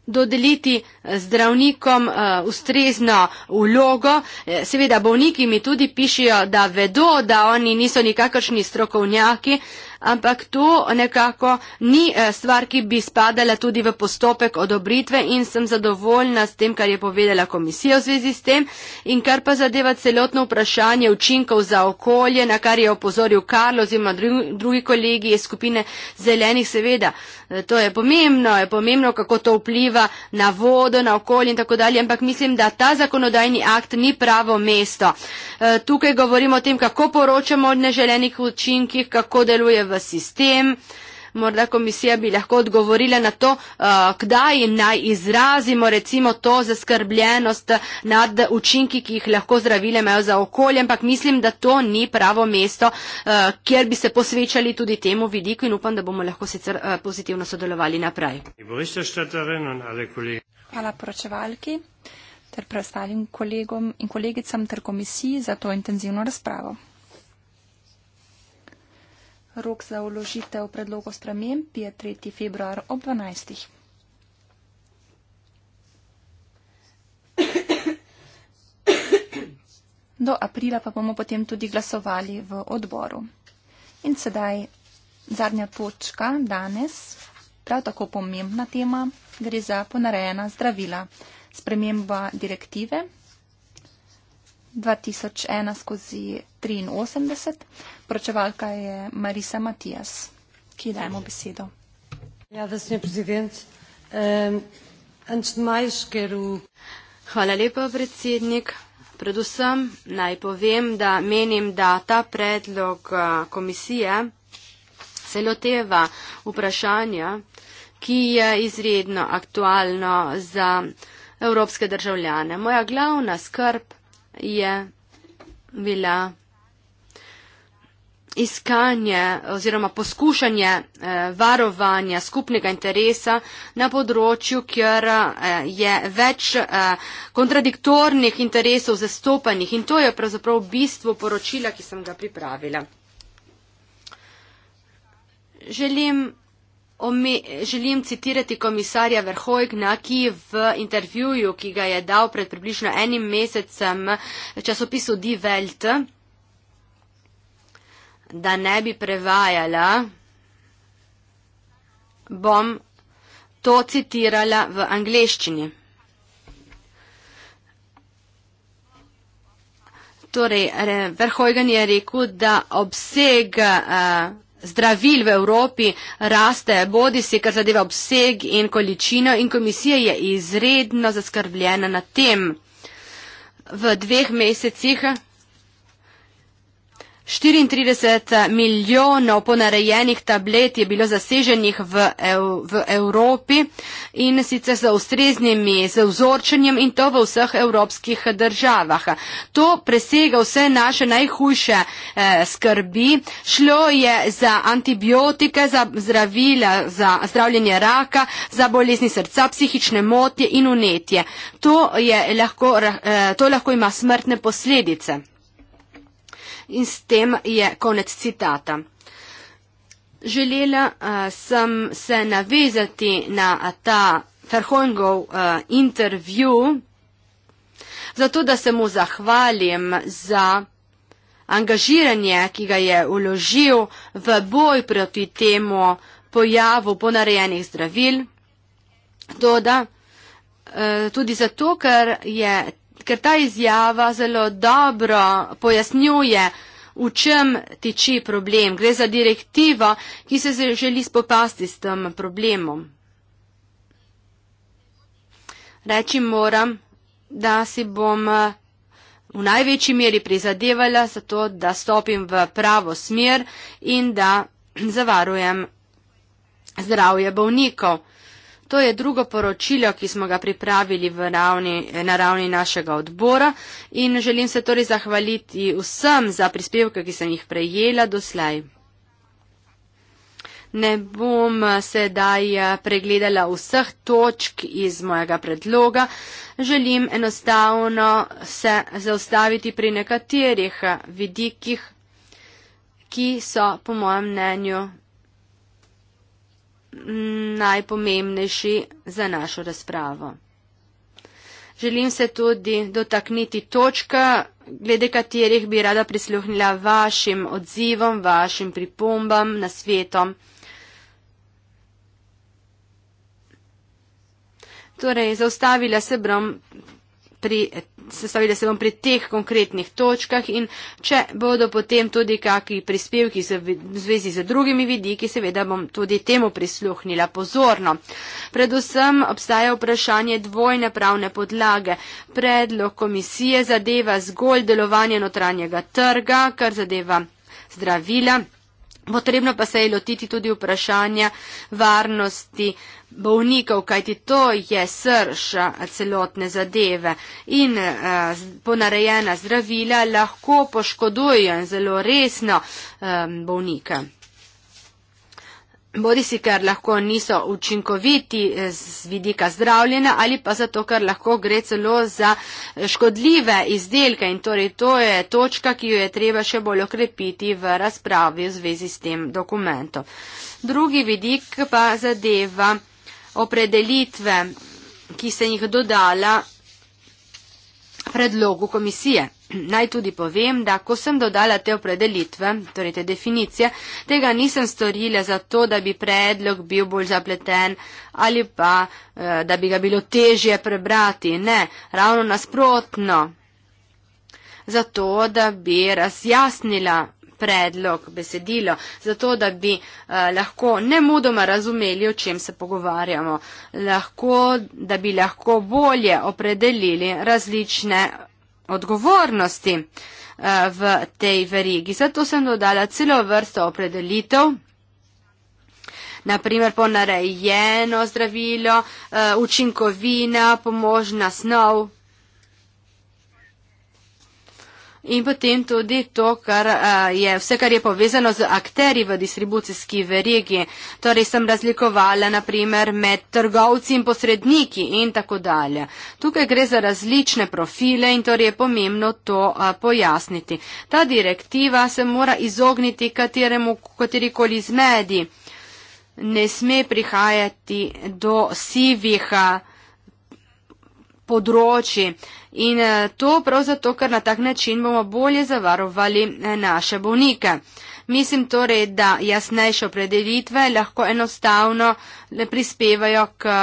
dodeliti eh, zdravnikom uh, ustrezno vlogo. Eh, seveda bolniki mi tudi pišijo, da vedo, da oni niso nikakršni strokovnjaki, uh, ampak to nekako ni eh, stvar, ki bi spadala tudi v postopek odobritve in sem zadovoljna s tem, kar je povedala komisija v zvezi s tem. In kar pa zadeva celotno vprašanje učinkov za okolje, na kar je opozoril Karlo oziroma drugi kolegi iz skupine zelenih, seveda, eh, to je pomembno, je pomembno, kako to vpliva na vodo, na okolje in tako dalje, ampak mislim, da ta zakonodajni akt ni pravo mesto. Eh, tukaj govorimo o tem, kako poročamo o neželenih učinkih, kako deluje v sistem. Morda komisija bi lahko odgovorila na to, eh, kdaj naj izrazimo recimo to zaskrbljenost nad učinki, ki jih lahko zdravile imajo za okolje, ampak mislim, da to ni pravo mesto, eh, kjer bi se posvečali tudi temu vidiku in upam, da bomo lahko sicer eh, pozitivno sodelovali naprej. Hvala poročevalki ter preostalim kolegom in kolegicam ter komisiji za to intenzivno razpravo. Rok za uložitev predlogo spremem je 3. februar ob 12. Do aprila pa bomo potem tudi glasovali v odboru. In sedaj zadnja točka danes, prav tako pomembna tema, gre za ponarejena zdravila. Sprememba direktive 2001 skozi 83 poročevalka je Marisa Matijas, ki dajemo besedo. Ja, da sem prezident. Um, Hvala lepa, predsednik. Predvsem naj povem, da menim, da ta predlog komisije se loteva vprašanja, ki je izredno aktualno za evropske državljane. Moja glavna skrb je bila iskanje oziroma poskušanje eh, varovanja skupnega interesa na področju, kjer eh, je več eh, kontradiktornih interesov zastopanih in to je pravzaprav bistvo poročila, ki sem ga pripravila. Želim, ome, želim citirati komisarja Verhojgna, ki v intervjuju, ki ga je dal pred približno enim mesecem časopisu Die Welt, da ne bi prevajala, bom to citirala v angleščini. Torej, Verhojgen je rekel, da obseg eh, zdravil v Evropi raste, bodi se, kar zadeva obseg in količino in komisija je izredno zaskrbljena na tem. V dveh mesecih 34 milijonov ponarejenih tablet je bilo zaseženih v, EU, v Evropi in sicer z ustreznimi, z vzorčenjem in to v vseh evropskih državah. To presega vse naše najhujše eh, skrbi. Šlo je za antibiotike, za zdravila, za zdravljenje raka, za bolezni srca, psihične motje in unetje. To, je, lahko, eh, to lahko ima smrtne posledice in s tem je konec citata. Želela uh, sem se navezati na ta Ferhojngov uh, eh, intervju, zato da se mu zahvalim za angažiranje, ki ga je uložil v boj proti temu pojavu ponarejenih zdravil. Doda, uh, eh, tudi zato, ker je ker ta izjava zelo dobro pojasnjuje, v čem tiči problem. Gre za direktivo, ki se želi spopasti s tem problemom. Reči moram, da si bom eh, v največji meri prizadevala za to, da stopim v pravo smer in da zavarujem zdravje bolnikov. To je drugo poročilo, ki smo ga pripravili ravni, na ravni našega odbora in želim se torej zahvaliti vsem za prispevke, ki sem jih prejela doslej. Ne bom sedaj eh, pregledala vseh točk iz mojega predloga. Želim enostavno se zaustaviti pri nekaterih eh, vidikih, ki so po mojem mnenju najpomembnejši za našo razpravo. Želim se tudi dotakniti točka, glede katerih bi rada prisluhnila vašim odzivom, vašim pripombam na svetom. Torej, zaustavila se bom pri sestavili se bom pri teh konkretnih točkah in če bodo potem tudi kakšni prispevki v zvezi z drugimi vidiki, seveda bom tudi temu prisluhnila pozorno. Predvsem obstaja vprašanje dvojne pravne podlage. Predlog komisije zadeva zgolj delovanje notranjega trga, kar zadeva zdravila. Potrebno pa se je lotiti tudi vprašanja varnosti bovnikov, kajti to je srž celotne zadeve in eh, ponarejena zdravila lahko poškodujejo zelo resno eh, bovnike. Bodi si, ker lahko niso učinkoviti e, z vidika zdravljena ali pa zato, ker lahko gre celo za e, škodljive izdelke in torej to je točka, ki jo je treba še bolj okrepiti v razpravi v zvezi s tem dokumentom. Drugi vidik pa zadeva opredelitve, ki se jih dodala predlogu komisije. Naj tudi povem, da ko sem dodala te opredelitve, torej te definicije, tega nisem storila zato, da bi predlog bil bolj zapleten ali pa eh, da bi ga bilo težje prebrati. Ne, ravno nasprotno. Zato, da bi razjasnila predlog, besedilo, zato da bi eh, lahko nemudoma razumeli, o čem se pogovarjamo, lahko, da bi lahko bolje opredelili različne odgovornosti eh, v tej verigi. Zato sem dodala celo vrsto opredelitev. Naprimer, ponarejeno zdravilo, eh, učinkovina, pomožna snov, in potem tudi to, kar eh, je vse, kar je povezano z akteri v distribucijski verigi. Torej sem razlikovala naprimer med trgovci in posredniki in tako dalje. Tukaj gre za različne profile in torej je pomembno to eh, pojasniti. Ta direktiva se mora izogniti kateremu, katerikoli izmedi. Ne sme prihajati do sivih. A, eh, področji. In eh, to prav zato, ker na tak način bomo bolje zavarovali eh, naše bolnike. Mislim torej, da jasnejše opredelitve lahko enostavno eh, prispevajo k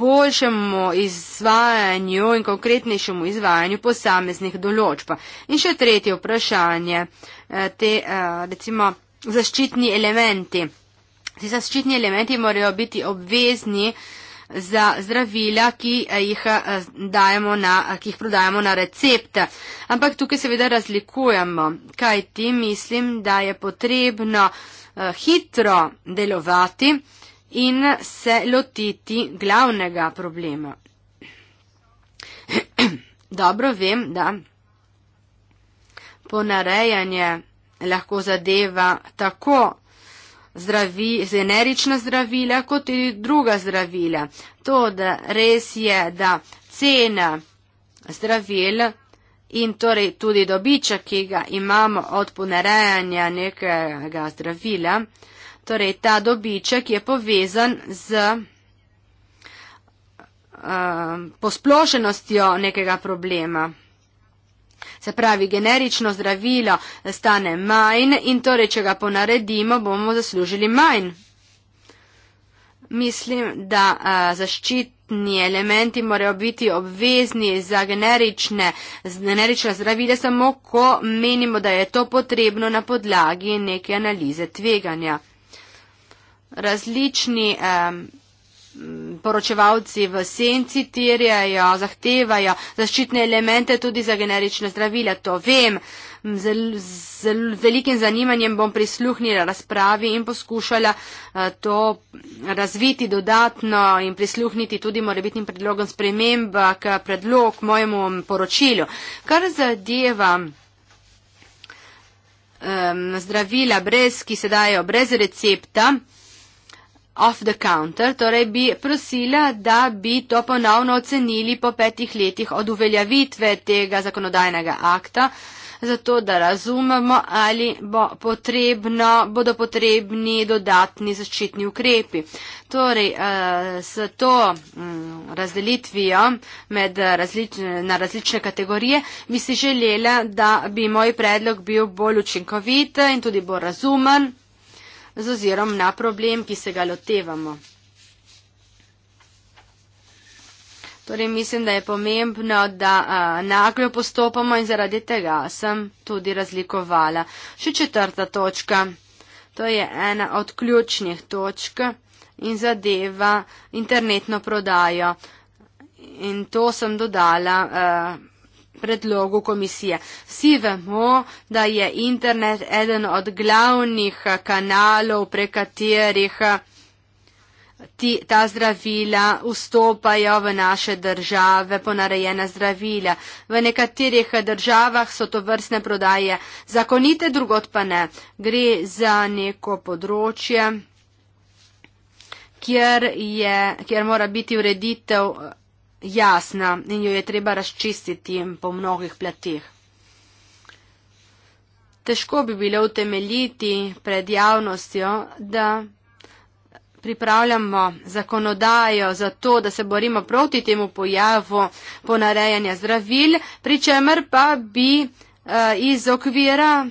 boljšemu izvajanju in konkretnejšemu izvajanju posameznih določb. In še tretje vprašanje, te recimo zaščitni elementi. Ti zaščitni elementi morajo biti obvezni za zdravila, ki eh, jih, eh, na, ki jih prodajamo na recepte. Ampak tukaj seveda razlikujemo, kaj ti mislim, da je potrebno eh, hitro delovati in se lotiti glavnega problema. Dobro vem, da ponarejanje lahko zadeva tako zdravi, generična zdravila kot tudi druga zdravila. To, da res je, da cena zdravil in torej tudi dobiček, ki ga imamo od ponarejanja nekega zdravila, torej ta dobiček je povezan z uh, posplošenostjo nekega problema. Se pravi, generično zdravilo stane manj in torej, če ga ponaredimo, bomo zaslužili manj. Mislim, da a, zaščitni elementi morajo biti obvezni za generične, generične zdravile, samo ko menimo, da je to potrebno na podlagi neke analize tveganja. Različni. A, Mm, poročevalci v senci tirjajo, zahtevajo zaščitne elemente tudi za generične zdravila. To vem. Z, z, z velikim zanimanjem bom prisluhnila razpravi in poskušala uh, to razviti dodatno in prisluhniti tudi morebitnim predlogom sprememb eh, k predlog mojemu mm, poročilu. Kar zadeva um, zdravila brez, ki se dajo brez recepta, off the counter, torej bi prosila, da bi to ponovno ocenili po petih letih od uveljavitve tega zakonodajnega akta, zato da razumemo, ali bo potrebno, bodo potrebni dodatni zaščitni ukrepi. Torej, eh, s to mm, razdelitvijo med različne, na različne kategorije bi si želela, da bi moj predlog bil bolj učinkovit in tudi bolj razumen z ozirom na problem, ki se ga lotevamo. Torej, mislim, da je pomembno, da naglo postopamo in zaradi tega sem tudi razlikovala. Še četrta točka. To je ena od ključnih točk in zadeva internetno prodajo. In to sem dodala. A, predlogu komisije. Vsi vemo, da je internet eden od glavnih kanalov, prek katerih ti, ta zdravila vstopajo v naše države, ponarejena zdravila. V nekaterih državah so to vrstne prodaje zakonite, drugot pa ne. Gre za neko področje, kjer, je, kjer mora biti ureditev jasna in jo je treba razčistiti po mnogih platih. Težko bi bilo utemeljiti pred javnostjo, da pripravljamo zakonodajo za to, da se borimo proti temu pojavu ponarejanja zdravil, pri čemer pa bi uh, iz okvira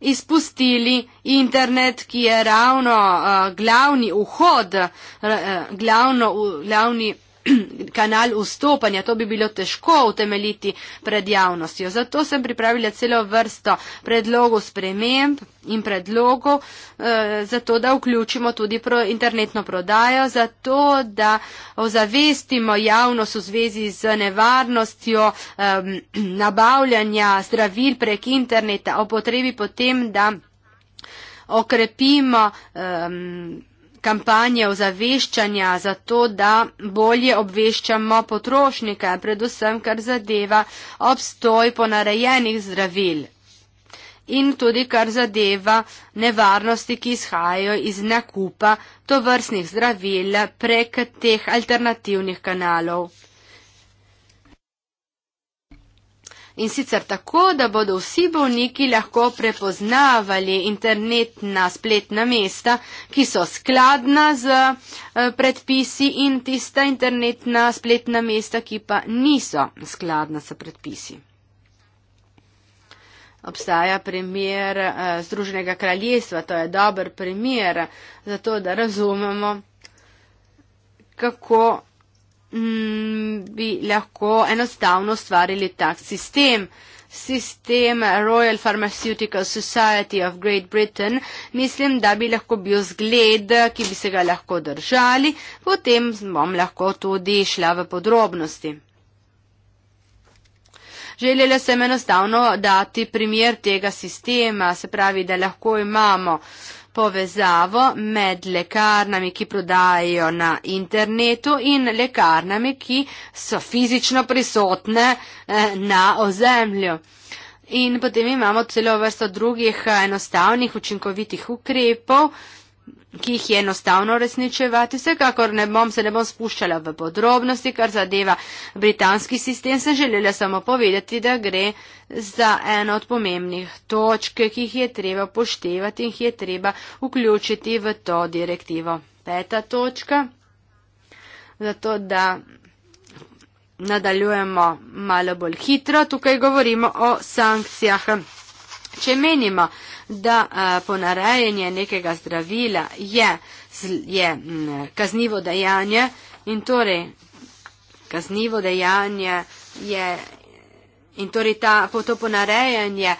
izpustili internet, ki je ravno uh, glavni vhod, uh, glavno, uh, glavni kanal vstopanja, to bi bilo težko utemeliti pred javnostjo. Zato sem pripravila celo vrsto predlogov sprememb in predlogov, eh, zato da vključimo tudi pro, internetno prodajo, zato da ozavestimo javnost v zvezi z nevarnostjo eh, nabavljanja zdravil prek interneta, o potrebi potem, da okrepimo. Eh, kampanje ozaveščanja za to, da bolje obveščamo potrošnike, predvsem kar zadeva obstoj ponarejenih zdravil in tudi kar zadeva nevarnosti, ki izhajajo iz nakupa tovrstnih zdravil prek teh alternativnih kanalov. In sicer tako, da bodo vsi bolniki lahko prepoznavali internetna spletna mesta, ki so skladna z eh, predpisi in tista internetna spletna mesta, ki pa niso skladna z predpisi. Obstaja primer eh, Združenega kraljestva, to je dober primer, zato da razumemo, kako Mm, bi lahko enostavno ustvarili tak sistem. Sistem Royal Pharmaceutical Society of Great Britain mislim, da bi lahko bil zgled, ki bi se ga lahko držali, potem bom lahko tudi šla v podrobnosti. Želela sem enostavno dati primer tega sistema, se pravi, da lahko imamo uh, povezavo med lekarnami, ki prodajajo na internetu in lekarnami, ki so fizično prisotne eh, na ozemlju. In potem imamo celo vrsto drugih eh, enostavnih, učinkovitih ukrepov, ki jih je enostavno resničevati. Vsekakor ne bom se ne bom spuščala v podrobnosti, kar zadeva britanski sistem, sem želela samo povedati, da gre za eno od pomembnih točk, ki jih je treba poštevati in jih je treba vključiti v to direktivo. Peta točka. Zato, da nadaljujemo malo bolj hitro, tukaj govorimo o sankcijah. Če menimo, da ponarejanje nekega zdravila je, je kaznivo dejanje in torej kaznivo dejanje je in torej ta, to ponarejanje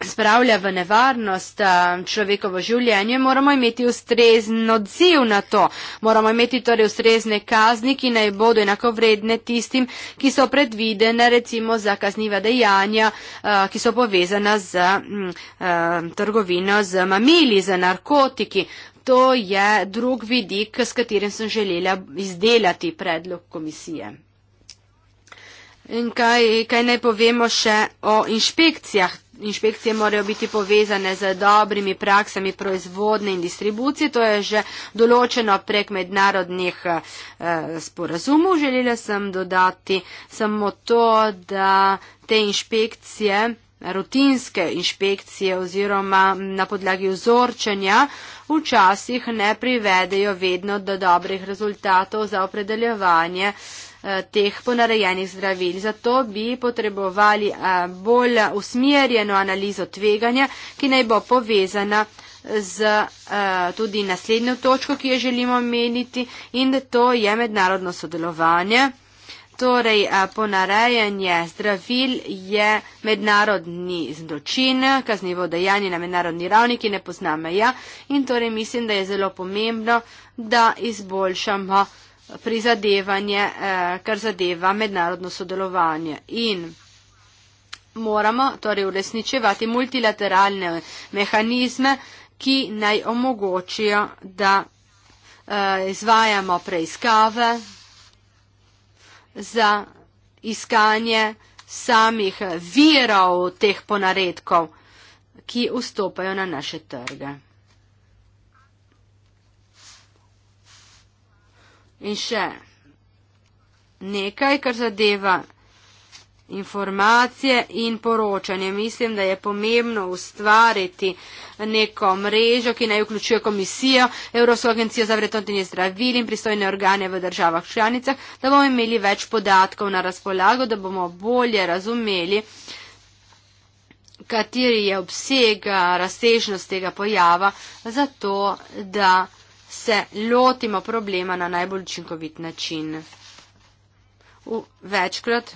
spravlja v nevarnost človekovo življenje, moramo imeti ustrezen odziv na to. Moramo imeti torej ustrezne kazni, ki naj bodo enako vredne tistim, ki so predvidene recimo za kazniva dejanja, ki so povezana z trgovino z mamili, z narkotiki. To je drug vidik, s katerim sem želela izdelati predlog komisije. In kaj, kaj naj povemo še o inšpekcijah? inšpekcije morajo biti povezane z dobrimi praksami proizvodne in distribucije. To je že določeno prek mednarodnih eh, sporazumov. Želela sem dodati samo to, da te inšpekcije, rutinske inšpekcije oziroma na podlagi vzorčenja včasih ne privedejo vedno do dobrih rezultatov za opredeljevanje Eh, teh ponarejenih zdravil. Zato bi potrebovali eh, bolj usmerjeno analizo tveganja, ki naj bo povezana z eh, tudi naslednjo točko, ki jo želimo meniti in to je mednarodno sodelovanje. Torej, ponarejanje zdravil je mednarodni zločin, kaznivo dejanje na mednarodni ravni, ki ne pozna meja in torej mislim, da je zelo pomembno, da izboljšamo prizadevanje, eh, kar zadeva mednarodno sodelovanje. In moramo torej uresničevati multilateralne mehanizme, ki naj omogočijo, da eh, izvajamo preiskave za iskanje samih virov teh ponaredkov, ki vstopajo na naše trge. In še nekaj, kar zadeva informacije in poročanje. Mislim, da je pomembno ustvariti neko mrežo, ki naj vključuje komisijo, Evropsko agencijo za vrednotenje zdravil in pristojne organe v državah članicah, da bomo imeli več podatkov na razpolago, da bomo bolje razumeli, kateri je obsega eh, razsežnost tega pojava, zato da se lotimo problema na najbolj učinkovit način. V večkrat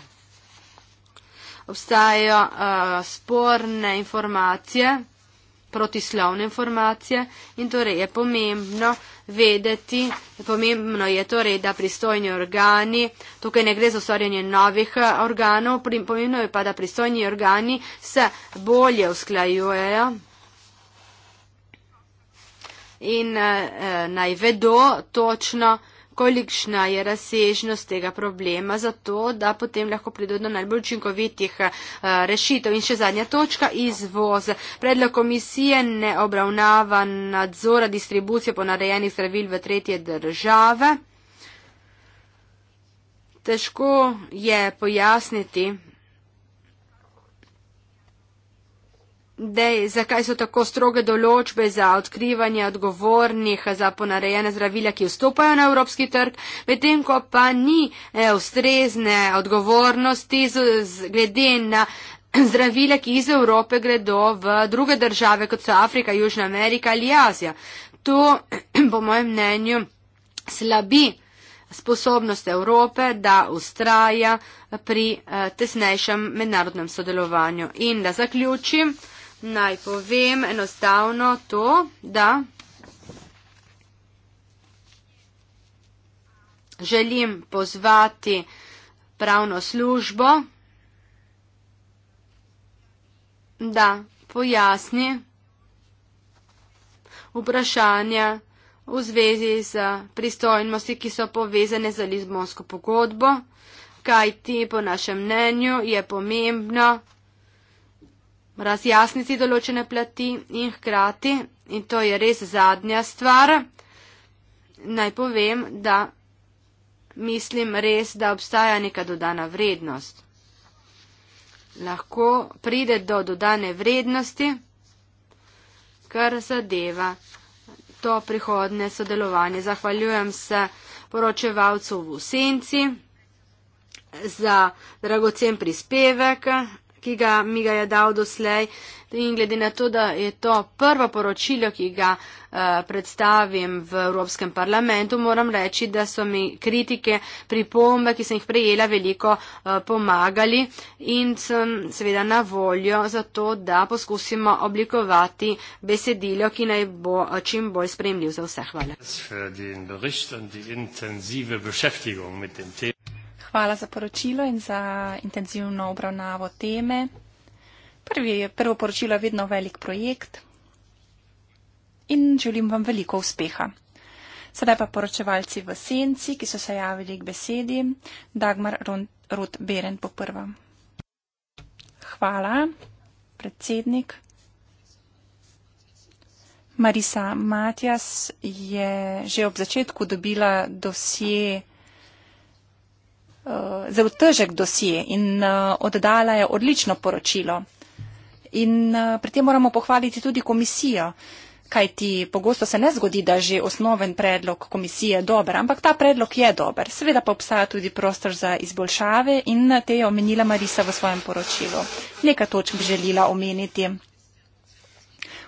obstajajo uh, sporne informacije, protislovne informacije in torej je pomembno vedeti, pomembno je torej, da pristojni organi, tukaj ne gre za ustvarjanje novih eh, organov, pomembno je pa, da pristojni organi se bolje usklajujejo in eh, eh, naj vedo točno, kolikšna je razsežnost tega problema, zato da potem lahko pridejo do najbolj učinkovitih eh, rešitev. In še zadnja točka, izvoz. Predlog komisije ne obravnava nadzora distribucije ponarejenih zdravil v tretje države. Težko je pojasniti, Dej, zakaj so tako stroge določbe za odkrivanje odgovornih za ponarejene zdravila, ki vstopajo na evropski trg, medtem ko pa ni e, ustrezne odgovornosti z, z, glede na zdravila, ki iz Evrope gredo v druge države, kot so Afrika, Južna Amerika ali Azija. To, po mojem mnenju, slabi sposobnost Evrope, da ustraja pri e, tesnejšem mednarodnem sodelovanju. In da zaključim naj povem enostavno to, da želim pozvati pravno službo, da pojasni vprašanja v zvezi z pristojnosti, ki so povezane z Lizbonsko pogodbo, kaj ti po našem mnenju je pomembno, razjasniti določene plati in hkrati, in to je res zadnja stvar, naj povem, da mislim res, da obstaja neka dodana vrednost. Lahko pride do dodane vrednosti, kar zadeva to prihodne sodelovanje. Zahvaljujem se poročevalcu v senci za dragocen prispevek ki ga mi ga je dal doslej. In glede na to, da je to prvo poročilo, ki ga uh, predstavim v Evropskem parlamentu, moram reči, da so mi kritike, pripombe, ki sem jih prejela, veliko uh, pomagali in sem seveda na voljo za to, da poskusimo oblikovati besedilo, ki naj bo eh, čim bolj spremljiv za vse. Hvala. Hvala za poročilo in za intenzivno obravnavo teme. Prvi, prvo poročilo je vedno velik projekt in želim vam veliko uspeha. Sedaj pa poročevalci v senci, ki so se javili k besedi. Dagmar Rud Beren po prva. Hvala, predsednik. Marisa Matjas je že ob začetku dobila dosje zelo težek dosje in eh, oddala je odlično poročilo. In eh, pri tem moramo pohvaliti tudi komisijo, kaj ti pogosto se ne zgodi, da že osnoven predlog komisije je dober, ampak ta predlog je dober. Seveda pa obstaja tudi prostor za izboljšave in eh, te je omenila Marisa v svojem poročilu. Nekaj točk bi želila omeniti.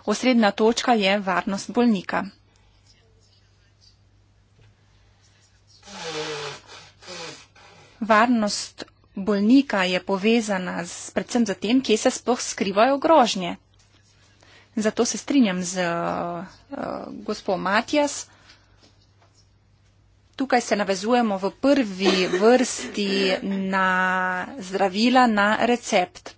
Osrednja točka je varnost bolnika. varnost bolnika je povezana z, predvsem z tem, kje se sploh skrivajo grožnje. Zato se strinjam z uh, eh, gospod Matjas. Tukaj se navezujemo v prvi vrsti na zdravila na recept.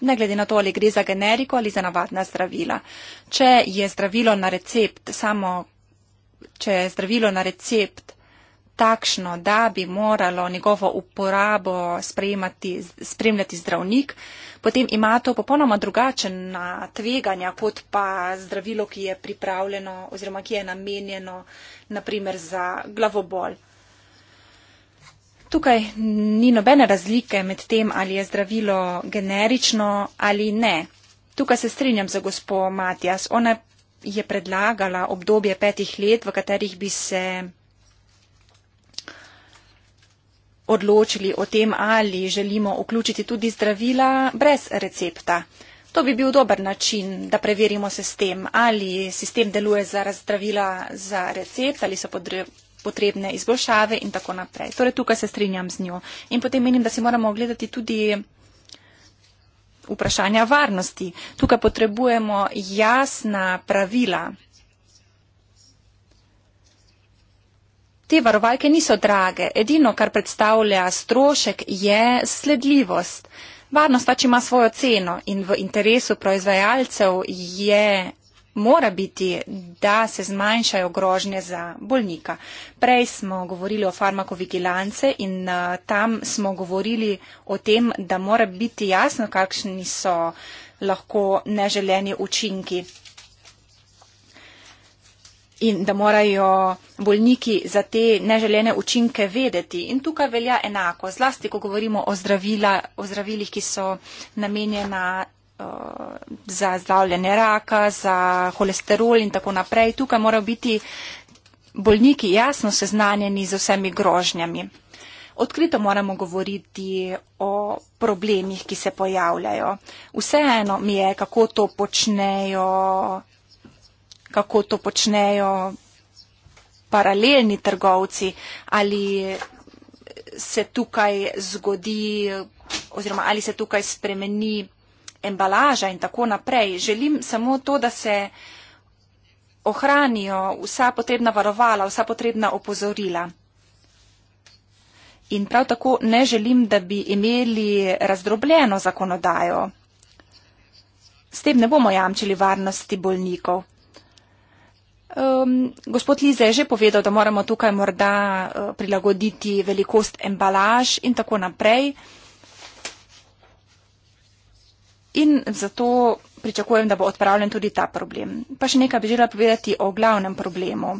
Ne glede na to, ali gre za generiko ali za navadna zdravila. Če je zdravilo na recept samo, če je zdravilo na recept takšno, da bi moralo njegovo uporabo spremljati zdravnik, potem ima to popolnoma drugačena tveganja kot pa zdravilo, ki je pripravljeno oziroma ki je namenjeno naprimer za glavobol. Tukaj ni nobene razlike med tem, ali je zdravilo generično ali ne. Tukaj se strinjam za gospod Matjas. Ona je predlagala obdobje petih let, v katerih bi se odločili o tem, ali želimo vključiti tudi zdravila brez recepta. To bi bil dober način, da preverimo sistem, ali sistem deluje za zdravila za recept, ali so potrebne izboljšave in tako naprej. Torej, tukaj se strinjam z njo. In potem menim, da si moramo ogledati tudi vprašanja varnosti. Tukaj potrebujemo jasna pravila. Te varovalke niso drage, edino, kar predstavlja strošek, je sledljivost. Varnost pač ima svojo ceno in v interesu proizvajalcev je, mora biti, da se zmanjšajo grožnje za bolnika. Prej smo govorili o farmakovigilance in uh, tam smo govorili o tem, da mora biti jasno, kakšni so lahko neželeni učinki in da morajo bolniki za te neželene učinke vedeti. In tukaj velja enako, zlasti, ko govorimo o, zdravila, o zdravilih, ki so namenjena uh, za zdravljene raka, za holesterol in tako naprej. Tukaj morajo biti bolniki jasno seznanjeni z vsemi grožnjami. Odkrito moramo govoriti o problemih, ki se pojavljajo. Vseeno mi je, kako to počnejo kako to počnejo paralelni trgovci, ali se tukaj zgodi oziroma ali se tukaj spremeni embalaža in tako naprej. Želim samo to, da se ohranijo vsa potrebna varovala, vsa potrebna opozorila. In prav tako ne želim, da bi imeli razdrobljeno zakonodajo. S tem ne bomo jamčili varnosti bolnikov. Um, gospod Lize je že povedal, da moramo tukaj morda uh, prilagoditi velikost embalaž in tako naprej. In zato pričakujem, da bo odpravljen tudi ta problem. Pa še nekaj bi želela povedati o glavnem problemu.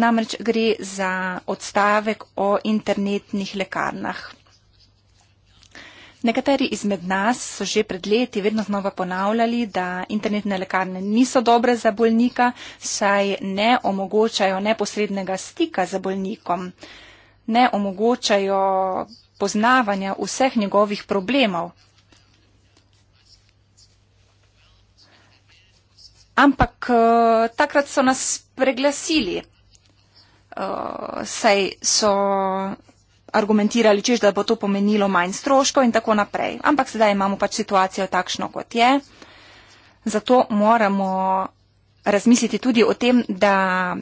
Namreč gre za odstavek o internetnih lekarnah. Nekateri izmed nas so že pred leti vedno znova ponavljali, da internetne lekarne niso dobre za bolnika, saj ne omogočajo neposrednega stika za bolnikom, ne omogočajo poznavanja vseh njegovih problemov. Ampak eh, takrat so nas preglasili, eh, saj so argumentirali, češ, da bo to pomenilo manj stroškov in tako naprej. Ampak sedaj imamo pač situacijo takšno, kot je. Zato moramo razmisliti tudi o tem, da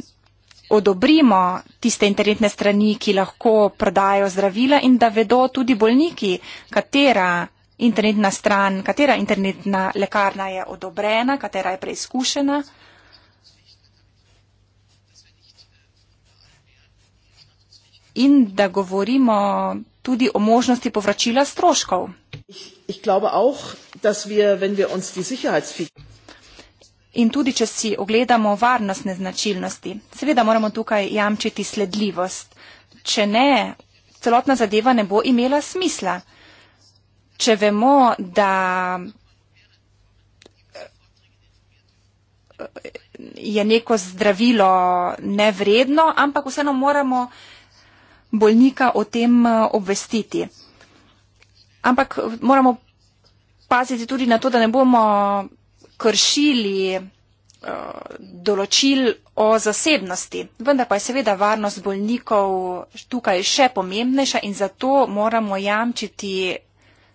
odobrimo tiste internetne strani, ki lahko prodajo zdravila in da vedo tudi bolniki, katera internetna stran, katera internetna lekarna je odobrena, katera je preizkušena. in da govorimo tudi o možnosti povračila stroškov. Ich, ich In tudi, če si ogledamo varnostne značilnosti, seveda moramo tukaj jamčiti sledljivost. Če ne, celotna zadeva ne bo imela smisla. Če vemo, da eh, je neko zdravilo nevredno, ampak vseeno moramo uh, bolnika o tem eh, obvestiti. Ampak eh, moramo paziti tudi na to, da ne bomo kršili eh, določil o zasebnosti. Vendar pa je seveda varnost bolnikov tukaj še pomembnejša in zato moramo jamčiti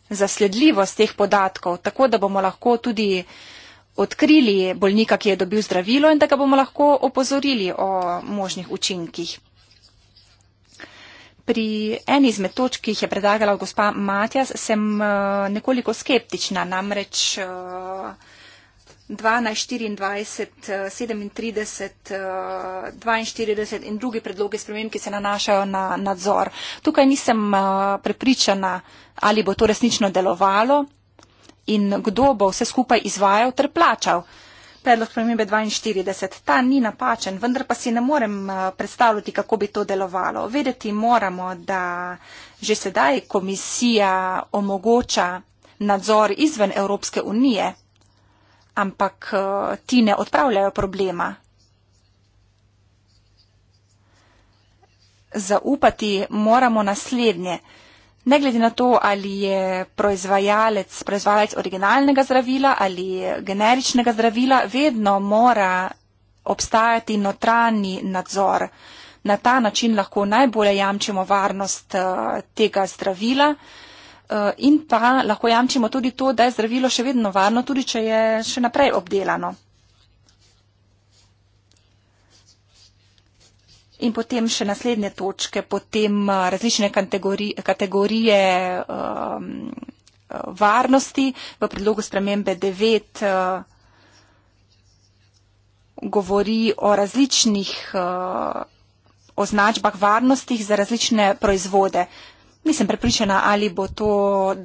zasledljivost teh podatkov, tako da bomo lahko tudi odkrili bolnika, ki je dobil zdravilo in da ga bomo lahko opozorili o možnih učinkih pri eni izmed točk, ki jih je predlagala gospa Matjas, sem eh, nekoliko skeptična. Namreč 12, 24, 37, 42 in drugi predloge sprememb, ki se nanašajo na nadzor. Tukaj nisem eh, prepričana, ali bo to resnično delovalo in kdo bo vse skupaj izvajal ter plačal predlog spremembe 42, ta ni napačen, vendar pa si ne morem eh, predstavljati, kako bi to delovalo. Vedeti moramo, da že sedaj komisija omogoča nadzor izven Evropske unije, ampak eh, ti ne odpravljajo problema. Zaupati moramo naslednje ne glede na to, ali je proizvajalec, proizvajalec originalnega zdravila ali generičnega zdravila, vedno mora obstajati notranji nadzor. Na ta način lahko najbolje jamčimo varnost eh, tega zdravila eh, in pa lahko jamčimo tudi to, da je zdravilo še vedno varno, tudi če je še naprej obdelano. In potem še naslednje točke, potem eh, različne kategorije, kategorije um, eh, varnosti v predlogu spremembe 9 eh, govori o različnih uh, označbah varnostih za različne proizvode. Nisem prepričana, ali bo to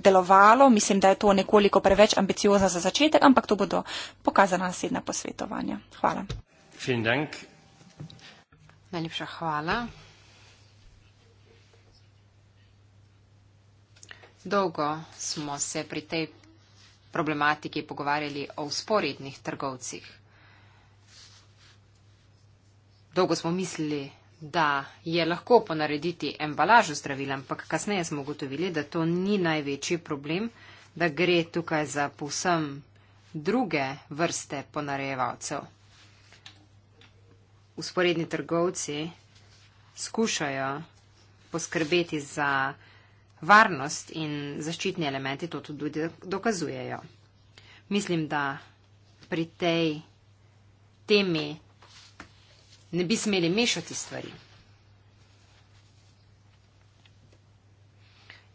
delovalo, mislim, da je to nekoliko preveč ambiciozno za začetek, ampak to bodo pokazana naslednja posvetovanja. Hvala. Najlepša hvala. Dolgo smo se pri tej problematiki pogovarjali o usporednih trgovcih. Dolgo smo mislili, da je lahko ponarediti embalažo zdravil, ampak kasneje smo ugotovili, da to ni največji problem, da gre tukaj za povsem druge vrste ponarejevalcev usporedni trgovci skušajo poskrbeti za varnost in zaščitni elementi, to tudi dokazujejo. Mislim, da pri tej temi ne bi smeli mešati stvari.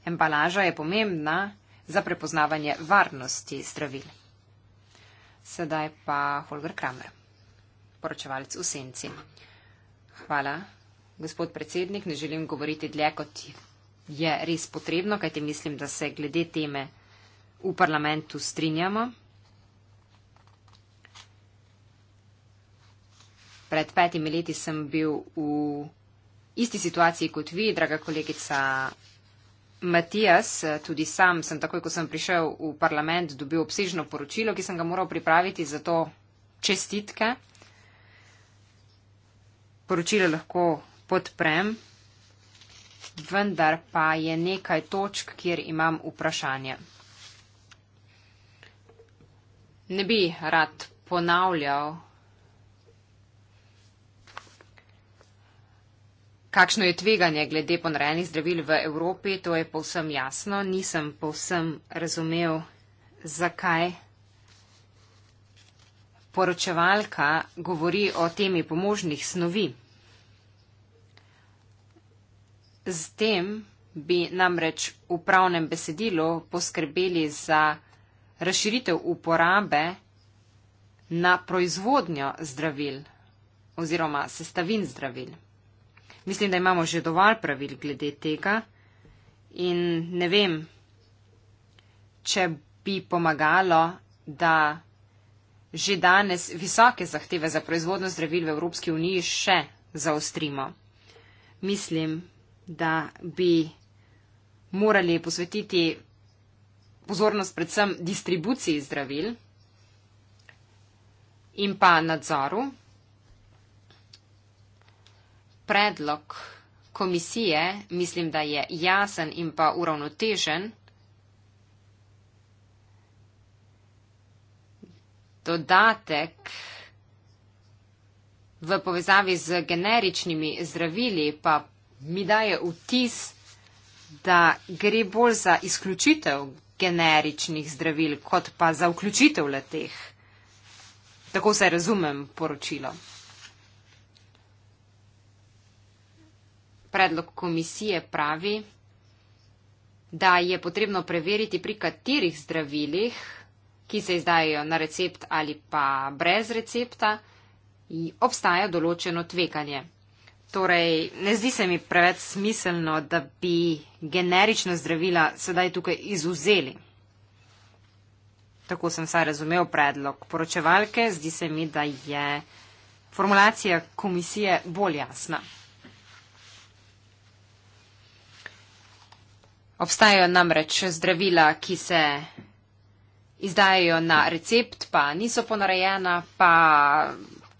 Embalaža je pomembna za prepoznavanje varnosti zdravil. Sedaj pa Holger Kramer poročevalec v senci. Hvala, gospod predsednik. Ne želim govoriti dlje, kot je res potrebno, kajti mislim, da se glede teme v parlamentu strinjamo. Pred petimi leti sem bil v isti situaciji kot vi, draga kolegica Matijas. Tudi sam sem takoj, ko sem prišel v parlament, dobil obsežno poročilo, ki sem ga moral pripraviti, zato čestitke poročilo lahko podprem, vendar pa je nekaj točk, kjer imam vprašanje. Ne bi rad ponavljal, kakšno je tveganje glede ponarejenih zdravil v Evropi, to je povsem jasno, nisem povsem razumel, zakaj poročevalka govori o temi pomožnih snovi. Z tem bi namreč v pravnem besedilu poskrbeli za razširitev uporabe na proizvodnjo zdravil oziroma sestavin zdravil. Mislim, da imamo že dovolj pravil glede tega in ne vem, če bi pomagalo, da že danes visoke zahteve za proizvodno zdravil v Evropski uniji še zaostrimo. Mislim, da bi morali posvetiti pozornost predvsem distribuciji zdravil in pa nadzoru. Predlog komisije mislim, da je jasen in pa uravnotežen. dodatek v povezavi z generičnimi zdravili pa mi daje vtis, da gre bolj za izključitev generičnih zdravil, kot pa za vključitev leteh. Tako se razumem poročilo. Predlog komisije pravi, da je potrebno preveriti, pri katerih zdravilih ki se izdajajo na recept ali pa brez recepta, obstaja določeno tvekanje. Torej, ne zdi se mi preveč smiselno, da bi generična zdravila sedaj tukaj izuzeli. Tako sem saj razumel predlog poročevalke, zdi se mi, da je formulacija komisije bolj jasna. Obstajajo namreč zdravila, ki se izdajajo na recept, pa niso ponarejena, pa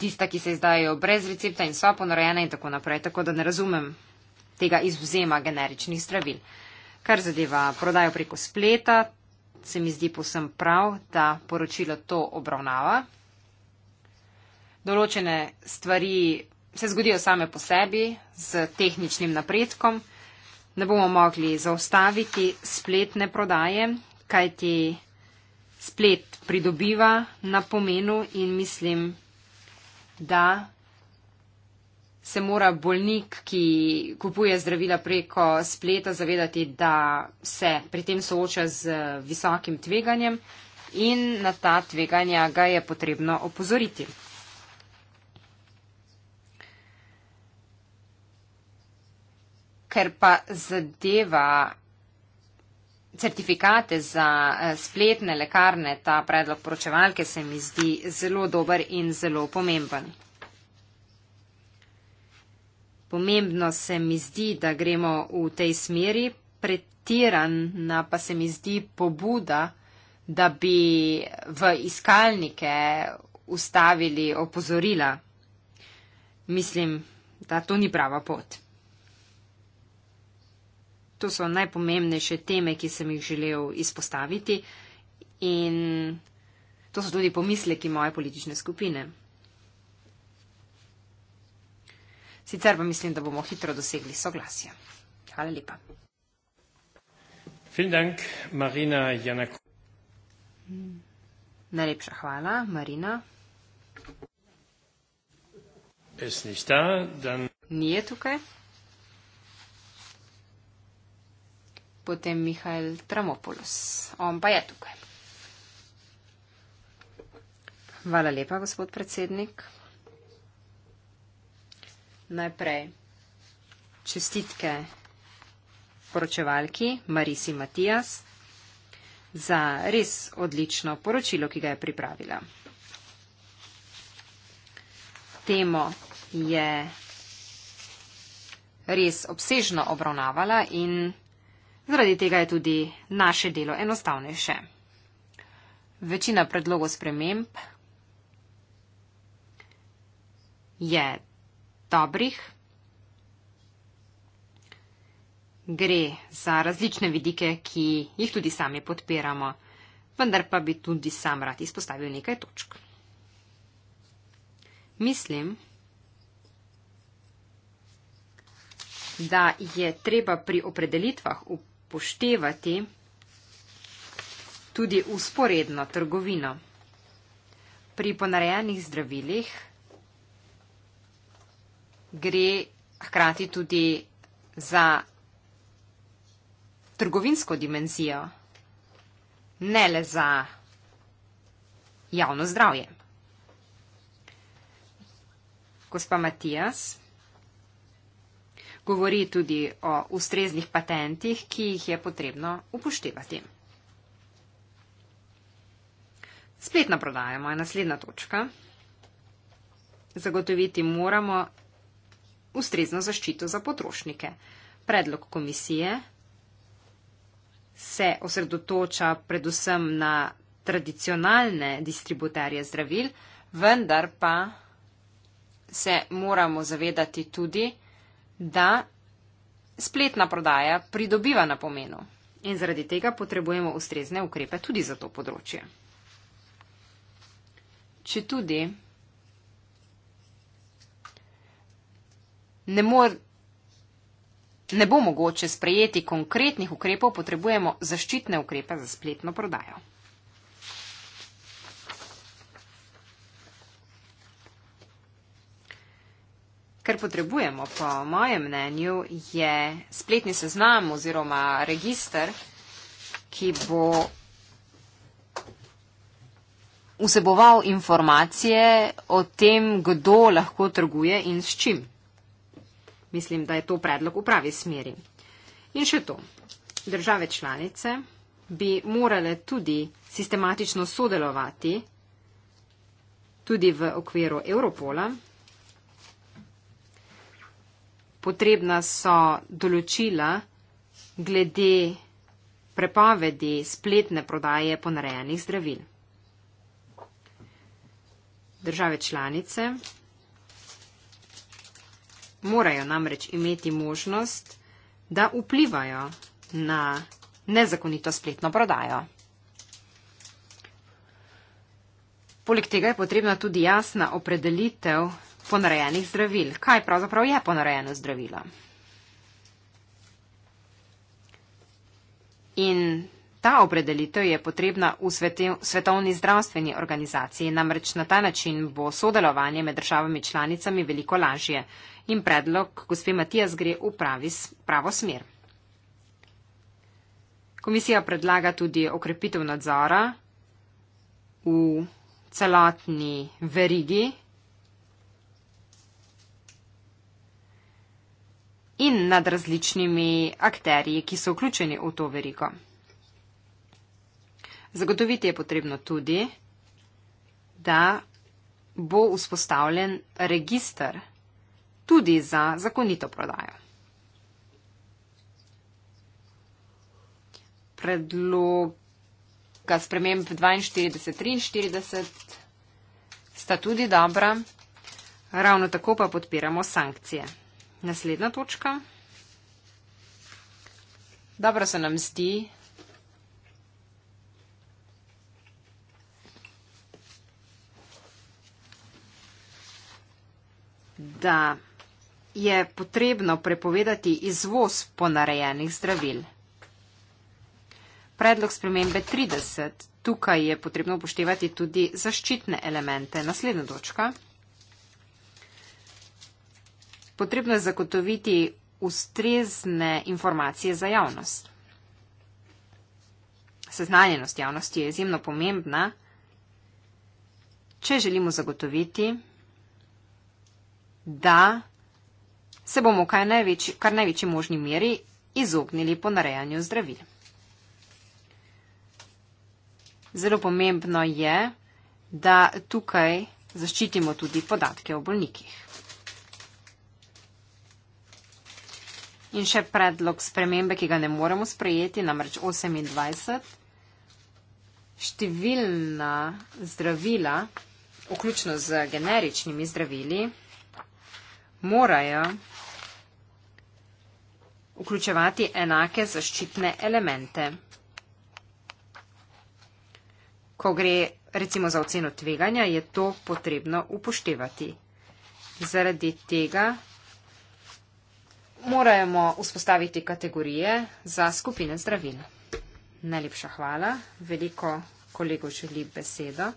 tista, ki se izdajajo brez recepta in so ponarejena in tako naprej. Tako da ne razumem tega izvzema generičnih zdravil. Kar zadeva prodajo preko spleta, se mi zdi posem prav, da poročilo to obravnava. Določene stvari se zgodijo same po sebi z tehničnim napredkom. Ne bomo mogli zaustaviti spletne prodaje, kajti splet pridobiva na pomenu in mislim, da se mora bolnik, ki kupuje zdravila preko spleta, zavedati, da se pri tem sooča z visokim tveganjem in na ta tveganja ga je potrebno opozoriti. Ker pa zadeva certifikate za eh, spletne lekarne, ta predlog poročevalke se mi zdi zelo dober in zelo pomemben. Pomembno se mi zdi, da gremo v tej smeri, pretirana pa se mi zdi pobuda, da bi v iskalnike ustavili opozorila. Mislim, da to ni prava pot. To so najpomembnejše teme, ki sem jih želel izpostaviti in to so tudi pomisleki moje politične skupine. Sicer pa mislim, da bomo hitro dosegli soglasje. Hvala lepa. Dank, Marina Janako. Najlepša hvala, Marina. Es nicht da, dann... Nije tukaj. potem Mihajl Tramopoulos. On pa je tukaj. Hvala lepa, gospod predsednik. Najprej čestitke poročevalki Marisi Matijas za res odlično poročilo, ki ga je pripravila. Temo je res obsežno obravnavala in Zaradi tega je tudi naše delo enostavnejše. Večina predlogov sprememb je dobrih. Gre za različne vidike, ki jih tudi sami podpiramo, vendar pa bi tudi sam rad izpostavil nekaj točk. Mislim, da je treba pri opredelitvah v upoštevati tudi usporedno trgovino. Pri ponarejenih zdravilih gre hkrati tudi za trgovinsko dimenzijo, ne le za javno zdravje. Gospa Matijas govori tudi o ustreznih patentih, ki jih je potrebno upoštevati. Spletna prodaja, moja naslednja točka. Zagotoviti moramo ustrezno zaščito za potrošnike. Predlog komisije se osredotoča predvsem na tradicionalne distributerje zdravil, vendar pa se moramo zavedati tudi, da da spletna prodaja pridobiva na pomenu in zaradi tega potrebujemo ustrezne ukrepe tudi za to področje. Če tudi ne, mor, ne bo mogoče sprejeti konkretnih ukrepov, potrebujemo zaščitne ukrepe za spletno prodajo. Kar potrebujemo, po mojem mnenju, je spletni seznam oziroma register, ki bo vseboval informacije o tem, kdo lahko trguje in s čim. Mislim, da je to predlog v pravi smeri. In še to. Države članice bi morale tudi sistematično sodelovati tudi v okviru Europola potrebna so določila glede prepovedi spletne prodaje ponarejenih zdravil. Države članice morajo namreč imeti možnost, da vplivajo na nezakonito spletno prodajo. Poleg tega je potrebna tudi jasna opredelitev ponarejenih zdravil. Kaj pravzaprav je ponarejeno zdravilo? In ta opredelitev je potrebna v svetovni zdravstveni organizaciji, namreč na ta način bo sodelovanje med državami članicami veliko lažje in predlog gospe Matijas gre v pravi, pravo smer. Komisija predlaga tudi okrepitev nadzora v celotni verigi in nad različnimi akterji, ki so vključeni v to veriko. Zagotoviti je potrebno tudi, da bo vzpostavljen registr tudi za zakonito prodajo. Predloga sprememb 42-43 sta tudi dobra, ravno tako pa podpiramo sankcije naslednja točka. Dobro se nam zdi, da je potrebno prepovedati izvoz ponarejenih zdravil. Predlog spremembe 30. Tukaj je potrebno upoštevati tudi zaščitne elemente. Naslednja točka potrebno je zagotoviti ustrezne informacije za javnost. Seznanjenost javnosti je izjemno pomembna, če želimo zagotoviti, da se bomo kar največji, kar največji možni meri izognili po narejanju zdravil. Zelo pomembno je, da tukaj zaščitimo tudi podatke o bolnikih. In še predlog spremembe, ki ga ne moremo sprejeti, namreč 28. Številna zdravila, vključno z generičnimi zdravili, morajo vključevati enake zaščitne elemente. Ko gre recimo za oceno tveganja, je to potrebno upoštevati. Zaradi tega moramo vzpostaviti kategorije za skupine zdravil. Najlepša hvala, veliko kolegov želi besedo.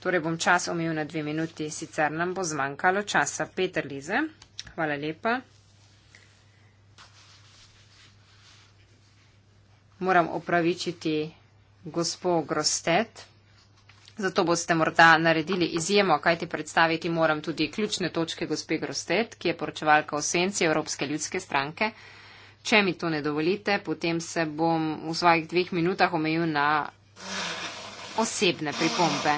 Torej bom čas omejil na dve minuti, sicer nam bo zmanjkalo časa. Peter Lize, hvala lepa. Moram opravičiti gospod Grostet. Zato boste morda naredili izjemo, kajti predstaviti moram tudi ključne točke gospe Grostet, ki je poročevalka o senci Evropske ljudske stranke. Če mi to ne dovolite, potem se bom v svojih dveh minutah omejil na osebne pripombe.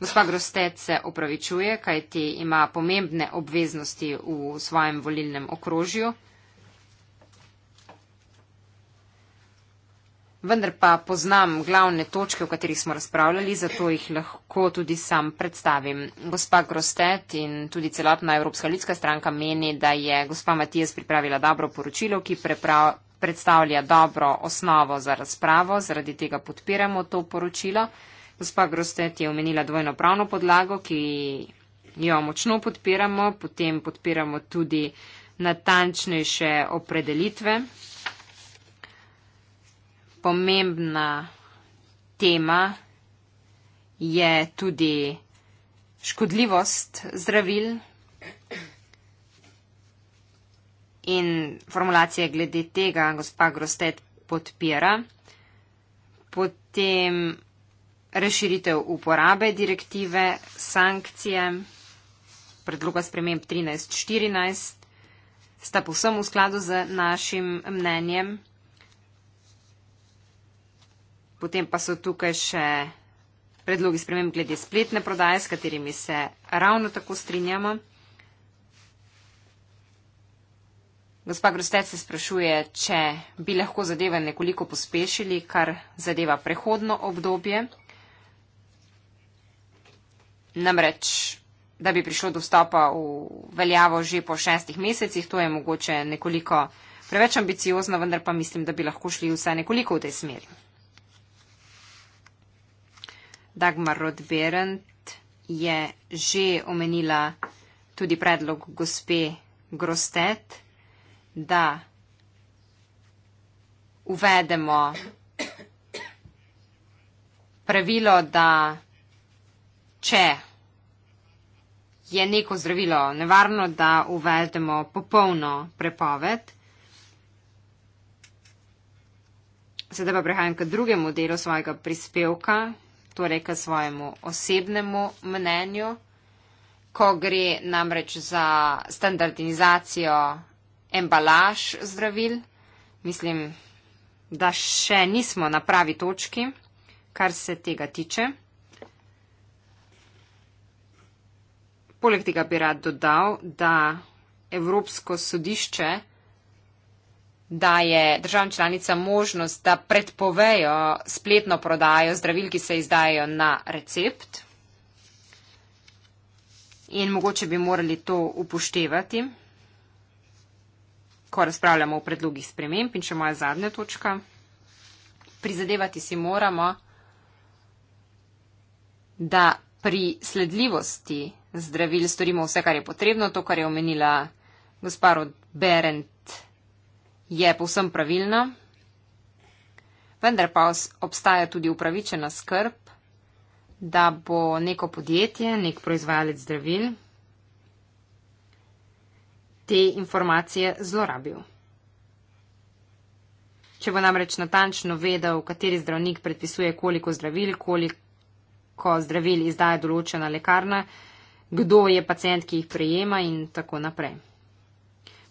Gospa Grostet se opravičuje, kajti ima pomembne obveznosti v svojem volilnem okrožju. Vendar pa poznam glavne točke, o katerih smo razpravljali, zato jih lahko tudi sam predstavim. Gospa Grostet in tudi celotna Evropska ljudska stranka meni, da je gospa Matijas pripravila dobro poročilo, ki preprav, predstavlja dobro osnovo za razpravo, zaradi tega podpiramo to poročilo. Gospa Grostet je omenila dvojno pravno podlago, ki jo močno podpiramo, potem podpiramo tudi natančnejše opredelitve pomembna tema je tudi škodljivost zdravil in formulacije glede tega gospa Grostet podpira. Potem razširitev uporabe direktive, sankcije, predloga sprememb 13-14 sta povsem v skladu z našim mnenjem. Potem pa so tukaj še predlogi sprememb glede spletne prodaje, s katerimi se ravno tako strinjamo. Gospa Grostec se sprašuje, če bi lahko zadeve nekoliko pospešili, kar zadeva prehodno obdobje. Namreč, da bi prišlo do vstopa v veljavo že po šestih mesecih, to je mogoče nekoliko preveč ambiciozno, vendar pa mislim, da bi lahko šli vsaj nekoliko v tej smeri. Dagmar Rodberend je že omenila tudi predlog gospe Grostet, da uvedemo pravilo, da če je neko zdravilo nevarno, da uvedemo popolno prepoved. Sedaj pa prehajam k drugemu delu svojega prispevka, torej k svojemu osebnemu mnenju, ko gre namreč za standardizacijo embalaž zdravil, mislim, da še nismo na pravi točki, kar se tega tiče. Poleg tega bi rad dodal, da Evropsko sodišče daje državam članicam možnost, da predpovejo spletno prodajo zdravil, ki se izdajo na recept. In mogoče bi morali to upoštevati, ko razpravljamo o predlogih sprememb in še moja zadnja točka. Prizadevati si moramo, da pri sledljivosti zdravil storimo vse, kar je potrebno, to, kar je omenila gospod Berend je povsem pravilna, vendar pa obstaja tudi upravičena skrb, da bo neko podjetje, nek proizvajalec zdravil te informacije zlorabil. Če bo namreč natančno vedel, kateri zdravnik predpisuje koliko zdravil, koliko zdravil izdaja določena lekarna, kdo je pacijent, ki jih prejema in tako naprej.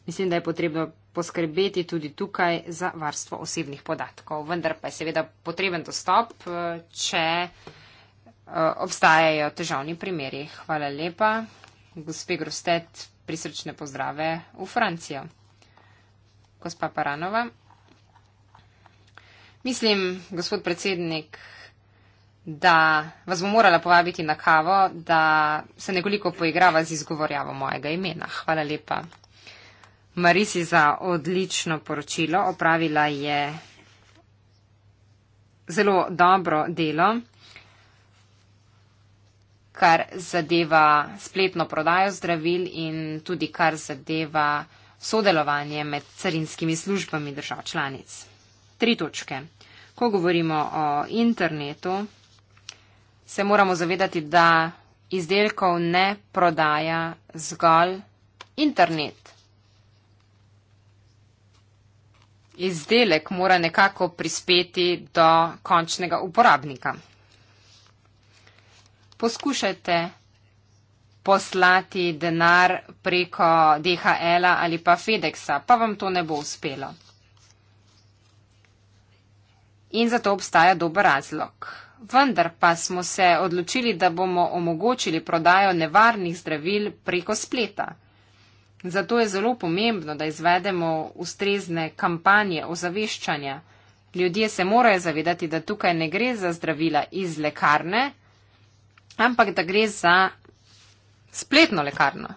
Mislim, da je potrebno poskrbeti tudi tukaj za varstvo osebnih podatkov. Vendar pa je seveda potreben dostop, eh, če eh, obstajajo težavni primeri. Hvala lepa. Gospe Grostet, prisrčne pozdrave v Francijo. Gospa Paranova. Mislim, gospod predsednik, da vas bom morala povabiti na kavo, da se nekoliko poigrava z izgovorjavo mojega imena. Hvala lepa. Marisi za odlično poročilo. Opravila je zelo dobro delo, kar zadeva spletno prodajo zdravil in tudi kar zadeva sodelovanje med carinskimi službami držav članic. Tri točke. Ko govorimo o internetu, se moramo zavedati, da izdelkov ne prodaja zgolj internet. izdelek mora nekako prispeti do končnega uporabnika. Poskušajte poslati denar preko DHL-a ali pa FedExa, pa vam to ne bo uspelo. In zato obstaja dober razlog. Vendar pa smo se odločili, da bomo omogočili prodajo nevarnih zdravil preko spleta. Zato je zelo pomembno, da izvedemo ustrezne kampanje ozaveščanja. Ljudje se morajo zavedati, da tukaj ne gre za zdravila iz lekarne, ampak da gre za spletno lekarno.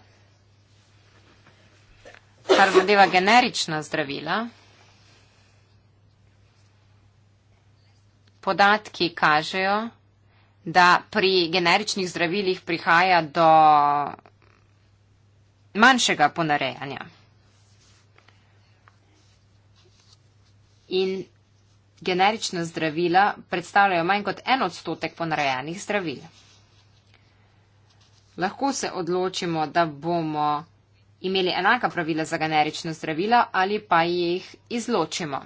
Kar zadeva generična zdravila, podatki kažejo, da pri generičnih zdravilih prihaja do manjšega ponarejanja. In generična zdravila predstavljajo manj kot en odstotek ponarejanih zdravil. Lahko se odločimo, da bomo imeli enaka pravila za generična zdravila ali pa jih izločimo.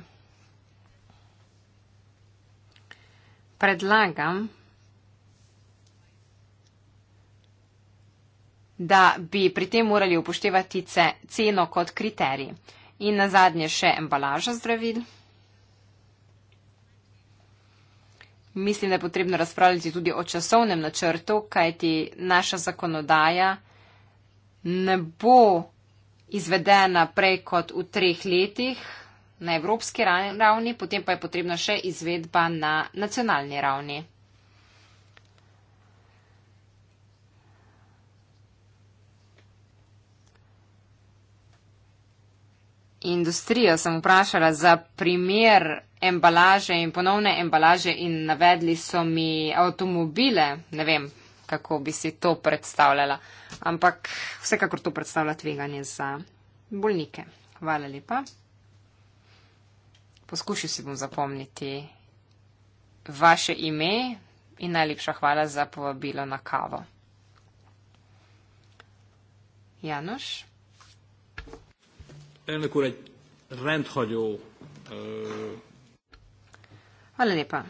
Predlagam, da bi pri tem morali upoštevati ceno kot kriterij. In na zadnje še embalaža zdravil. Mislim, da je potrebno razpravljati tudi o časovnem načrtu, kajti naša zakonodaja ne bo izvedena prej kot v treh letih na evropski ravni, potem pa je potrebna še izvedba na nacionalni ravni. industrijo, sem vprašala za primer embalaže in ponovne embalaže in navedli so mi avtomobile. Ne vem, kako bi si to predstavljala, ampak vsekakor to predstavlja tveganje za bolnike. Hvala lepa. Poskušal si bom zapomniti vaše ime in najlepša hvala za povabilo na kavo. Janusz. Elnök úr, egy rendhagyó... Ö... Hvala lepa,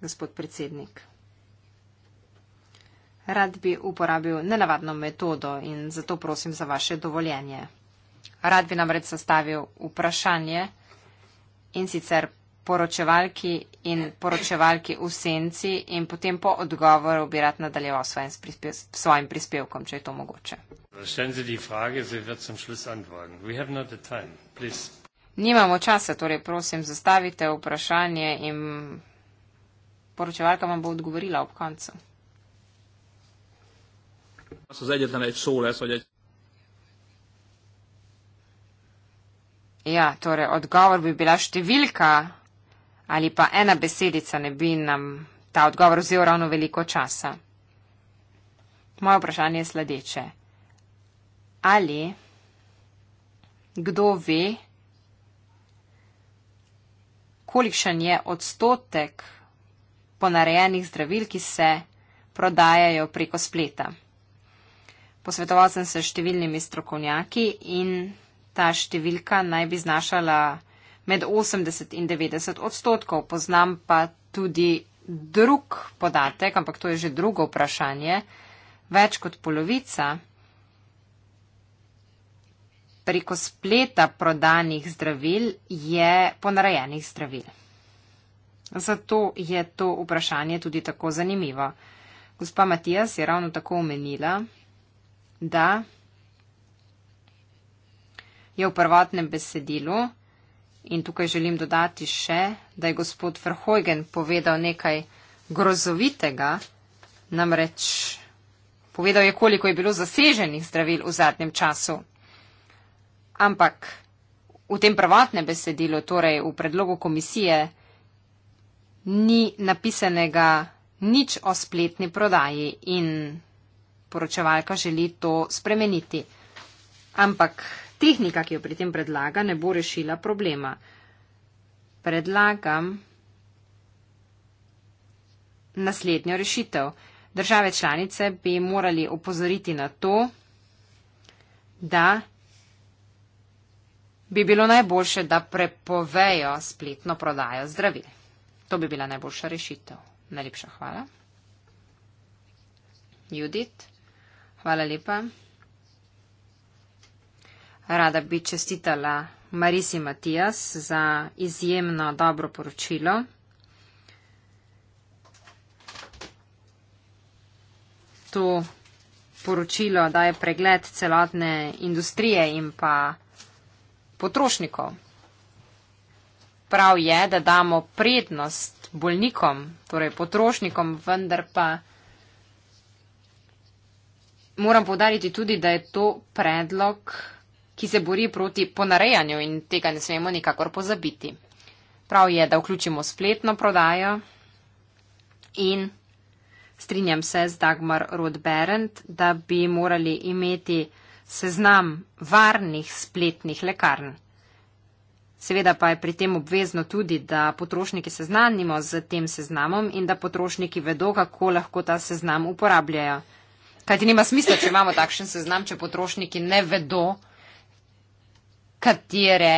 gospod predsednik. Rad bi uporabil nenavadno metodo in zato prosim za vaše dovoljenje. Rad bi namreč sestavil vprašanje in sicer poročevalki in poročevalki v senci in potem po odgovoru bi rad nadaljeval svojim prispevkom, če je to mogoče. Stellen Sie die Frage, sie wird zum Schluss antworten. We have not the time, please. Nimamo časa, torej prosim, zastavite vprašanje in poročevalka vam bo odgovorila ob koncu. Az az egyetlen egy szó lesz, hogy egy. Ja, torej odgovor bi bila številka ali pa ena besedica, ne bi nam ta odgovor vzel ravno veliko časa. Moje vprašanje je sledeče ali kdo ve, kolikšen je odstotek ponarejenih zdravil, ki se prodajajo preko spleta. Posvetoval sem se številnimi strokovnjaki in ta številka naj bi znašala med 80 in 90 odstotkov. Poznam pa tudi drug podatek, ampak to je že drugo vprašanje. Več kot polovica preko spleta prodanih zdravil je ponarejenih zdravil. Zato je to vprašanje tudi tako zanimivo. Gospa Matijas je ravno tako omenila, da je v prvotnem besedilu in tukaj želim dodati še, da je gospod Verhojgen povedal nekaj grozovitega, namreč povedal je, koliko je bilo zaseženih zdravil v zadnjem času. Ampak v tem pravatnem besedilu, torej v predlogu komisije, ni napisanega nič o spletni prodaji in poročevalka želi to spremeniti. Ampak tehnika, ki jo pri tem predlaga, ne bo rešila problema. Predlagam naslednjo rešitev. Države članice bi morali opozoriti na to, da bi bilo najboljše, da prepovejo spletno prodajo zdravil. To bi bila najboljša rešitev. Najlepša hvala. Judit, hvala lepa. Rada bi čestitala Marisi Matijas za izjemno dobro poročilo. To poročilo daje pregled celotne industrije in pa potrošnikov. Prav je, da damo prednost bolnikom, torej potrošnikom, vendar pa moram povdariti tudi, da je to predlog, ki se bori proti ponarejanju in tega ne smemo nikakor pozabiti. Prav je, da vključimo spletno prodajo in strinjam se z Dagmar Rodberend, da bi morali imeti seznam varnih spletnih lekarn. Seveda pa je pri tem obvezno tudi, da potrošniki seznanimo z tem seznamom in da potrošniki vedo, kako lahko ta seznam uporabljajo. Kajti nima smisla, če imamo takšen seznam, če potrošniki ne vedo, katere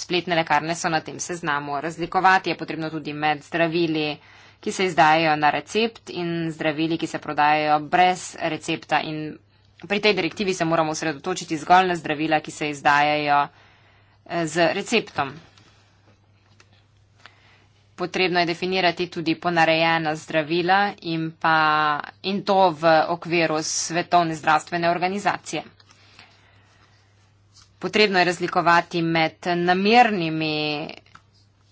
spletne lekarne so na tem seznamu. Razlikovati je potrebno tudi med zdravili, ki se izdajajo na recept in zdravili, ki se prodajajo brez recepta in Pri tej direktivi se moramo osredotočiti zgolj na zdravila, ki se izdajajo eh, z receptom. Potrebno je definirati tudi ponarejena zdravila in, pa, in to v okviru Svetovne zdravstvene organizacije. Potrebno je razlikovati med namernimi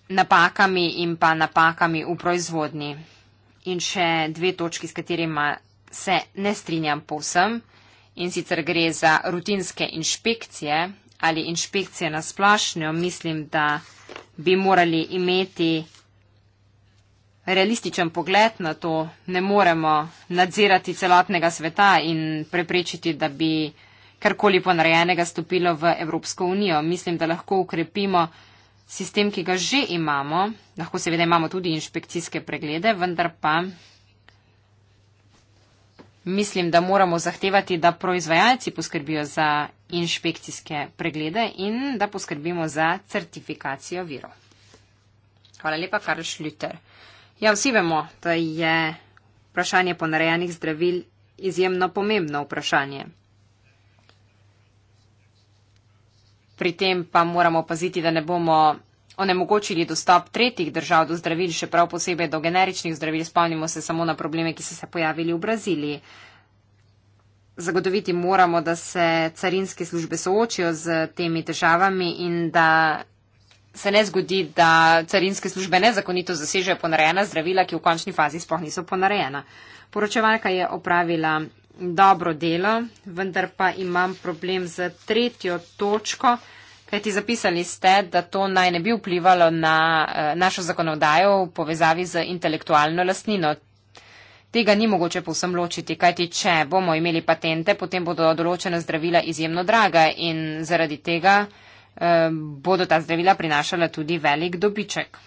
napakami in pa napakami v proizvodni. In še dve točki, s katerima se ne strinjam povsem. In sicer gre za rutinske inšpekcije ali inšpekcije na splošno, mislim, da bi morali imeti realističen pogled na to. Ne moremo nadzirati celotnega sveta in preprečiti, da bi karkoli ponarejenega stopilo v Evropsko unijo. Mislim, da lahko ukrepimo sistem, ki ga že imamo. Lahko seveda imamo tudi inšpekcijske preglede, vendar pa mislim, da moramo zahtevati, da proizvajalci poskrbijo za inšpekcijske preglede in da poskrbimo za certifikacijo virov. Hvala lepa, Karl Schlüter. Ja, vsi vemo, da je vprašanje ponarejenih zdravil izjemno pomembno vprašanje. Pri tem pa moramo paziti, da ne bomo onemogočili dostop tretjih držav do zdravil, še prav posebej do generičnih zdravil. Spomnimo se samo na probleme, ki so se pojavili v Braziliji. Zagotoviti moramo, da se carinske službe soočijo z temi težavami in da se ne zgodi, da carinske službe nezakonito zasežejo ponarejena zdravila, ki v končni fazi sploh niso ponarejena. Poročevalka je opravila dobro delo, vendar pa imam problem z tretjo točko. Kajti zapisali ste, da to naj ne bi vplivalo na eh, našo zakonodajo v povezavi z intelektualno lastnino. Tega ni mogoče povsem ločiti, kajti če bomo imeli patente, potem bodo določena zdravila izjemno draga in zaradi tega eh, bodo ta zdravila prinašala tudi velik dobiček.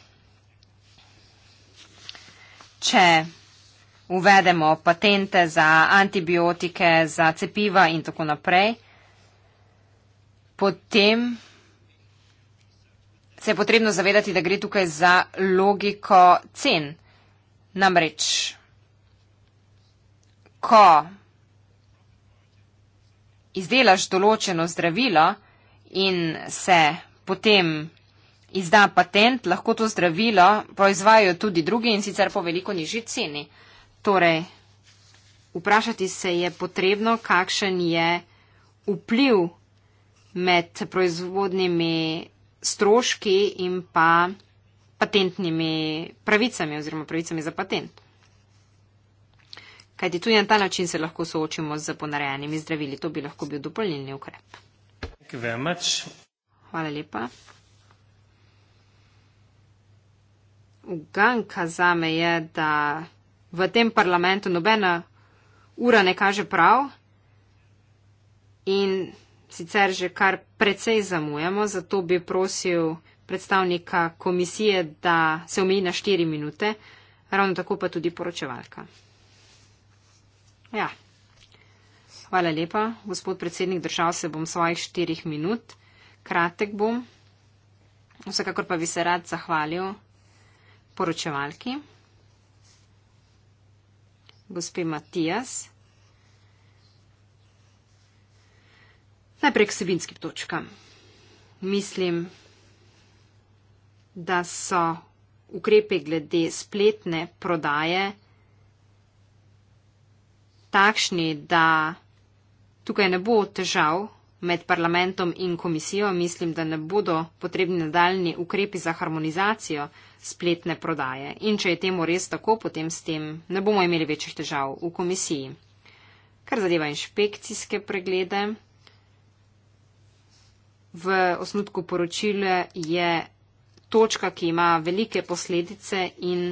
Če uvedemo patente za antibiotike, za cepiva in tako naprej, potem se je potrebno zavedati, da gre tukaj za logiko cen. Namreč, ko izdelaš določeno zdravilo in se potem izda patent, lahko to zdravilo proizvajajo tudi drugi in sicer po veliko nižji ceni. Torej, vprašati se je potrebno, kakšen je vpliv med proizvodnimi stroški in pa patentnimi pravicami oziroma pravicami za patent. Kajti tudi na ta način se lahko soočimo z ponarejenimi zdravili. To bi lahko bil dopolnilni ukrep. Hvala lepa. Uganka zame je, da v tem parlamentu nobena ura ne kaže prav in sicer že kar precej zamujamo, zato bi prosil predstavnika komisije, da se omeji na štiri minute, ravno tako pa tudi poročevalka. Ja. Hvala lepa, gospod predsednik, držal se bom svojih štirih minut, kratek bom. Vsekakor pa bi se rad zahvalil poročevalki, gospe Matijas. Najprej k sevinskim točkam. Mislim, da so ukrepe glede spletne prodaje takšni, da tukaj ne bo težav med parlamentom in komisijo. Mislim, da ne bodo potrebni nadaljni ukrepi za harmonizacijo spletne prodaje. In če je temu res tako, potem s tem ne bomo imeli večjih težav v komisiji. Kar zadeva inšpekcijske preglede v osnutku poročila je točka, ki ima velike posledice in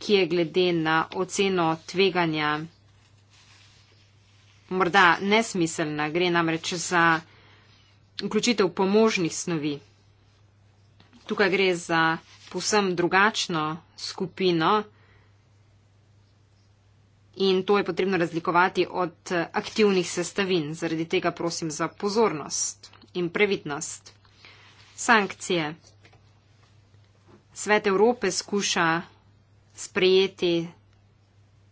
ki je glede na oceno tveganja morda nesmiselna. Gre namreč za vključitev pomožnih snovi. Tukaj gre za povsem drugačno skupino in to je potrebno razlikovati od aktivnih sestavin. Zaradi tega prosim za pozornost in previdnost. Sankcije. Svet Evrope skuša sprejeti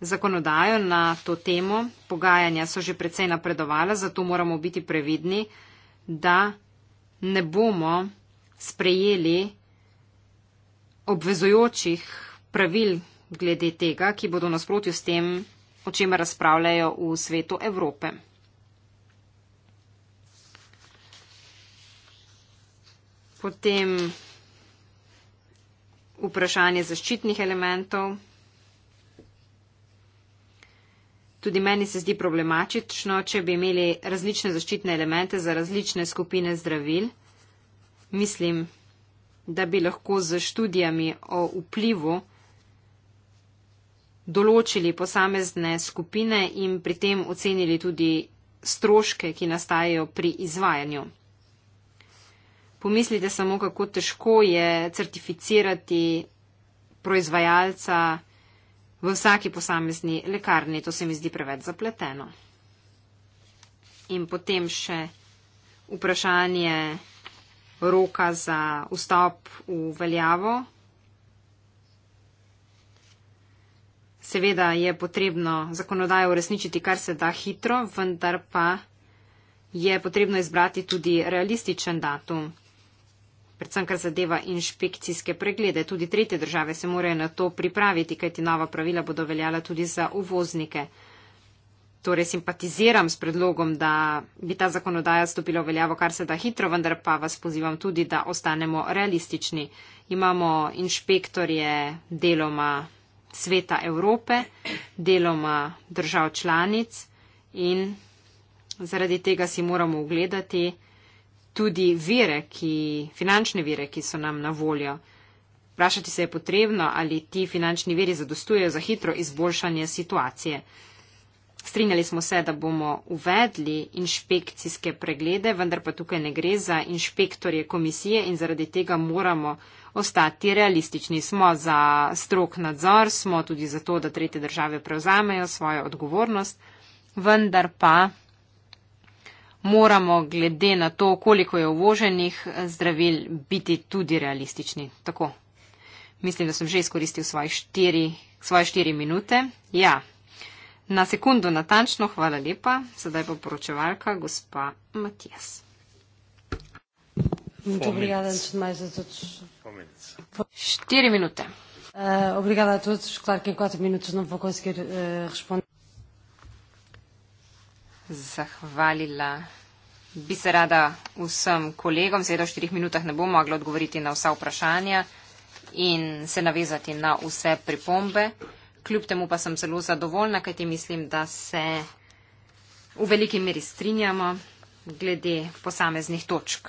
zakonodajo na to temo. Pogajanja so že precej napredovala, zato moramo biti previdni, da ne bomo sprejeli obvezujočih pravil glede tega, ki bodo nasprotju s tem, o čem razpravljajo v svetu Evrope. Potem vprašanje zaščitnih elementov. Tudi meni se zdi problematično, če bi imeli različne zaščitne elemente za različne skupine zdravil. Mislim, da bi lahko z študijami o vplivu določili posamezne skupine in pri tem ocenili tudi stroške, ki nastajajo pri izvajanju. Pomislite samo, kako težko je certificirati proizvajalca v vsaki posamezni lekarni. To se mi zdi preveč zapleteno. In potem še vprašanje roka za vstop v veljavo. Seveda je potrebno zakonodajo uresničiti kar se da hitro, vendar pa je potrebno izbrati tudi realističen datum predvsem kar zadeva inšpekcijske preglede. Tudi tretje države se morajo na to pripraviti, kajti nova pravila bodo veljala tudi za uvoznike. Torej simpatiziram s predlogom, da bi ta zakonodaja stopila v veljavo kar se da hitro, vendar pa vas pozivam tudi, da ostanemo realistični. Imamo inšpektorje deloma sveta Evrope, deloma držav članic in zaradi tega si moramo ugledati, tudi vire, ki, finančne vire, ki so nam na voljo. Vprašati se je potrebno, ali ti finančni viri zadostujejo za hitro izboljšanje situacije. Strinjali smo se, da bomo uvedli inšpekcijske preglede, vendar pa tukaj ne gre za inšpektorje komisije in zaradi tega moramo ostati realistični. Smo za strok nadzor, smo tudi za to, da tretje države prevzamejo svojo odgovornost, vendar pa moramo glede na to, koliko je uvoženih zdravil, biti tudi realistični. Tako. Mislim, da sem že izkoristil svoje štiri, svoje štiri minute. Ja, na sekundo natančno, hvala lepa. Sedaj pa poročevalka, gospa Matijas. Štiri minute. Uh, obrigada a todos, claro que em quatro minutos não vou conseguir uh, responder zahvalila. Bi se rada vsem kolegom, seveda v štirih minutah ne bom mogla odgovoriti na vsa vprašanja in se navezati na vse pripombe. Kljub temu pa sem zelo zadovoljna, kajti mislim, da se v veliki meri strinjamo glede posameznih točk.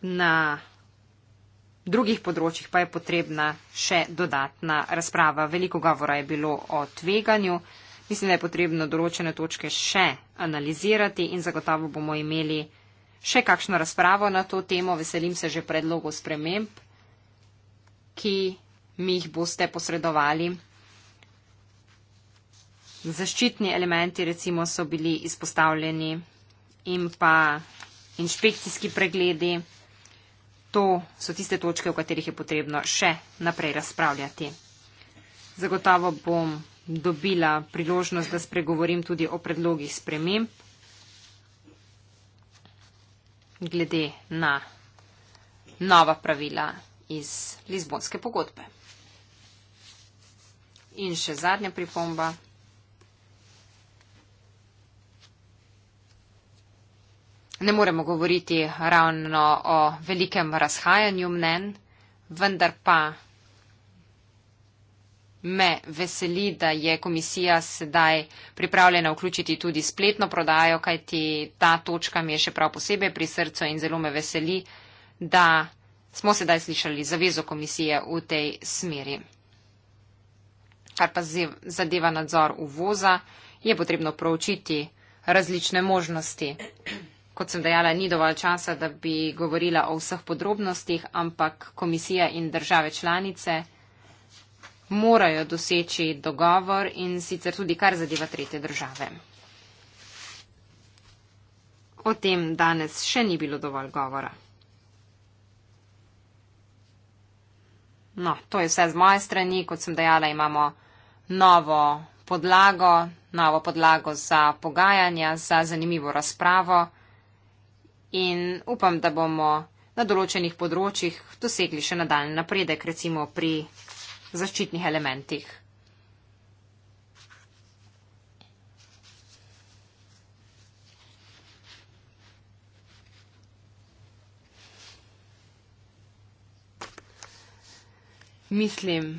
Na drugih področjih pa je potrebna še dodatna razprava. Veliko govora je bilo o tveganju. Mislim, da je potrebno določene točke še analizirati in zagotovo bomo imeli še kakšno razpravo na to temo. Veselim se že predlogov sprememb, ki mi jih boste posredovali. Zaščitni elementi recimo so bili izpostavljeni in pa inšpekcijski pregledi to so tiste točke, o katerih je potrebno še naprej razpravljati. Zagotovo bom dobila priložnost, da spregovorim tudi o predlogih sprememb glede na nova pravila iz Lizbonske pogodbe. In še zadnja pripomba. ne moremo govoriti ravno o velikem razhajanju mnen, vendar pa me veseli, da je komisija sedaj pripravljena vključiti tudi spletno prodajo, kajti ta točka mi je še prav posebej pri srcu in zelo me veseli, da smo sedaj slišali zavezo komisije v tej smeri. Kar pa zadeva nadzor uvoza, je potrebno proučiti različne možnosti kot sem dejala, ni dovolj časa, da bi govorila o vseh podrobnostih, ampak komisija in države članice morajo doseči dogovor in sicer tudi kar zadeva tretje države. O tem danes še ni bilo dovolj govora. No, to je vse z moje strani. Kot sem dejala, imamo novo podlago, novo podlago za pogajanja, za zanimivo razpravo in upam, da bomo na določenih področjih dosegli še nadaljne napredek, recimo pri zaščitnih elementih. Mislim,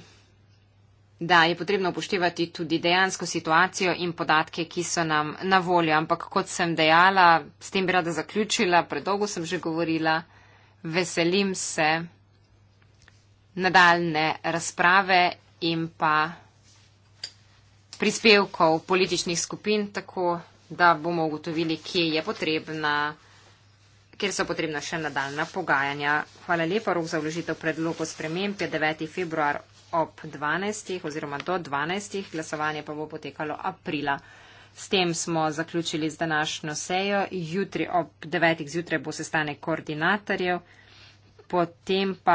da je potrebno upoštevati tudi dejansko situacijo in podatke, ki so nam na voljo. Ampak kot sem dejala, s tem bi rada zaključila, predolgo sem že govorila, veselim se nadaljne razprave in pa prispevkov političnih skupin, tako da bomo ugotovili, kje je potrebna kjer so potrebna še nadaljna pogajanja. Hvala lepa, rok za vložitev predlogov sprememb je 9. februar ob 12. oziroma do 12. glasovanje pa bo potekalo aprila. S tem smo zaključili z današnjo sejo. Jutri ob 9. zjutraj bo sestanek koordinatorjev, potem pa.